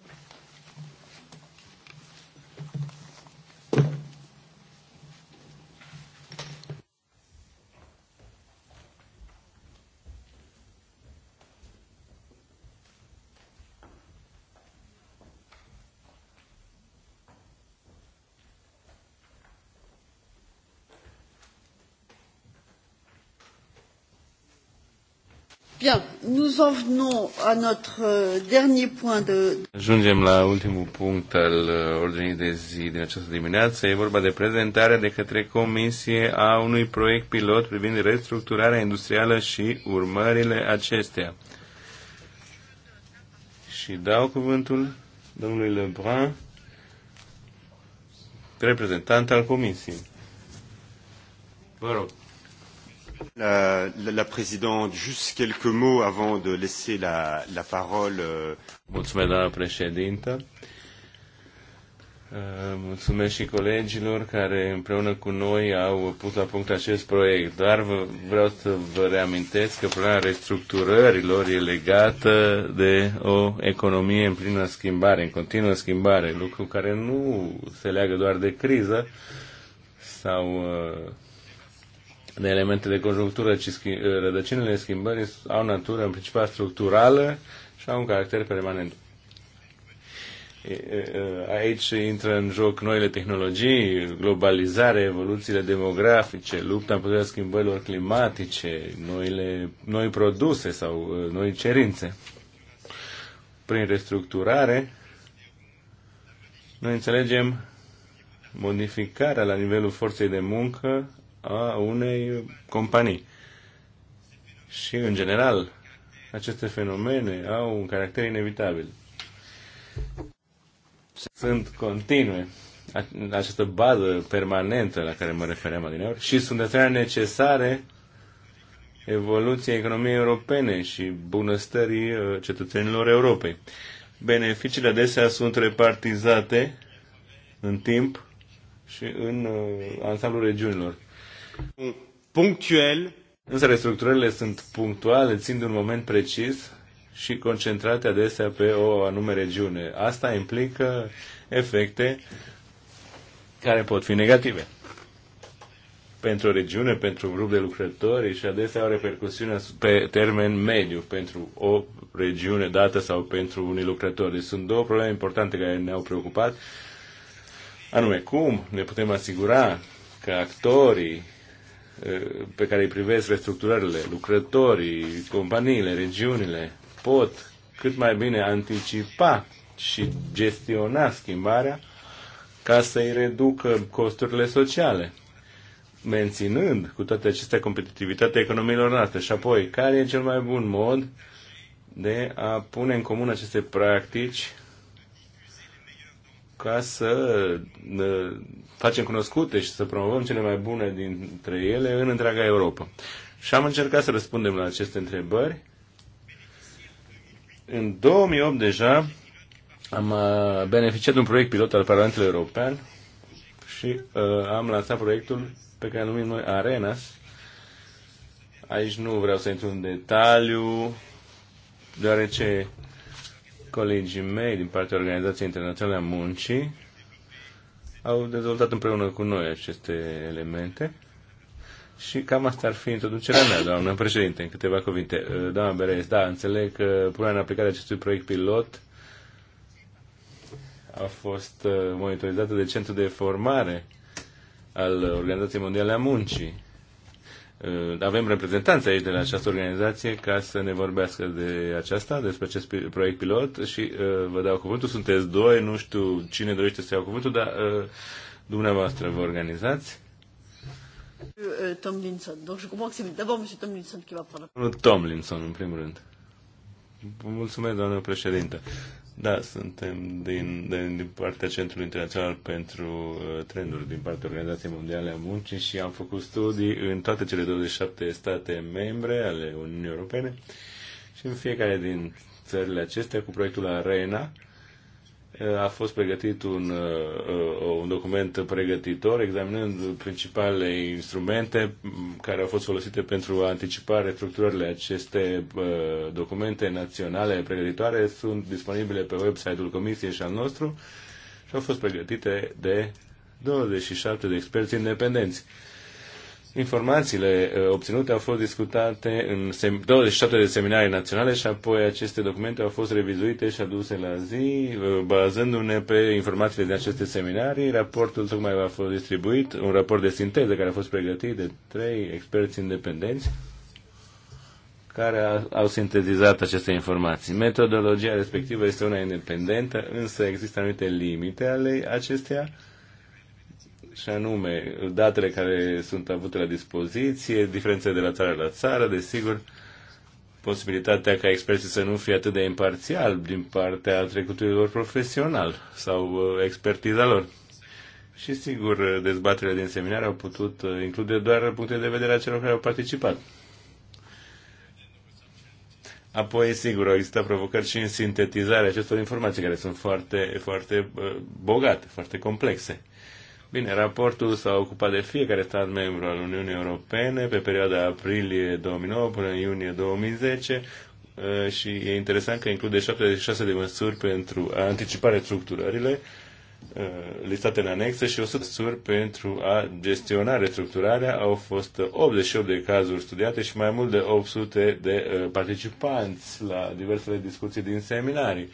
Nous en venons à notre euh, dernier point de... Ajungem la ultimul punct al uh, ordinii de zi din această dimineață. E vorba de prezentarea de către Comisie a unui proiect pilot privind restructurarea industrială și urmările acesteia. Și dau cuvântul domnului Lebrun, reprezentant al Comisiei. Vă rog. La, la, la présidente, juste quelques mots avant de laisser la, la parole. Euh. Mulțumesc, doamna președintă. Uh, mulțumesc și colegilor care împreună cu noi au pus la punct acest proiect. Doar vă, vreau să vă reamintesc că problema restructurărilor e legată de o economie în plină schimbare, în continuă schimbare, lucru care nu se leagă doar de criză sau uh, de elemente de conjunctură, ci schi- rădăcinile schimbării au natură în principal structurală și au un caracter permanent. Aici intră în joc noile tehnologii, globalizare, evoluțiile demografice, lupta împotriva schimbărilor climatice, noile, noi produse sau noi cerințe. Prin restructurare, noi înțelegem modificarea la nivelul forței de muncă a unei companii. Și, în general, aceste fenomene au un caracter inevitabil. Sunt continue. Această bază permanentă la care mă refeream adineori și sunt de necesare evoluției economiei europene și bunăstării uh, cetățenilor Europei. Beneficiile adesea sunt repartizate în timp și în uh, ansamblul regiunilor. Punctuel. Însă restructurările sunt punctuale, țin de un moment precis și concentrate adesea pe o anume regiune. Asta implică efecte care pot fi negative pentru o regiune, pentru un grup de lucrători și adesea au repercusiune pe termen mediu pentru o regiune dată sau pentru unii lucrători. Deci sunt două probleme importante care ne-au preocupat, anume cum ne putem asigura că actorii pe care îi privesc restructurările, lucrătorii, companiile, regiunile, pot cât mai bine anticipa și gestiona schimbarea ca să-i reducă costurile sociale, menținând cu toate acestea competitivitatea economiilor noastre. Și apoi, care e cel mai bun mod de a pune în comun aceste practici ca să facem cunoscute și să promovăm cele mai bune dintre ele în întreaga Europa. Și am încercat să răspundem la aceste întrebări. În 2008 deja am uh, beneficiat de un proiect pilot al Parlamentului European și uh, am lansat proiectul pe care numim noi Arenas. Aici nu vreau să intru în detaliu, deoarece Colegii mei din partea Organizației Internaționale a Muncii au dezvoltat împreună cu noi aceste elemente și cam asta ar fi introducerea mea, doamnă președinte, în câteva cuvinte. Uh, doamna Berez, da, înțeleg că punerea în aplicare acestui proiect pilot a fost uh, monitorizată de Centrul de Formare al Organizației Mondiale a Muncii Eh, avem reprezentanți aici de la această organizație ca să ne vorbească de aceasta, despre acest proiect pilot și eh, vă dau cuvântul. Sunteți doi, nu știu cine dorește să iau cuvântul, dar eh, dumneavoastră vă organizați. Tomlinson. Donc je comprends que c'est d'abord M. Tomlinson qui va Domnul Tomlinson, în primul rând. Mulțumesc, doamnă președintă. Da, suntem din, din, din partea Centrului Internațional pentru uh, Trenduri, din partea Organizației Mondiale a Muncii și am făcut studii în toate cele 27 state membre ale Uniunii Europene și în fiecare din țările acestea cu proiectul ARENA, a fost pregătit un, uh, uh, un document pregătitor examinând principalele instrumente care au fost folosite pentru a anticipa restructurările. Aceste uh, documente naționale pregătitoare sunt disponibile pe website-ul Comisiei și al nostru și au fost pregătite de 27 de experți independenți. Informațiile uh, obținute au fost discutate în 27 de seminarii naționale și apoi aceste documente au fost revizuite și aduse la zi, uh, bazându-ne pe informațiile din aceste seminarii. Raportul tocmai a fost distribuit, un raport de sinteză care a fost pregătit de trei experți independenți care au sintetizat aceste informații. Metodologia respectivă este una independentă, însă există anumite limite ale acesteia și anume datele care sunt avute la dispoziție, diferențe de la țară la țară, desigur, posibilitatea ca experții să nu fie atât de imparțial din partea trecutului lor profesional sau uh, expertiza lor. Și sigur, dezbaterile din seminar au putut uh, include doar puncte de vedere a celor care au participat. Apoi, sigur, au existat provocări și în sintetizarea acestor informații, care sunt foarte, foarte uh, bogate, foarte complexe. Bine, raportul s-a ocupat de fiecare stat membru al Uniunii Europene pe perioada aprilie 2009 până iunie 2010 uh, și e interesant că include 76 de măsuri pentru a anticipa restructurările uh, listate în anexă și 100 măsuri pentru a gestiona restructurarea. Au fost 88 de cazuri studiate și mai mult de 800 de uh, participanți la diversele discuții din seminarii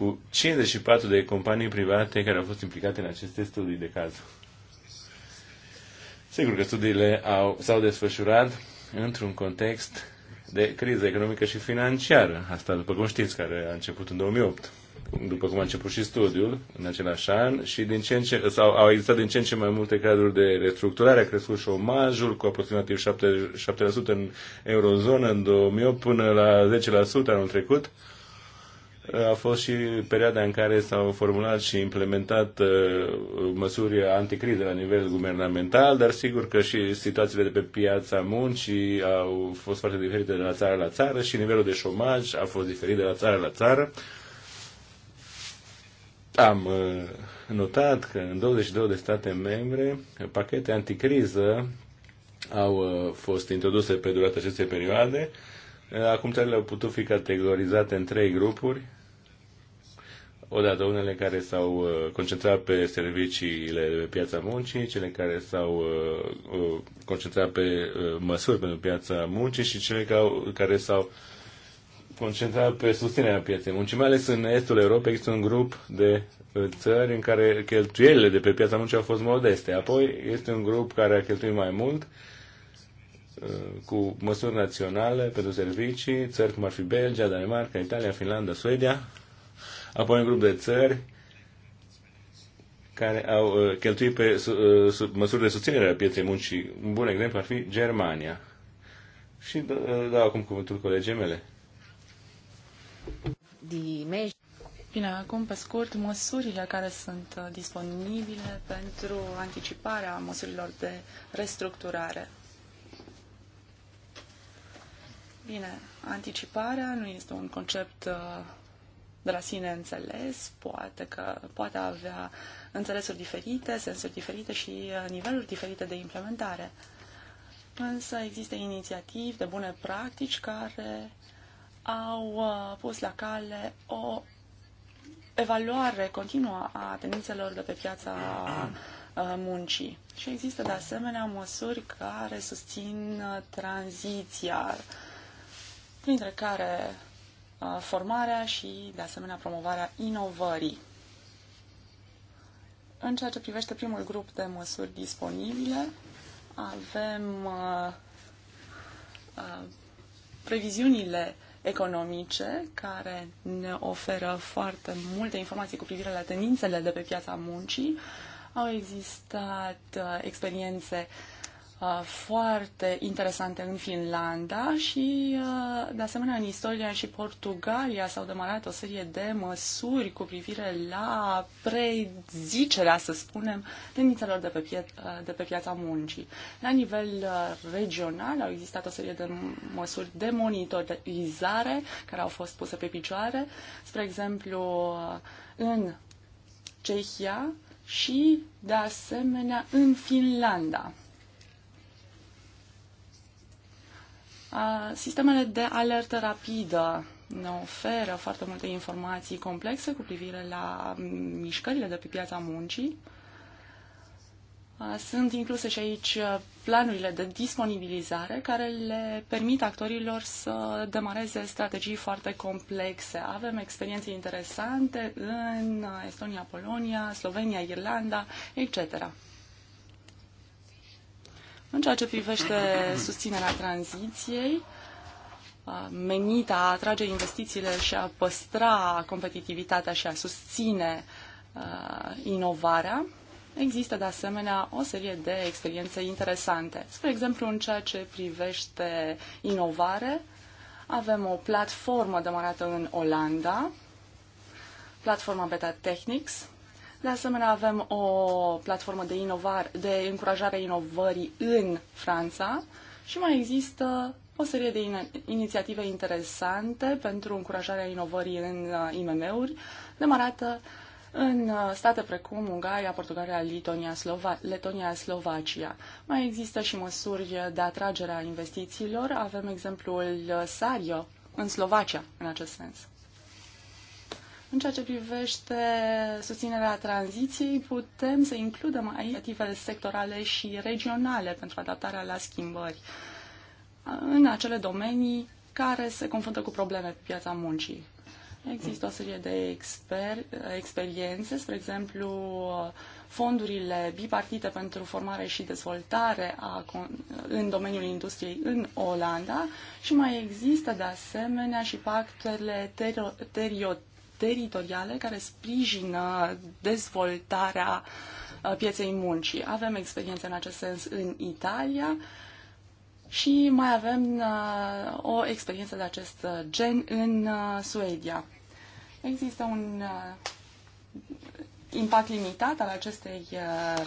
cu 54 de companii private care au fost implicate în aceste studii de caz. Sigur că studiile au, s-au desfășurat într-un context de criză economică și financiară. Asta, după cum știți, care a început în 2008, după cum a început și studiul în același an și din ce în ce, sau, au existat din ce în ce mai multe cadruri de restructurare, a crescut șomajul cu aproximativ 7, 7% în eurozonă în 2008 până la 10% anul trecut a fost și perioada în care s-au formulat și implementat uh, măsuri anticrize la nivel guvernamental, dar sigur că și situațiile de pe piața muncii au fost foarte diferite de la țară la țară și nivelul de șomaj a fost diferit de la țară la țară. Am uh, notat că în 22 de state membre pachete anticriză au uh, fost introduse pe durata acestei perioade. Acum țările au putut fi categorizate în trei grupuri odată unele care s-au uh, concentrat pe serviciile de pe piața muncii, cele care s-au uh, uh, concentrat pe măsuri pentru piața muncii și cele care s-au concentrat pe susținerea pieței muncii. Mai ales în estul Europei există un grup de țări în care cheltuielile de pe piața muncii au fost modeste. Apoi este un grup care a cheltuit mai mult cu măsuri naționale pentru servicii, țări cum ar fi Belgia, Danemarca, Italia, Finlanda, Suedia, apoi un grup de țări care au uh, cheltuit pe sub uh, măsuri de susținere a pieței muncii. Un bun exemplu ar fi Germania. Și uh, dau acum cuvântul colegii mele. Bine, acum pe scurt, măsurile care sunt disponibile pentru anticiparea măsurilor de restructurare. Bine, anticiparea nu este un concept uh, de la sine înțeles, poate că poate avea înțelesuri diferite, sensuri diferite și uh, niveluri diferite de implementare. Însă există inițiativi de bune practici care au uh, pus la cale o evaluare continuă a tendințelor de pe piața uh, muncii. Și există de asemenea măsuri care susțin tranziția, printre care Uh, formarea și, de asemenea, promovarea inovării. În ceea ce privește primul grup de măsuri disponibile, avem uh, uh, previziunile economice care ne oferă foarte multe informații cu privire la tendințele de pe piața muncii. Au existat uh, experiențe Uh, foarte interesante în Finlanda și, uh, de asemenea, în Istoria și Portugalia s-au demarat o serie de măsuri cu privire la prezicerea, să spunem, tendințelor de pe, pie- uh, de pe piața muncii. La nivel regional au existat o serie de măsuri de monitorizare care au fost puse pe picioare, spre exemplu, în Cehia și, de asemenea, în Finlanda. Sistemele de alertă rapidă ne oferă foarte multe informații complexe cu privire la mișcările de pe piața muncii. Sunt incluse și aici uh, planurile de disponibilizare care le permit actorilor să demareze strategii foarte complexe. Avem experiențe interesante în Estonia, Polonia, Slovenia, Irlanda, etc. În ceea ce privește susținerea tranziției, menită a atrage investițiile și a păstra competitivitatea și a susține inovarea, există de asemenea o serie de experiențe interesante. Spre exemplu, în ceea ce privește inovare, avem o platformă demarată în Olanda, platforma Beta Technics, de asemenea, avem o platformă de, inovare, de încurajare a inovării în Franța și mai există o serie de in- inițiative interesante pentru încurajarea inovării în uh, IMM-uri, demarată în uh, state precum Ungaria, Portugalia, Litonia, Slova- Letonia, Slovacia. Mai există și măsuri de atragere a investițiilor. Avem exemplul uh, Sario în Slovacia, în acest sens. În ceea ce privește susținerea tranziției, putem să includem aici sectorale și regionale pentru adaptarea la schimbări în acele domenii care se confruntă cu probleme pe piața muncii. Există o serie de exper- experiențe, spre exemplu, fondurile bipartite pentru formare și dezvoltare a, în domeniul industriei în Olanda și mai există de asemenea și pactele ter- terio- teritoriale care sprijină dezvoltarea uh, pieței muncii. Avem experiență în acest sens în Italia și mai avem uh, o experiență de acest uh, gen în Suedia. Există un impact limitat al acestei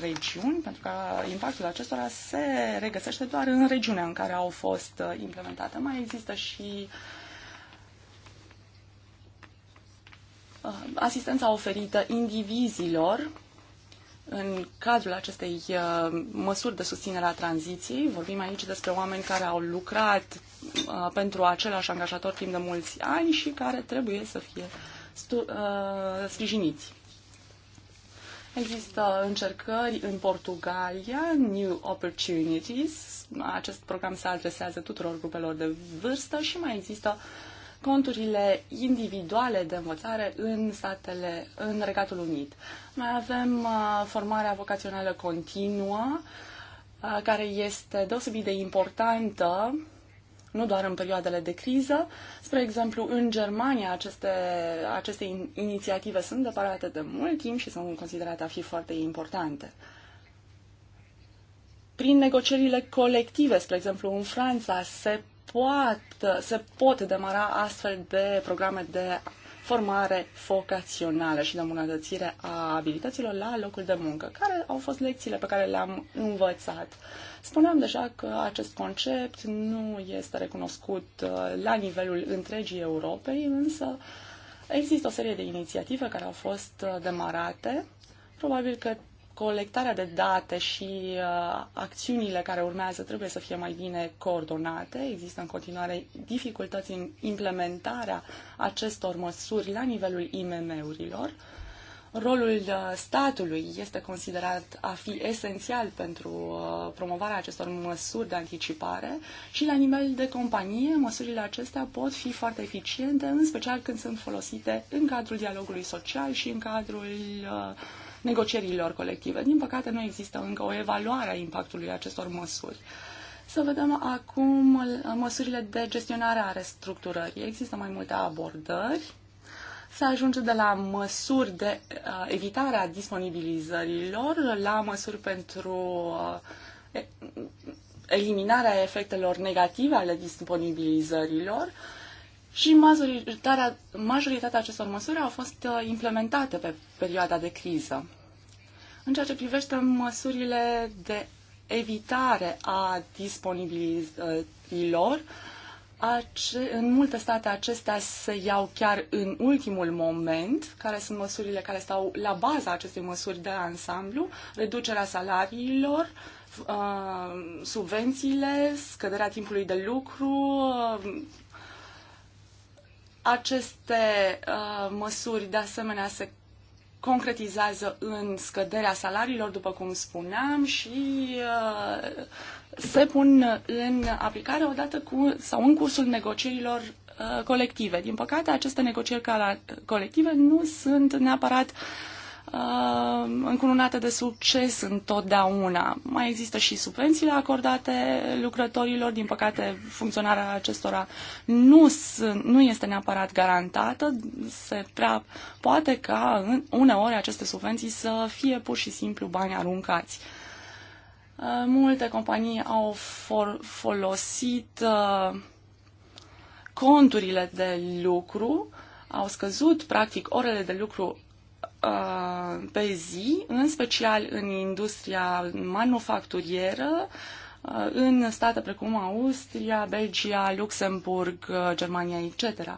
regiuni, pentru că impactul acestora se regăsește doar în regiunea în care au fost implementate. Mai există și uh, Uh, asistența oferită indivizilor în cadrul acestei uh, măsuri de susținere a tranziției. Vorbim aici despre oameni care au lucrat uh, pentru același angajator timp de mulți ani și care trebuie să fie sprijiniți. Există încercări în Portugalia, New Opportunities. Acest program se adresează tuturor grupelor de vârstă și mai există uh, conturile individuale de învățare în statele, în Regatul Unit. Mai avem uh, formarea vocațională continuă, uh, care este deosebit de importantă nu doar în perioadele de criză. Spre exemplu, în Germania aceste, aceste inițiative sunt deparate de mult timp și sunt considerate a fi foarte importante. Prin negocierile colective, spre exemplu, în Franța se poată, se pot demara astfel de programe de formare focațională și de îmbunătățire a abilităților la locul de muncă. Care au fost lecțiile pe care le-am învățat? Spuneam deja că acest concept nu este recunoscut uh, la nivelul întregii Europei, însă există o serie de inițiative care au fost uh, demarate. Probabil că colectarea de date și uh, acțiunile care urmează trebuie să fie mai bine coordonate. Există în continuare dificultăți în implementarea acestor măsuri la nivelul IMM-urilor. Rolul uh, statului este considerat a fi esențial pentru uh, promovarea acestor măsuri de anticipare și la nivel de companie măsurile acestea pot fi foarte eficiente, în special când sunt folosite în cadrul dialogului social și în cadrul uh, negocierilor colective. Din păcate, nu există încă o evaluare a impactului acestor măsuri. Să vedem acum uh, măsurile de gestionare a restructurării. Există mai multe abordări. Se ajunge de la măsuri de uh, evitare a disponibilizărilor la măsuri pentru uh, eliminarea efectelor negative ale disponibilizărilor și majoritatea, majoritatea acestor măsuri au fost uh, implementate pe perioada de criză. În ceea ce privește măsurile de evitare a disponibilizărilor, ace- în multe state acestea se iau chiar în ultimul moment, care sunt măsurile care stau la baza acestei măsuri de ansamblu, reducerea salariilor, uh, subvențiile, scăderea timpului de lucru, uh, aceste uh, măsuri, de asemenea, se concretizează în scăderea salariilor, după cum spuneam, și uh, se pun în aplicare odată cu sau în cursul negocierilor uh, colective. Din păcate, aceste negocieri colective nu sunt neapărat uh, Uh, încununate de succes întotdeauna. Mai există și subvențiile acordate lucrătorilor. Din păcate, funcționarea acestora nu, nu este neapărat garantată. Se prea poate ca uneori aceste subvenții să fie pur și simplu bani aruncați. Uh, multe companii au for- folosit uh, conturile de lucru, au scăzut practic orele de lucru Uh, pe zi, în special în industria manufacturieră, uh, în state precum Austria, Belgia, Luxemburg, uh, Germania, etc.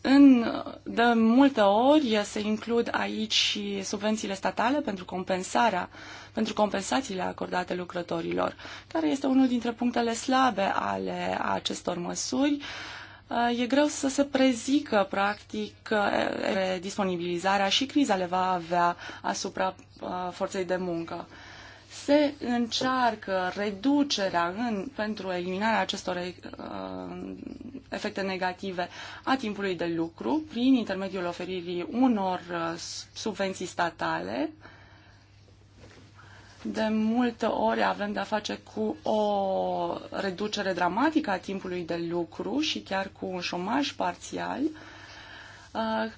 În, de multe ori se includ aici și subvențiile statale pentru compensarea, pentru compensațiile acordate lucrătorilor, care este unul dintre punctele slabe ale acestor măsuri. Uh, e greu să se prezică, practic, disponibilizarea și criza le va avea asupra uh, forței de muncă. Se încearcă reducerea în, pentru eliminarea acestor uh, efecte negative a timpului de lucru prin intermediul oferirii unor uh, subvenții statale uh, de multe ori avem de-a face cu o reducere dramatică a timpului de lucru și chiar cu un șomaj parțial uh,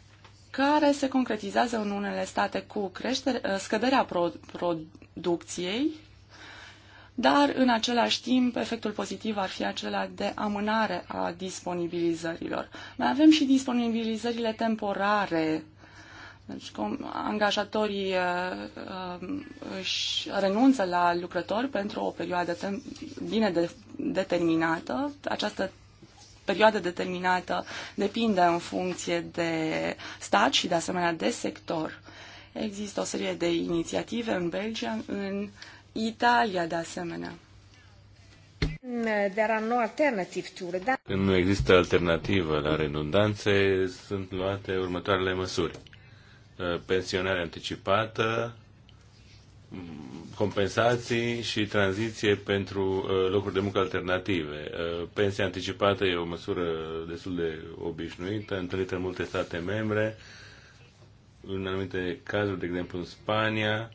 care se concretizează în unele state cu creștere, uh, scăderea producției, dar în același timp efectul pozitiv ar fi acela de amânare a disponibilizărilor. Mai avem și disponibilizările temporare deci angajatorii uh, uh, își renunță la lucrători pentru o perioadă bine de determinată. Această perioadă determinată depinde în funcție de stat și de asemenea de sector. Există o serie de inițiative în Belgia, în Italia de asemenea. redundancy. nu există alternativă la redundanțe, sunt luate următoarele măsuri. Uh, pensionare anticipată, mm, compensații și tranziție pentru uh, locuri de muncă alternative. Uh, pensia anticipată e o măsură destul de obișnuită, întâlnită în multe state membre. În anumite cazuri, de exemplu în Spania,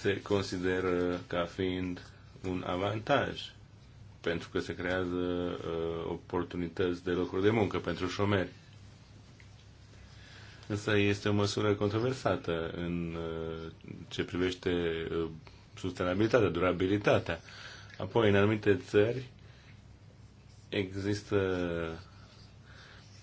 se consideră ca fiind un avantaj pentru că se creează oportunități de locuri de muncă pentru șomeri. Însă este o măsură controversată în uh, ce privește uh, sustenabilitatea, durabilitatea. Apoi, în anumite țări există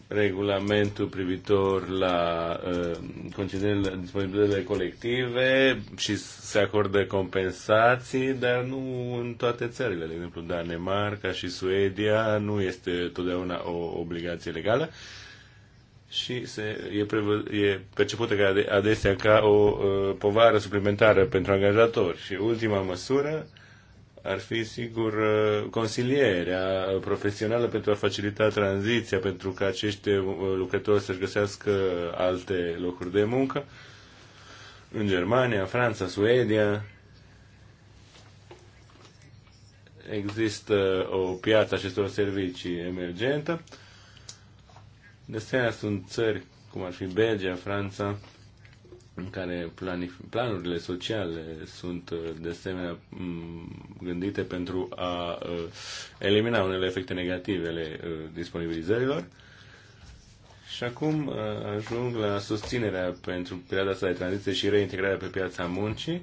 regulamentul privitor la uh, concedierile, disponibilele colective și se acordă compensații, dar nu în toate țările. De exemplu, Danemarca și Suedia nu este totdeauna o obligație legală și se, e, prevă, e percepută ca adesea ca o uh, povară suplimentară pentru angajatori. Și ultima măsură ar fi, sigur, uh, consilierea profesională pentru a facilita tranziția, pentru ca acești uh, lucrători să-și găsească alte locuri de muncă în Germania, Franța, Suedia, există o piață acestor servicii emergentă de asemenea, sunt țări cum ar fi Belgia, Franța, în care planurile sociale sunt uh, de asemenea gândite pentru a uh, elimina unele efecte negative ale uh, disponibilizărilor. Și acum ajung la susținerea pentru perioada asta de tranziție și reintegrarea pe piața muncii.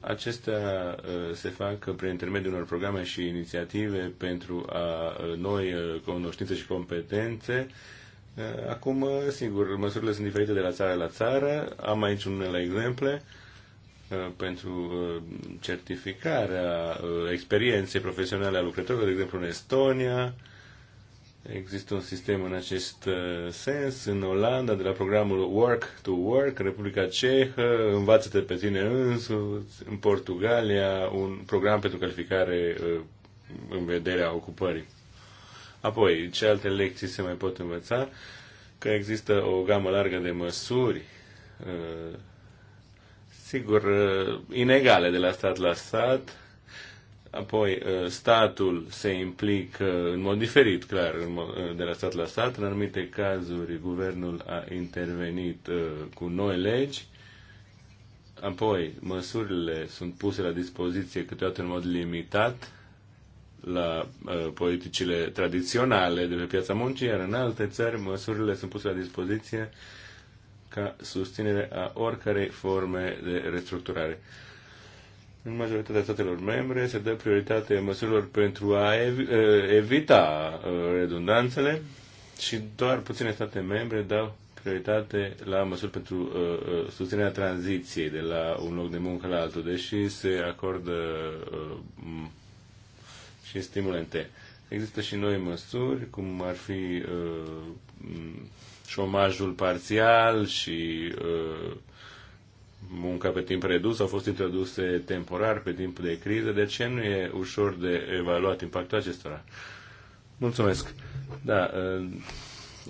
Acestea uh, se fac prin intermediul unor programe și inițiative pentru a uh, noi uh, cunoștințe și competențe. Acum, sigur, măsurile sunt diferite de la țară la țară. Am aici unele exemple pentru certificarea experienței profesionale a lucrătorilor, de exemplu în Estonia, Există un sistem în acest uh, sens în Olanda, de la programul Work to Work, în Republica Cehă, învață-te pe tine însuți, în Portugalia, un program pentru calificare uh, în vederea ocupării. Apoi, ce alte lecții se mai pot învăța? Că există o gamă largă de măsuri, uh, sigur, inegale de la stat la stat, Apoi, uh, statul se implică în mod diferit, clar, uh, de la stat la stat. În anumite cazuri, guvernul a intervenit uh, cu noi legi. Apoi, măsurile sunt puse la dispoziție câteodată în mod limitat la politicile tradiționale de pe piața muncii, iar în alte țări măsurile sunt puse la dispoziție ca susținere a oricărei forme de restructurare în majoritatea statelor membre se dă prioritate măsurilor pentru a evita redundanțele și doar puține state membre dau prioritate la măsuri pentru uh, susținerea tranziției de la un loc de muncă la altul, deși se acordă uh, și stimulente. Există și noi măsuri, cum ar fi uh, șomajul parțial și uh, munca pe timp redus, au fost introduse temporar pe timp de criză, de ce nu e ușor de evaluat impactul acestora? Mulțumesc. Da, uh,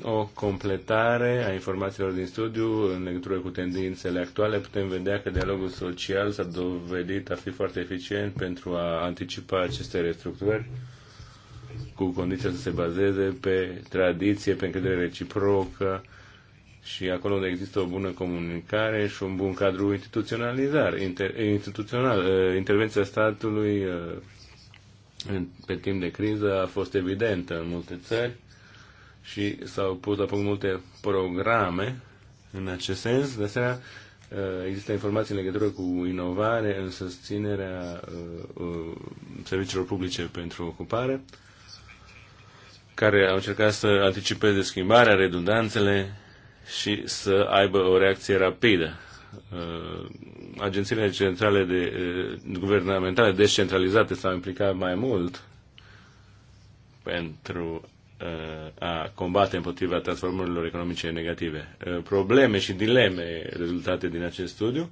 o completare a informațiilor din studiu în legătură cu tendințele actuale, putem vedea că dialogul social s-a dovedit a fi foarte eficient pentru a anticipa aceste restructurări cu condiția să se bazeze pe tradiție, pe încredere reciprocă, și acolo unde există o bună comunicare și un bun cadru instituționalizar, inter, instituțional. Ă, intervenția statului ă, pe timp de criză a fost evidentă în multe țări și s-au pus la punct multe programe în acest sens. De asemenea, ă, există informații în legătură cu inovare în susținerea serviciilor publice pentru ocupare care au încercat să anticipeze schimbarea, redundanțele și să aibă o reacție rapidă. Uh, agențiile centrale de, uh, guvernamentale descentralizate s-au implicat mai mult pentru uh, a combate împotriva transformărilor economice negative. Probleme și dileme rezultate din acest studiu,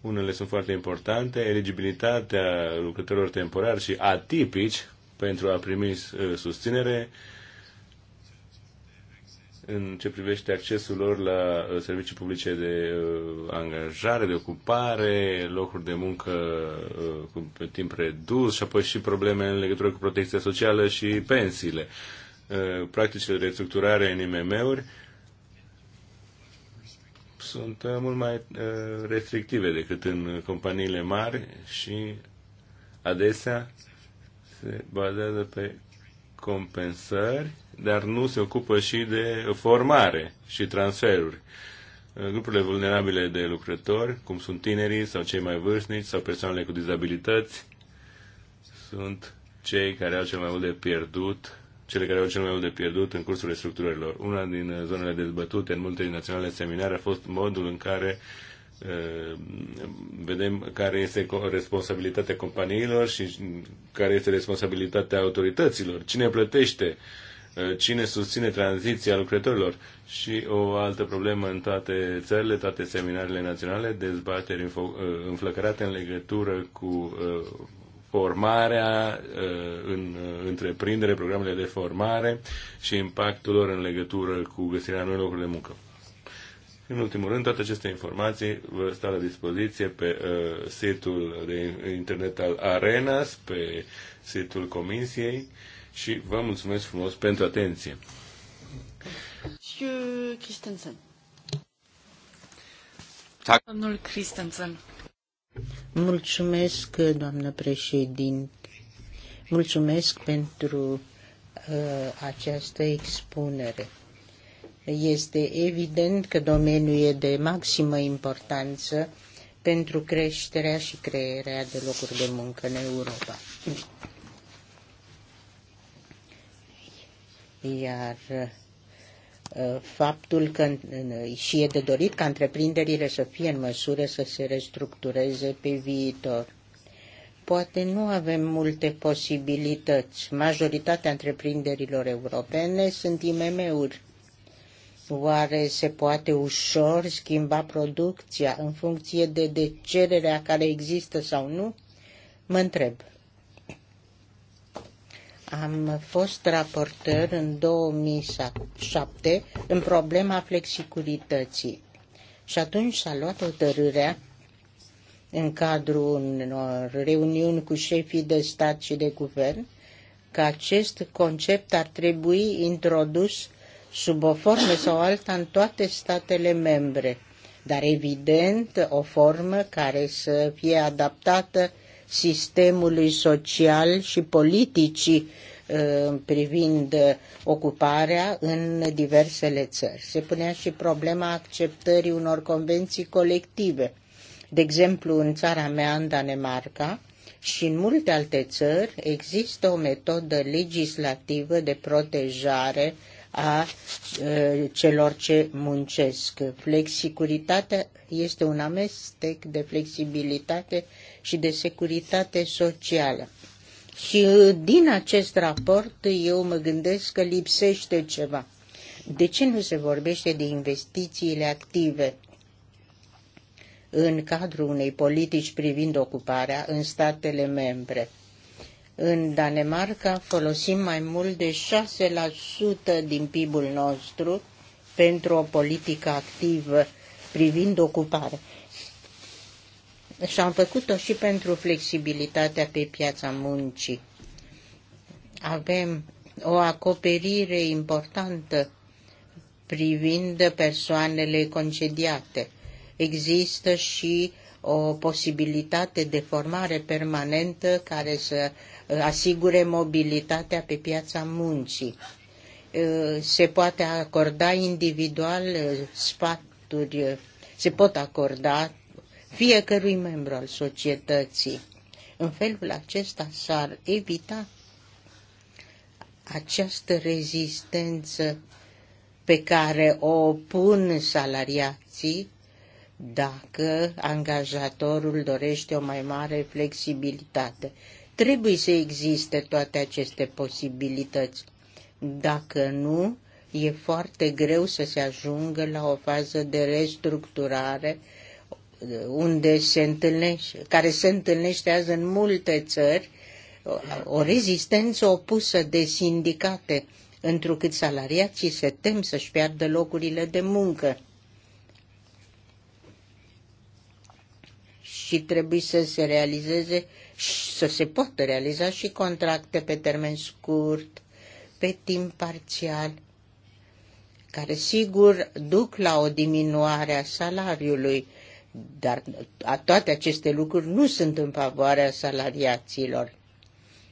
unele sunt foarte importante, eligibilitatea lucrătorilor temporari și atipici pentru a primi susținere, în ce privește accesul lor la uh, servicii publice de uh, angajare, de ocupare, locuri de muncă uh, cu timp redus și apoi și probleme în legătură cu protecția socială și pensiile. Practicile de restructurare în IMM-uri sunt mult mai restrictive decât în companiile mari și adesea se bazează pe compensări dar nu se ocupă și de formare și transferuri. Grupurile vulnerabile de lucrători, cum sunt tinerii sau cei mai vârstnici sau persoanele cu dizabilități, sunt cei care au cel mai mult de pierdut, cele care au cel mai mult de pierdut în cursul restructurărilor. Una din zonele dezbătute în multe din naționale seminare a fost modul în care uh, vedem care este responsabilitatea companiilor și care este responsabilitatea autorităților. Cine plătește uh, Eh, cine susține tranziția lucrătorilor. Și o altă problemă în toate țările, toate seminarele naționale, dezbateri eh, înflăcărate în legătură cu eh, formarea în întreprindere, programele de formare și impactul lor în legătură cu găsirea noi locuri de muncă. În ultimul rând, toate aceste informații vă stau la dispoziție pe uh, site-ul de internet al Arenas, pe site-ul Comisiei și vă mulțumesc frumos pentru atenție. Christensen. Domnul Christensen. Mulțumesc, doamnă președinte. Mulțumesc pentru uh, această expunere. Este evident că domeniul e de maximă importanță pentru creșterea și crearea de locuri de muncă în Europa. iar uh, faptul că uh, și e de dorit ca întreprinderile să fie în măsură să se restructureze pe viitor. Poate nu avem multe posibilități. Majoritatea întreprinderilor europene sunt IMM-uri. Oare se poate ușor schimba producția în funcție de, de cererea care există sau nu? Mă întreb. Am fost raportor în 2007 în problema flexicurității și atunci s-a luat hotărârea în cadrul unor reuniuni cu șefii de stat și de guvern că acest concept ar trebui introdus sub o formă sau alta în toate statele membre, dar evident o formă care să fie adaptată sistemului social și politicii uh, privind ocuparea în diversele țări. Se punea și problema acceptării unor convenții colective. De exemplu, în țara mea, în Danemarca, și în multe alte țări există o metodă legislativă de protejare a uh, celor ce muncesc. Flexicuritatea este un amestec de flexibilitate și de securitate socială. Și uh, din acest raport eu mă gândesc că lipsește ceva. De ce nu se vorbește de investițiile active în cadrul unei politici privind ocuparea în statele membre? În Danemarca folosim mai mult de 6% din PIB-ul nostru pentru o politică activă privind ocuparea și am făcut-o și pentru flexibilitatea pe piața muncii. Avem o acoperire importantă privind persoanele concediate. Există și o posibilitate de formare permanentă care să uh, asigure mobilitatea pe piața muncii. Uh, se poate acorda individual uh, sfaturi, se pot acorda fiecărui membru al societății. În felul acesta s-ar evita această rezistență pe care o pun salariații dacă angajatorul dorește o mai mare flexibilitate. Trebuie să existe toate aceste posibilități. Dacă nu, e foarte greu să se ajungă la o fază de restructurare unde se întâlnește, care se întâlnește azi în multe țări, o rezistență opusă de sindicate, întrucât salariații se tem să-și piardă locurile de muncă. Și trebuie să se realizeze, să se poată realiza și contracte pe termen scurt, pe timp parțial, care sigur duc la o diminuare a salariului, dar toate aceste lucruri nu sunt în favoarea salariaților.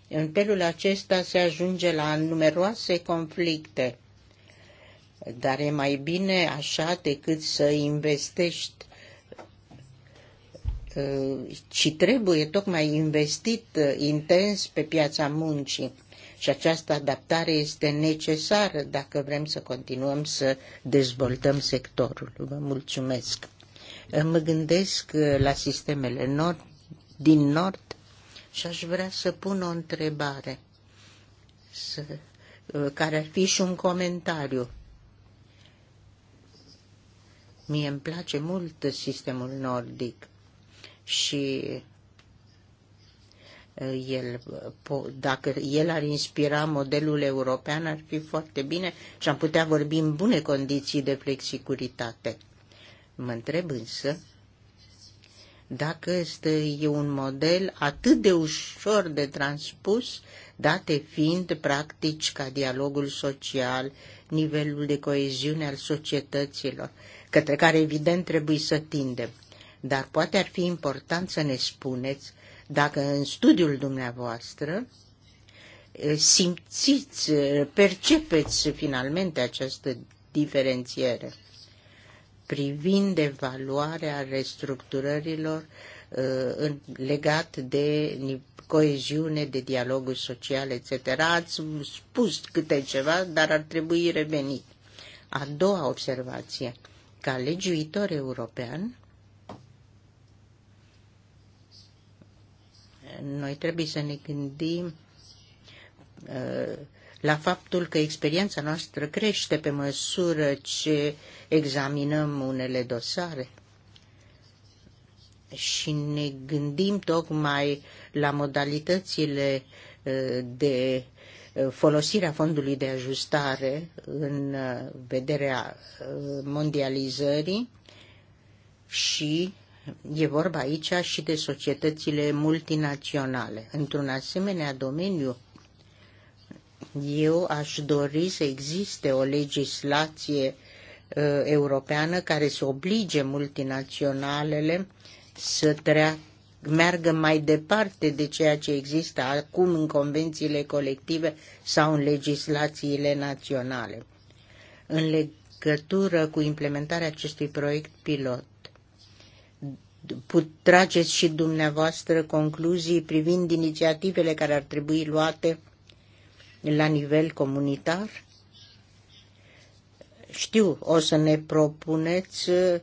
În felul acesta se ajunge la numeroase conflicte. Dar e mai bine așa decât să investești ci uh, trebuie tocmai investit uh, intens pe piața muncii. Și această adaptare este necesară dacă vrem să continuăm să dezvoltăm sectorul. Vă mulțumesc! Mă gândesc uh, la sistemele nord, din nord și aș vrea să pun o întrebare să, uh, care ar fi și un comentariu. Mie îmi place mult sistemul nordic și uh, el, dacă el ar inspira modelul european, ar fi foarte bine și am putea vorbi în bune condiții de flexicuritate. Mă întreb însă dacă este un model atât de ușor de transpus, date fiind practici ca dialogul social, nivelul de coeziune al societăților, către care evident trebuie să tindem. Dar poate ar fi important să ne spuneți dacă în studiul dumneavoastră simțiți, percepeți finalmente această diferențiere privind evaluarea restructurărilor uh, în, legat de coeziune, de dialoguri social, etc. Ați spus câte ceva, dar ar trebui revenit. A doua observație. Ca legiuitor european, noi trebuie să ne gândim uh, la faptul că experiența noastră crește pe măsură ce examinăm unele dosare și ne gândim tocmai la modalitățile uh, de uh, folosire a fondului de ajustare în uh, vederea mondializării și e vorba aici și de societățile multinaționale. Într-un asemenea domeniu eu aș dori să existe o legislație uh, europeană care să oblige multinaționalele să treacă meargă mai departe de ceea ce există acum în convențiile colective sau în legislațiile naționale. În legătură cu implementarea acestui proiect pilot, trageți și dumneavoastră concluzii privind inițiativele care ar trebui luate la nivel comunitar? Știu, o să ne propuneți, uh,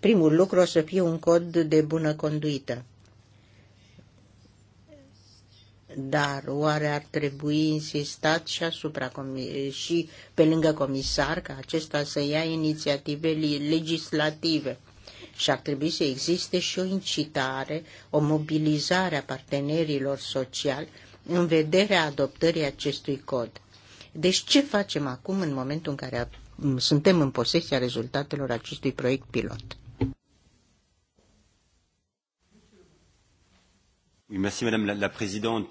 primul lucru o să fie un cod de bună conduită. Dar oare ar trebui insistat și, asupra, și pe lângă comisar ca acesta să ia inițiative legislative? și ar trebui să existe și o incitare, o mobilizare a partenerilor sociali în vederea adoptării acestui cod. Deci ce facem acum în momentul în care suntem în posesia rezultatelor acestui proiect pilot?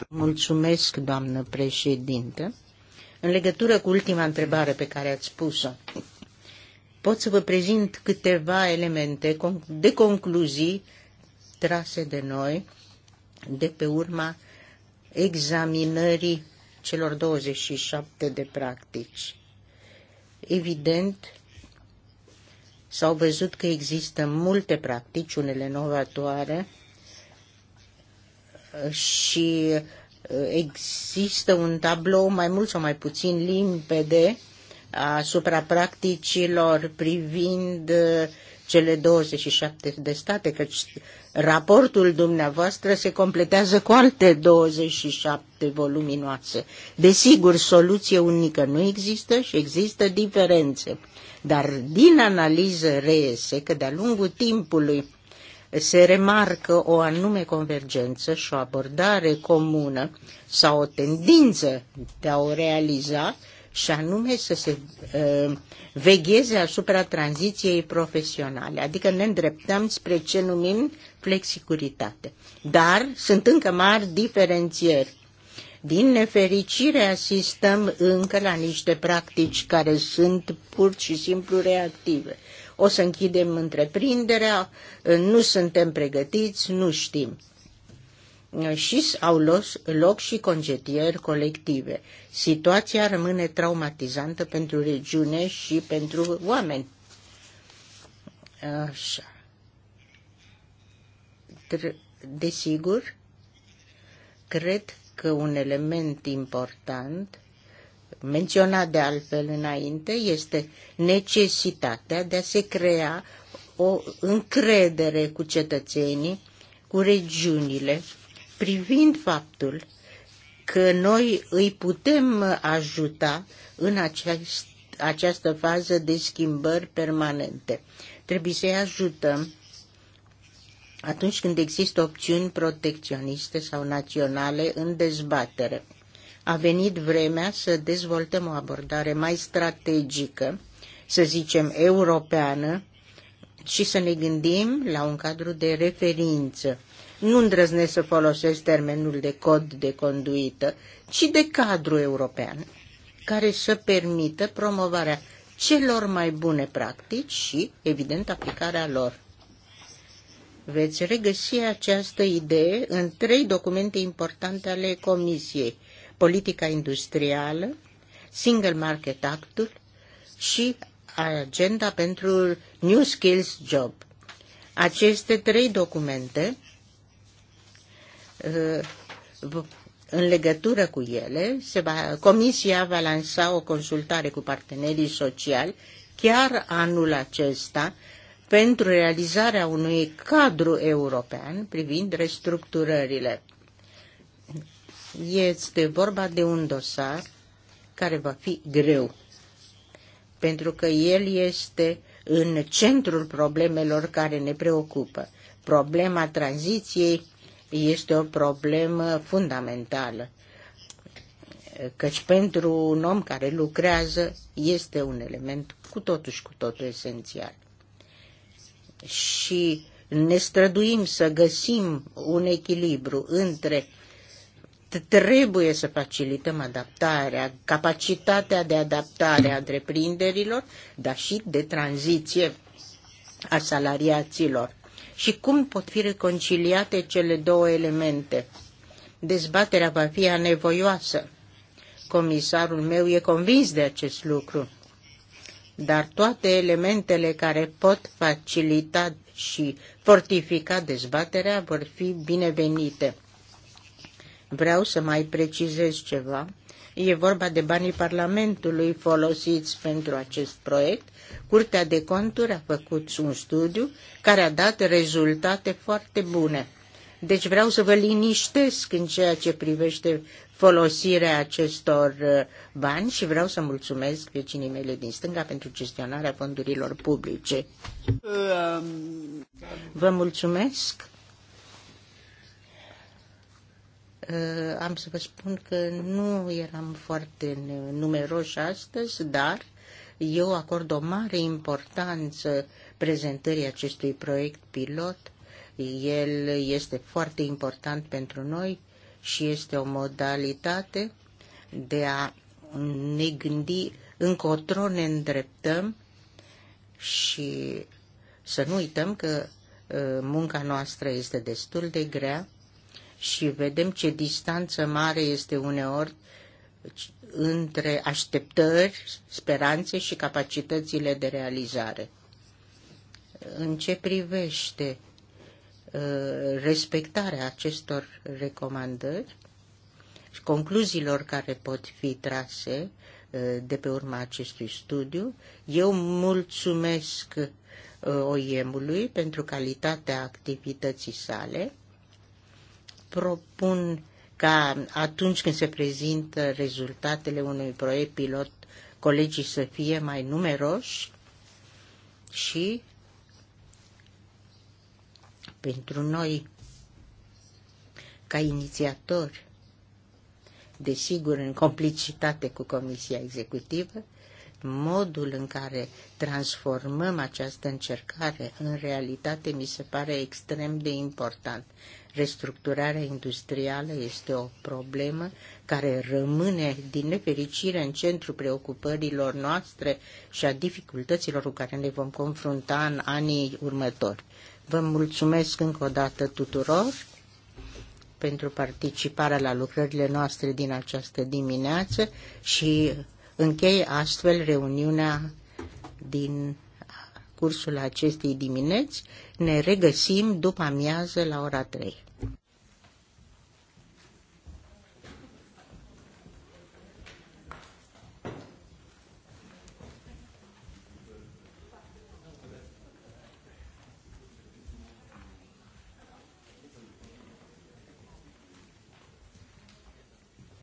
Mulțumesc, doamnă președintă. În legătură cu ultima întrebare pe care ați pus-o, pot să vă prezint câteva elemente de concluzii trase de noi de pe urma examinării celor 27 de practici. Evident, s-au văzut că există multe practici, unele novatoare, și uh, există un tablou mai mult sau mai puțin limpede asupra practicilor privind uh, cele 27 de state, căci raportul dumneavoastră se completează cu alte 27 voluminoase. Desigur, soluție unică nu există și există diferențe. Dar din analiză reiese că de-a lungul timpului se remarcă o anume convergență și o abordare comună sau o tendință de a o realiza și anume să se ă, vegheze asupra tranziției profesionale, adică ne îndreptăm spre ce numim flexicuritate. Dar sunt încă mari diferențieri. Din nefericire asistăm încă la niște practici care sunt pur și simplu reactive. O să închidem întreprinderea, nu suntem pregătiți, nu știm și au loc și concedieri colective. Situația rămâne traumatizantă pentru regiune și pentru oameni. Așa. Desigur, cred că un element important, menționat de altfel înainte, este necesitatea de a se crea o încredere cu cetățenii, cu regiunile privind faptul că noi îi putem ajuta în această această fază de schimbări permanente. Trebuie să-i ajutăm atunci când există opțiuni protecționiste sau naționale în dezbatere. A venit vremea să dezvoltăm o abordare mai strategică, să zicem europeană, și să ne gândim la un cadru de referință nu îndrăznesc să folosesc termenul de cod de conduită, ci de cadru european, care să permită promovarea celor mai bune practici și, evident, aplicarea lor. Veți regăsi această idee în trei documente importante ale Comisiei. Politica industrială, Single Market Actul și agenda pentru New Skills Job. Aceste trei documente Uh, în legătură cu ele, se va, Comisia va lansa o consultare cu partenerii sociali chiar anul acesta pentru realizarea unui cadru european privind restructurările. Este vorba de un dosar care va fi greu, pentru că el este în centrul problemelor care ne preocupă. Problema tranziției este o problemă fundamentală. Căci pentru un om care lucrează este un element cu totul și cu totul esențial. Și ne străduim să găsim un echilibru între trebuie să facilităm adaptarea, capacitatea de adaptare a întreprinderilor, dar și de tranziție a salariaților și cum pot fi reconciliate cele două elemente. Dezbaterea va fi anevoioasă. Comisarul meu e convins de acest lucru. Dar toate elementele care pot facilita și fortifica dezbaterea vor fi binevenite. Vreau să mai precizez ceva. E vorba de banii Parlamentului folosiți pentru acest proiect Curtea de conturi a făcut un studiu care a dat rezultate foarte bune. Deci vreau să vă liniștesc în ceea ce privește folosirea acestor uh, bani și vreau să mulțumesc vecinii mele din stânga pentru gestionarea fondurilor publice. Vă mulțumesc. Uh, am să vă spun că nu eram foarte numeroși astăzi, dar eu acord o mare importanță prezentării acestui proiect pilot. El este foarte important pentru noi și este o modalitate de a ne gândi încotro ne îndreptăm și să nu uităm că ă, munca noastră este destul de grea și vedem ce distanță mare este uneori între așteptări, speranțe și capacitățile de realizare. În ce privește uh, respectarea acestor recomandări și concluziilor care pot fi trase uh, de pe urma acestui studiu, eu mulțumesc uh, OIM-ului pentru calitatea activității sale. Propun ca atunci când se prezintă rezultatele unui proiect pilot, colegii să fie mai numeroși și pentru noi, ca inițiatori, desigur în complicitate cu Comisia Executivă, modul în care transformăm această încercare în realitate mi se pare extrem de important. Restructurarea industrială este o problemă care rămâne din nefericire în centrul preocupărilor noastre și a dificultăților cu care ne vom confrunta în anii următori. Vă mulțumesc încă o dată tuturor pentru participarea la lucrările noastre din această dimineață și închei astfel reuniunea din cursul acestei dimineți. Ne regăsim după amiază la ora 3.